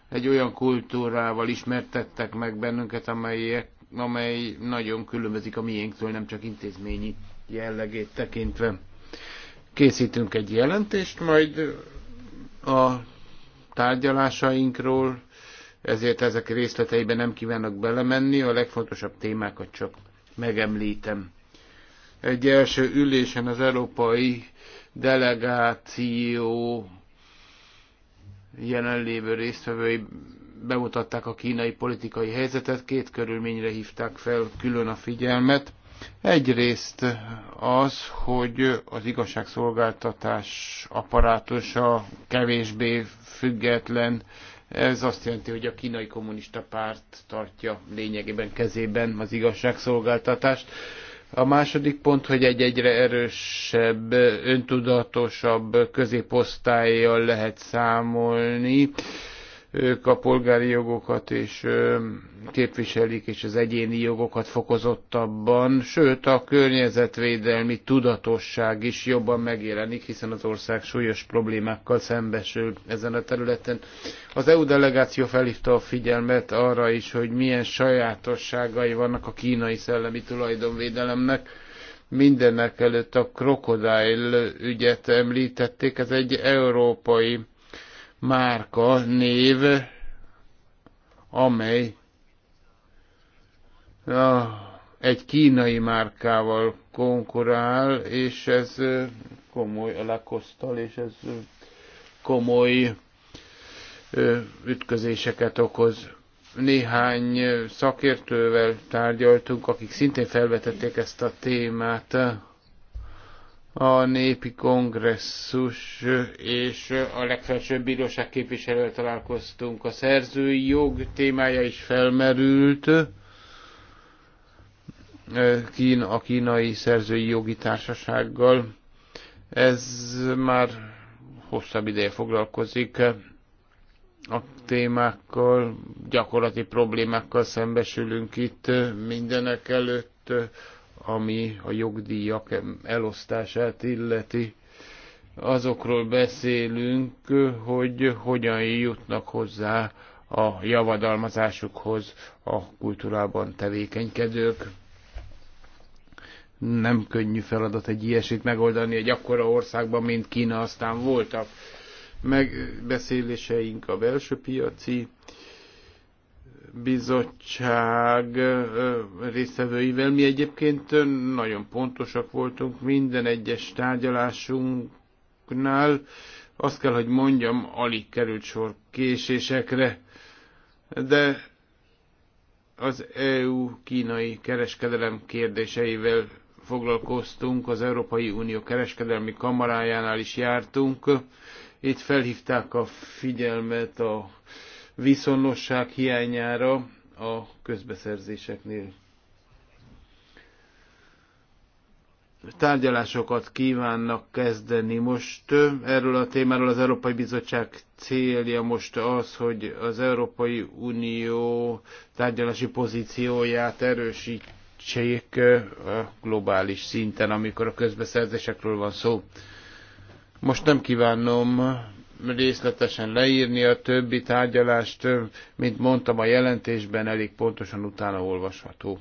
egy olyan kultúrával ismertettek meg bennünket, amelyek amely nagyon különbözik a miénktől, nem csak intézményi jellegét tekintve. Készítünk egy jelentést, majd a tárgyalásainkról, ezért ezek részleteiben nem kívánok belemenni, a legfontosabb témákat csak megemlítem. Egy első ülésen az európai delegáció jelenlévő résztvevői bemutatták a kínai politikai helyzetet, két körülményre hívták fel külön a figyelmet. Egyrészt az, hogy az igazságszolgáltatás apparátusa kevésbé független, ez azt jelenti, hogy a kínai kommunista párt tartja lényegében kezében az igazságszolgáltatást. A második pont, hogy egy egyre erősebb, öntudatosabb középosztályjal lehet számolni, ők a polgári jogokat és képviselik, és az egyéni jogokat fokozottabban, sőt a környezetvédelmi tudatosság is jobban megjelenik, hiszen az ország súlyos problémákkal szembesül ezen a területen. Az EU delegáció felhívta a figyelmet arra is, hogy milyen sajátosságai vannak a kínai szellemi tulajdonvédelemnek, mindenek előtt a krokodil ügyet említették, ez egy európai márka név, amely a, egy kínai márkával konkurál, és ez komoly elakosztal lakosztal, és ez komoly ütközéseket okoz. Néhány szakértővel tárgyaltunk, akik szintén felvetették ezt a témát a népi kongresszus és a legfelsőbb bíróság képviselővel találkoztunk. A szerzői jog témája is felmerült. Kín, a kínai szerzői jogi társasággal. Ez már hosszabb ideje foglalkozik a témákkal, gyakorlati problémákkal szembesülünk itt mindenek előtt ami a jogdíjak elosztását illeti. Azokról beszélünk, hogy hogyan jutnak hozzá a javadalmazásukhoz a kultúrában tevékenykedők. Nem könnyű feladat egy ilyesét megoldani egy akkora országban, mint Kína, aztán voltak megbeszéléseink a belső piaci bizottság résztvevőivel. Mi egyébként nagyon pontosak voltunk minden egyes tárgyalásunknál. Azt kell, hogy mondjam, alig került sor késésekre, de az EU-kínai kereskedelem kérdéseivel foglalkoztunk, az Európai Unió kereskedelmi kamarájánál is jártunk. Itt felhívták a figyelmet a viszonyosság hiányára a közbeszerzéseknél. Tárgyalásokat kívánnak kezdeni most. Erről a témáról az Európai Bizottság célja most az, hogy az Európai Unió tárgyalási pozícióját erősítsék a globális szinten, amikor a közbeszerzésekről van szó. Most nem kívánom részletesen leírni a többi tárgyalást, mint mondtam a jelentésben, elég pontosan utána olvasható.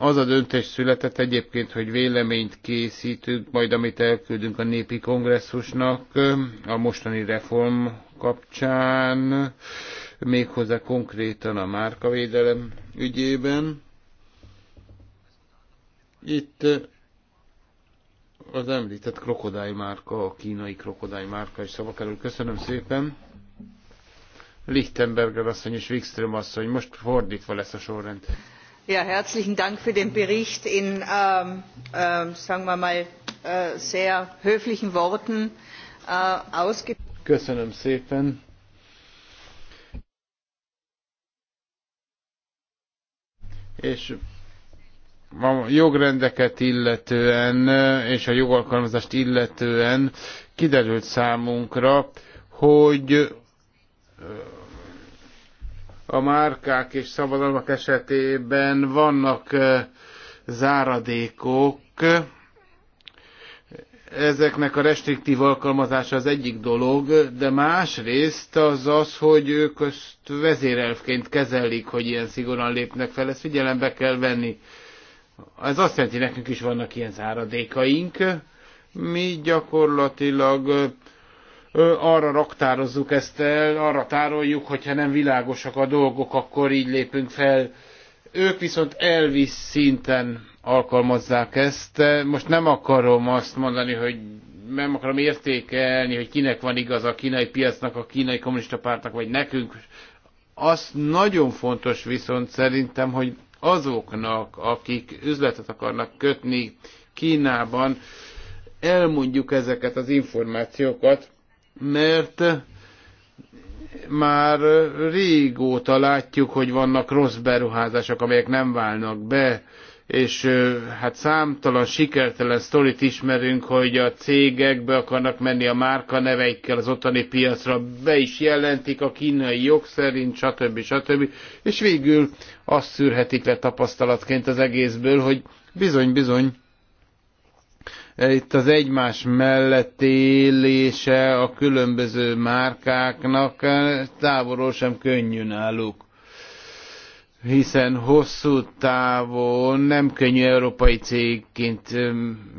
Az a döntés született egyébként, hogy véleményt készítünk, majd amit elküldünk a népi kongresszusnak a mostani reform kapcsán, méghozzá konkrétan a márkavédelem ügyében. Itt az említett krokodálymárka, a kínai krokodálymárka is szava kerül. Köszönöm szépen. Lichtenberger asszony és Wikström asszony, most fordítva lesz a sorrend. Ja, herzlichen Dank für den Bericht in, ähm, äh, sagen wir mal, äh, sehr höflichen Worten äh, ausge... Köszönöm szépen. És a jogrendeket illetően eh, és a jogalkalmazást illetően kiderült számunkra, hogy eh, a márkák és szabadalmak esetében vannak eh, záradékok, ezeknek a restriktív alkalmazása az egyik dolog, de másrészt az az, hogy ők ezt vezérelfként kezelik, hogy ilyen szigorúan lépnek fel, ezt figyelembe kell venni. Ez azt jelenti, nekünk is vannak ilyen záradékaink. Mi gyakorlatilag arra raktározzuk ezt el, arra tároljuk, hogyha nem világosak a dolgok, akkor így lépünk fel. Ők viszont elvis szinten alkalmazzák ezt. Most nem akarom azt mondani, hogy nem akarom értékelni, hogy kinek van igaz a kínai piacnak, a kínai kommunista pártnak, vagy nekünk. Az nagyon fontos viszont szerintem, hogy azoknak, akik üzletet akarnak kötni Kínában, elmondjuk ezeket az információkat, mert már régóta látjuk, hogy vannak rossz beruházások, amelyek nem válnak be, és hát számtalan sikertelen sztorit ismerünk, hogy a cégek be akarnak menni a márka neveikkel az ottani piacra, be is jelentik a kínai jog szerint, stb. stb. És végül azt szűrhetik le tapasztalatként az egészből, hogy bizony-bizony itt az egymás mellett élése a különböző márkáknak eh, távolról sem könnyű náluk hiszen hosszú távon nem könnyű európai cégként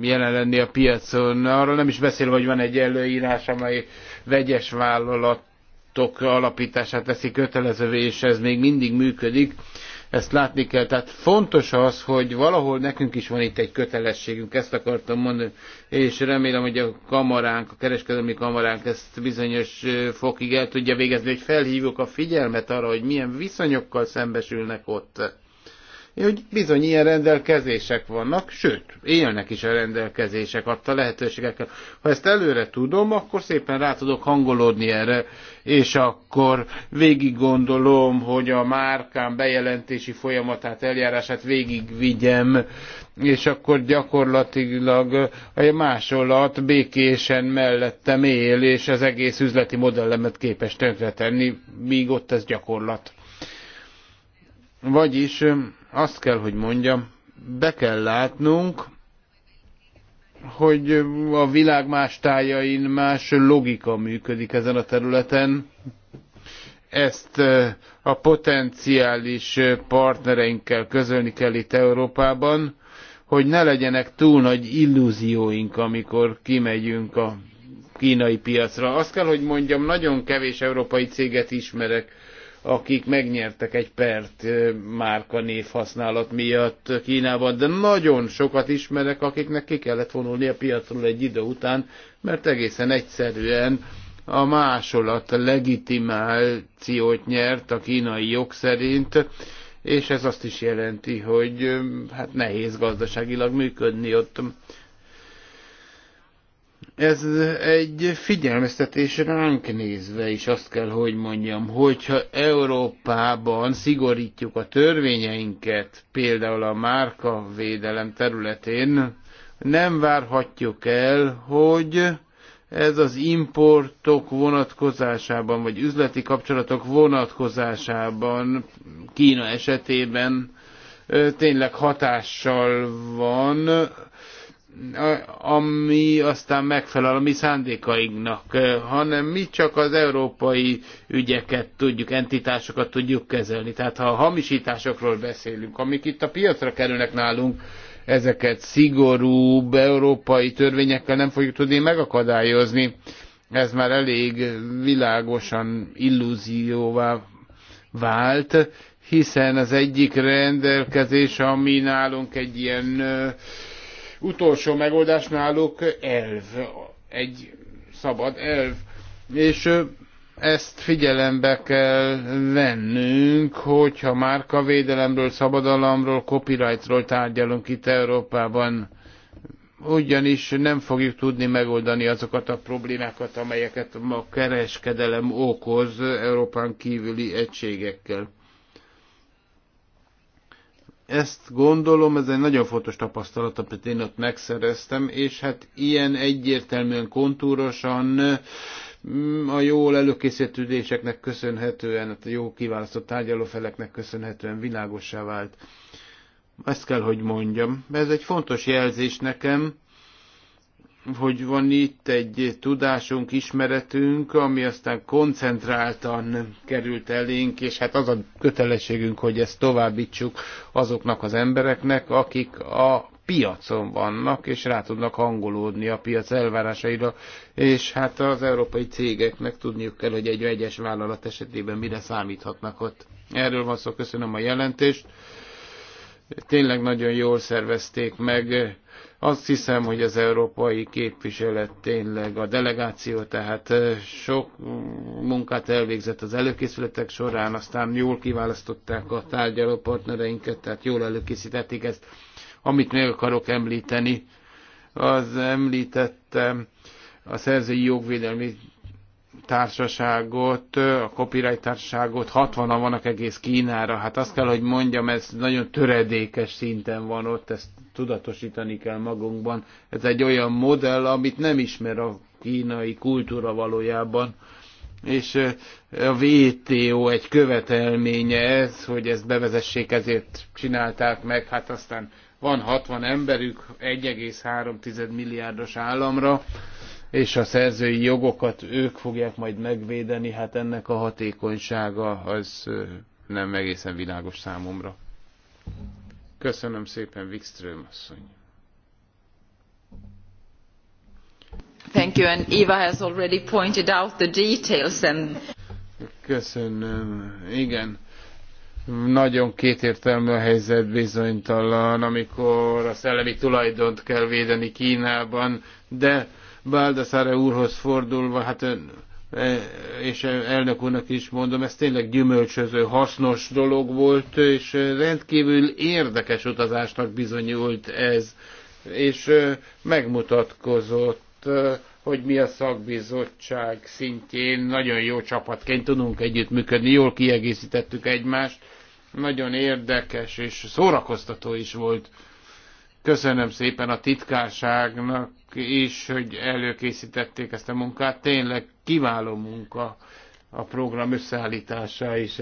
jelen lenni a piacon. Arról nem is beszélve, hogy van egy előírás, amely vegyes vállalatok alapítását teszi kötelezővé, és ez még mindig működik. Ezt látni kell. Tehát fontos az, hogy valahol nekünk is van itt egy kötelességünk, ezt akartam mondani, és remélem, hogy a kamaránk, a kereskedelmi kamaránk ezt bizonyos fokig el tudja végezni, hogy felhívjuk a figyelmet arra, hogy milyen viszonyokkal szembesülnek ott hogy bizony ilyen rendelkezések vannak, sőt, élnek is a rendelkezések adta lehetőségekkel. Ha ezt előre tudom, akkor szépen rá tudok hangolódni erre, és akkor végig gondolom, hogy a márkám bejelentési folyamatát, eljárását végigvigyem, és akkor gyakorlatilag a másolat békésen mellettem él, és az egész üzleti modellemet képes tönkretenni, míg ott ez gyakorlat. Vagyis azt kell, hogy mondjam, be kell látnunk, hogy a világ más tájain más logika működik ezen a területen. Ezt a potenciális partnereinkkel közölni kell itt Európában, hogy ne legyenek túl nagy illúzióink, amikor kimegyünk a kínai piacra. Azt kell, hogy mondjam, nagyon kevés európai céget ismerek, akik megnyertek egy pert márka névhasználat miatt Kínában, de nagyon sokat ismerek, akiknek ki kellett vonulni a piacról egy idő után, mert egészen egyszerűen a másolat legitimációt nyert a kínai jog szerint, és ez azt is jelenti, hogy hát nehéz gazdaságilag működni ott. Ez egy figyelmeztetés ránk nézve is azt kell, hogy mondjam, hogyha Európában szigorítjuk a törvényeinket, például a márkavédelem területén, nem várhatjuk el, hogy ez az importok vonatkozásában, vagy üzleti kapcsolatok vonatkozásában, Kína esetében tényleg hatással van ami aztán megfelel a mi szándékainknak, eh, hanem mi csak az európai ügyeket tudjuk, entitásokat tudjuk kezelni. Tehát ha a hamisításokról beszélünk, amik itt a piacra kerülnek nálunk, ezeket szigorúbb európai törvényekkel nem fogjuk tudni megakadályozni. Ez már elég világosan illúzióvá vált, hiszen az egyik rendelkezés, ami nálunk egy ilyen eh, utolsó megoldás náluk elv, egy szabad elv. És ezt figyelembe kell vennünk, hogyha márkavédelemről, szabadalomról, copyrightról tárgyalunk itt Európában, ugyanis nem fogjuk tudni megoldani azokat a problémákat, amelyeket a kereskedelem okoz Európán kívüli egységekkel. Ezt gondolom, ez egy nagyon fontos tapasztalat, amit én ott megszereztem, és hát ilyen egyértelműen, kontúrosan mm, a jól előkészítődéseknek köszönhetően, köszönhetően, a jó kiválasztott tárgyalófeleknek köszönhetően világosá vált. Ezt kell, hogy mondjam. Ez egy fontos jelzés nekem, hogy van itt egy tudásunk, ismeretünk, ami aztán koncentráltan került elénk, és hát az a kötelességünk, hogy ezt továbbítsuk azoknak az embereknek, akik a piacon vannak, és rá tudnak hangolódni a piac elvárásaira, és hát az európai cégeknek tudniuk kell, hogy egy egyes vállalat esetében mire számíthatnak ott. Erről van szó, köszönöm a jelentést. Tényleg nagyon jól szervezték meg azt hiszem, hogy az európai képviselet tényleg a delegáció, tehát sok munkát elvégzett az előkészületek során, aztán jól kiválasztották a tárgyaló partnereinket, tehát jól előkészítették ezt. Amit meg akarok említeni, az említettem a szerzői jogvédelmi társaságot, a copyright társaságot, 60-an vannak egész Kínára. Hát azt kell, hogy mondjam, ez nagyon töredékes szinten van ott, ezt tudatosítani kell magunkban. Ez egy olyan modell, amit nem ismer a kínai kultúra valójában. És a VTO egy követelménye ez, hogy ezt bevezessék, ezért csinálták meg. Hát aztán van 60 emberük 1,3 milliárdos államra, és a szerzői jogokat ők fogják majd megvédeni, hát ennek a hatékonysága az nem egészen világos számomra. Köszönöm szépen, Wikström asszony. Thank you, and Eva has already pointed out the details and... Köszönöm. Igen nagyon kétértelmű a helyzet bizonytalan, amikor a szellemi tulajdont kell védeni Kínában, de Baldassare úrhoz fordulva, hát ön, e, és elnök úrnak is mondom, ez tényleg gyümölcsöző, hasznos dolog volt, és rendkívül érdekes utazásnak bizonyult ez, és megmutatkozott, hogy mi a szakbizottság szintjén nagyon jó csapatként tudunk együttműködni, jól kiegészítettük egymást, nagyon érdekes és szórakoztató is volt. Köszönöm szépen a titkárságnak is, hogy előkészítették ezt a munkát. Tényleg kiváló munka a program összeállítása is.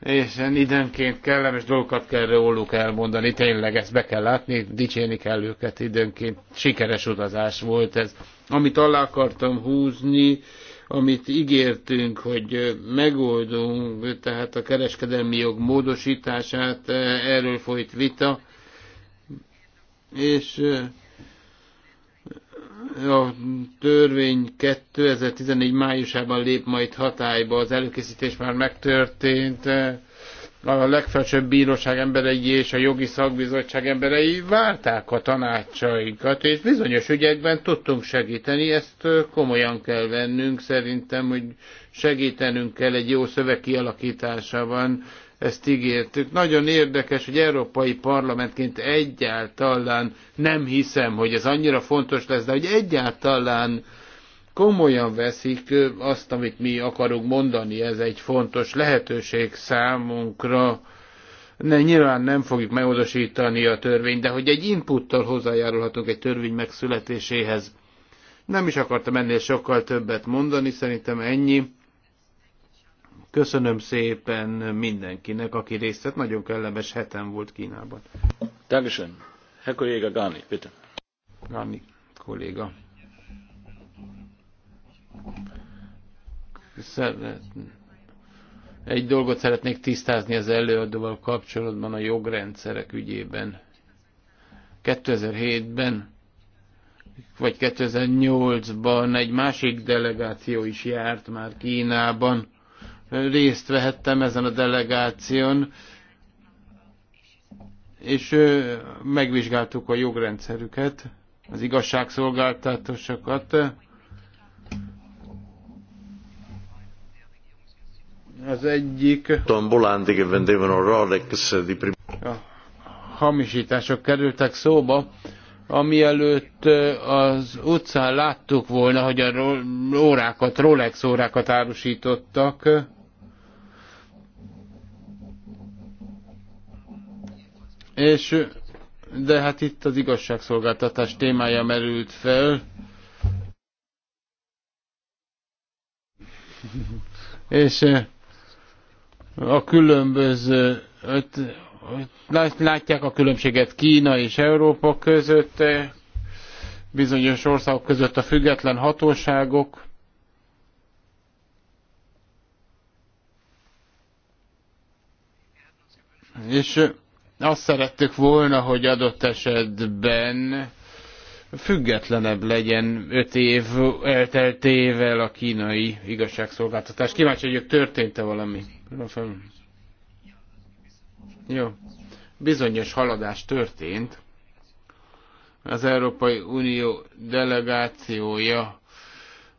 És időnként kellemes dolgokat kell róluk elmondani, tényleg ezt be kell látni, dicsérni kell őket időnként. Sikeres utazás volt ez. Amit alá akartam húzni, amit ígértünk, hogy megoldunk, tehát a kereskedelmi jog módosítását, erről folyt vita, és a törvény 2014 májusában lép majd hatályba, az előkészítés már megtörtént, a legfelsőbb bíróság emberei és a jogi szakbizottság emberei várták a tanácsaikat, és bizonyos ügyekben tudtunk segíteni, ezt komolyan kell vennünk, szerintem, hogy segítenünk kell egy jó szöveg kialakításában, ezt ígértük. Nagyon érdekes, hogy Európai Parlamentként egyáltalán nem hiszem, hogy ez annyira fontos lesz, de hogy egyáltalán komolyan veszik azt, amit mi akarunk mondani. Ez egy fontos lehetőség számunkra. Ne, nyilván nem fogjuk megodosítani a törvényt, de hogy egy inputtal hozzájárulhatunk egy törvény megszületéséhez. Nem is akartam ennél sokkal többet mondani, szerintem ennyi. Köszönöm szépen mindenkinek, aki részt vett. Nagyon kellemes heten volt Kínában. Dankeschön. Herr Kollege Gani, bitte. Gani, kolléga. Szeretném. Egy dolgot szeretnék tisztázni az előadóval kapcsolatban a jogrendszerek ügyében. 2007-ben vagy 2008-ban egy másik delegáció is járt már Kínában, részt vehettem ezen a delegáción, és megvizsgáltuk a jogrendszerüket, az igazságszolgáltatásokat. Az egyik... A hamisítások kerültek szóba, amielőtt az utcán láttuk volna, hogy a órákat, Rolex órákat árusítottak, És, de hát itt az igazságszolgáltatás témája merült fel. És eh, a különböző, látják a különbséget Kína és Európa között, eh, bizonyos országok között a független hatóságok, és eh, azt szerettük volna, hogy adott esetben függetlenebb legyen öt év elteltével a kínai igazságszolgáltatás. Kíváncsi vagyok, történt-e valami? Jó. Bizonyos haladás történt. Az Európai Unió delegációja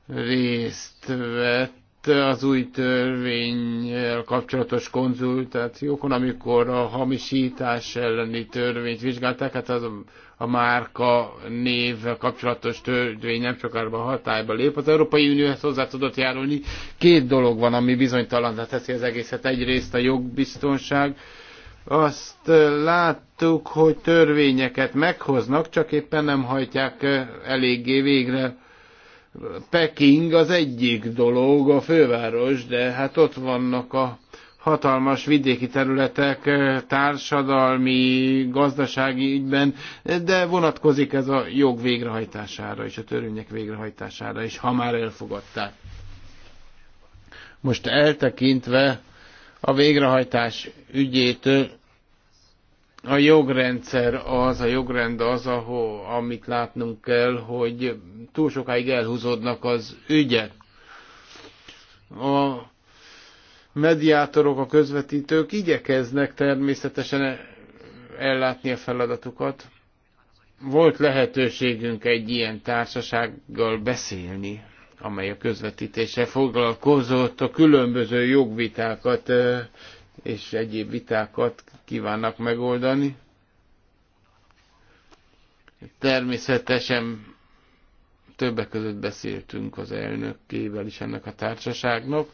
részt vett az új törvény kapcsolatos konzultációkon, amikor a hamisítás elleni törvényt vizsgálták, hát az a márka név kapcsolatos törvény nem sokára hatályba lép. Az Európai Unióhoz hozzá tudott járulni. Két dolog van, ami bizonytalan, teszi az egészet. Egyrészt a jogbiztonság, azt eh, láttuk, hogy törvényeket meghoznak, csak éppen nem hajtják eh, eléggé végre Peking az egyik dolog, a főváros, de hát ott vannak a hatalmas vidéki területek eh, társadalmi, gazdasági ügyben, de vonatkozik ez a jog végrehajtására és a törvények végrehajtására is, ha már elfogadták. Most eltekintve a végrehajtás ügyétől eh, a jogrendszer az, a jogrend az, ahol, amit látnunk kell, hogy túl sokáig elhúzódnak az ügyek. A mediátorok, a közvetítők igyekeznek természetesen ellátni a feladatukat. Volt lehetőségünk egy ilyen társasággal beszélni, amely a közvetítése foglalkozott, a különböző jogvitákat és egyéb vitákat kívánnak megoldani. Természetesen többek között beszéltünk az elnökkével is ennek a társaságnak.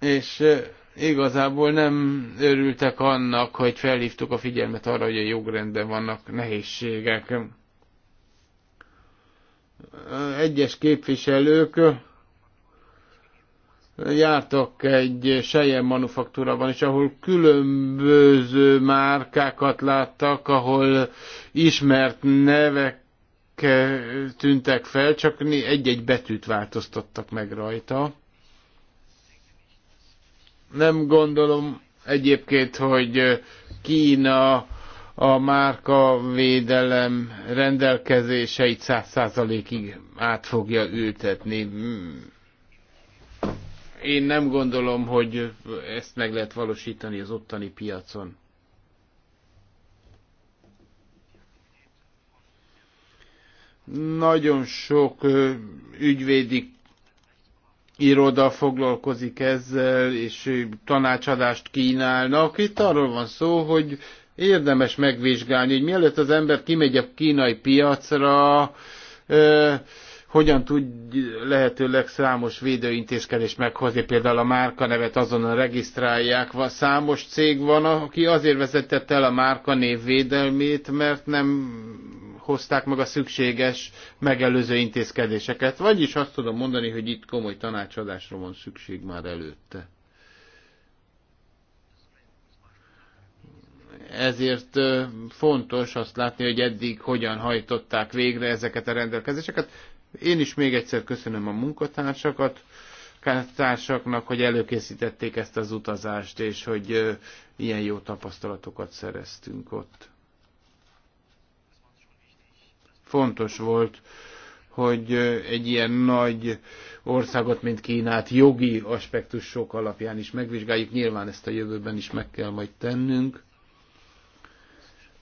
És igazából nem örültek annak, hogy felhívtuk a figyelmet arra, hogy a jogrendben vannak nehézségek. Egyes képviselők jártak egy Sejen manufaktúrában is, ahol különböző márkákat láttak, ahol ismert nevek tűntek fel, csak egy-egy betűt változtattak meg rajta. Nem gondolom egyébként, hogy Kína a márkavédelem rendelkezéseit száz százalékig át fogja ültetni én nem gondolom, hogy ezt meg lehet valósítani az ottani piacon. Nagyon sok ügyvédi iroda foglalkozik ezzel, és tanácsadást kínálnak. Itt arról van szó, hogy érdemes megvizsgálni, hogy mielőtt az ember kimegy a kínai piacra, hogyan tud lehetőleg számos védőintézkedést meghozni, például a márkanevet azonnal regisztrálják. Számos cég van, aki azért vezetette el a márka védelmét, mert nem hozták meg a szükséges megelőző intézkedéseket. Vagyis azt tudom mondani, hogy itt komoly tanácsadásra van szükség már előtte. ezért fontos azt látni, hogy eddig hogyan hajtották végre ezeket a rendelkezéseket. Én is még egyszer köszönöm a munkatársakat, társaknak, hogy előkészítették ezt az utazást, és hogy ilyen jó tapasztalatokat szereztünk ott. Fontos volt, hogy egy ilyen nagy országot, mint Kínát jogi aspektusok alapján is megvizsgáljuk. Nyilván ezt a jövőben is meg kell majd tennünk.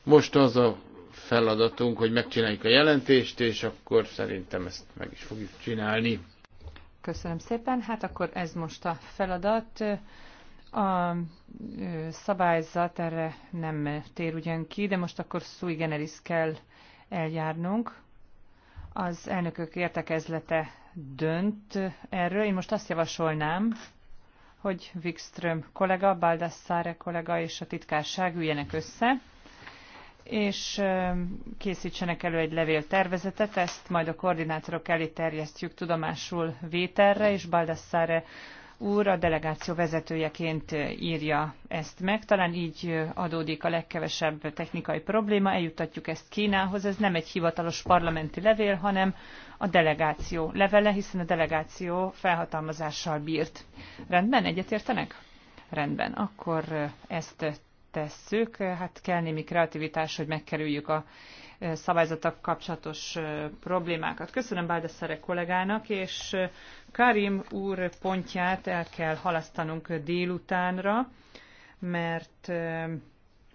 Most az a feladatunk, hogy megcsináljuk a jelentést, és akkor szerintem ezt meg is fogjuk csinálni. Köszönöm szépen. Hát akkor ez most a feladat. A szabályzat erre nem tér ugyan ki, de most akkor sui generis kell eljárnunk. Az elnökök értekezlete dönt erről. Én most azt javasolnám, hogy Wikström kollega, Baldassare kollega és a titkárság üljenek össze, és készítsenek elő egy levéltervezetet, ezt majd a koordinátorok elé terjesztjük tudomásul Véterre, és Baldassare úr a delegáció vezetőjeként írja ezt meg. Talán így adódik a legkevesebb technikai probléma, eljuttatjuk ezt Kínához. Ez nem egy hivatalos parlamenti levél, hanem a delegáció levele, hiszen a delegáció felhatalmazással bírt. Rendben, egyetértenek? Rendben, akkor ezt tesszük. Hát kell némi kreativitás, hogy megkerüljük a e, szabályzatok kapcsolatos e, problémákat. Köszönöm Báldeszere kollégának, és e, Karim úr pontját el kell halasztanunk délutánra, mert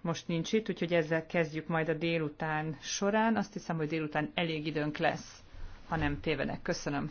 most nincs itt, úgyhogy ezzel kezdjük majd a délután során. Azt hiszem, hogy délután elég időnk lesz, ha nem tévedek. Köszönöm.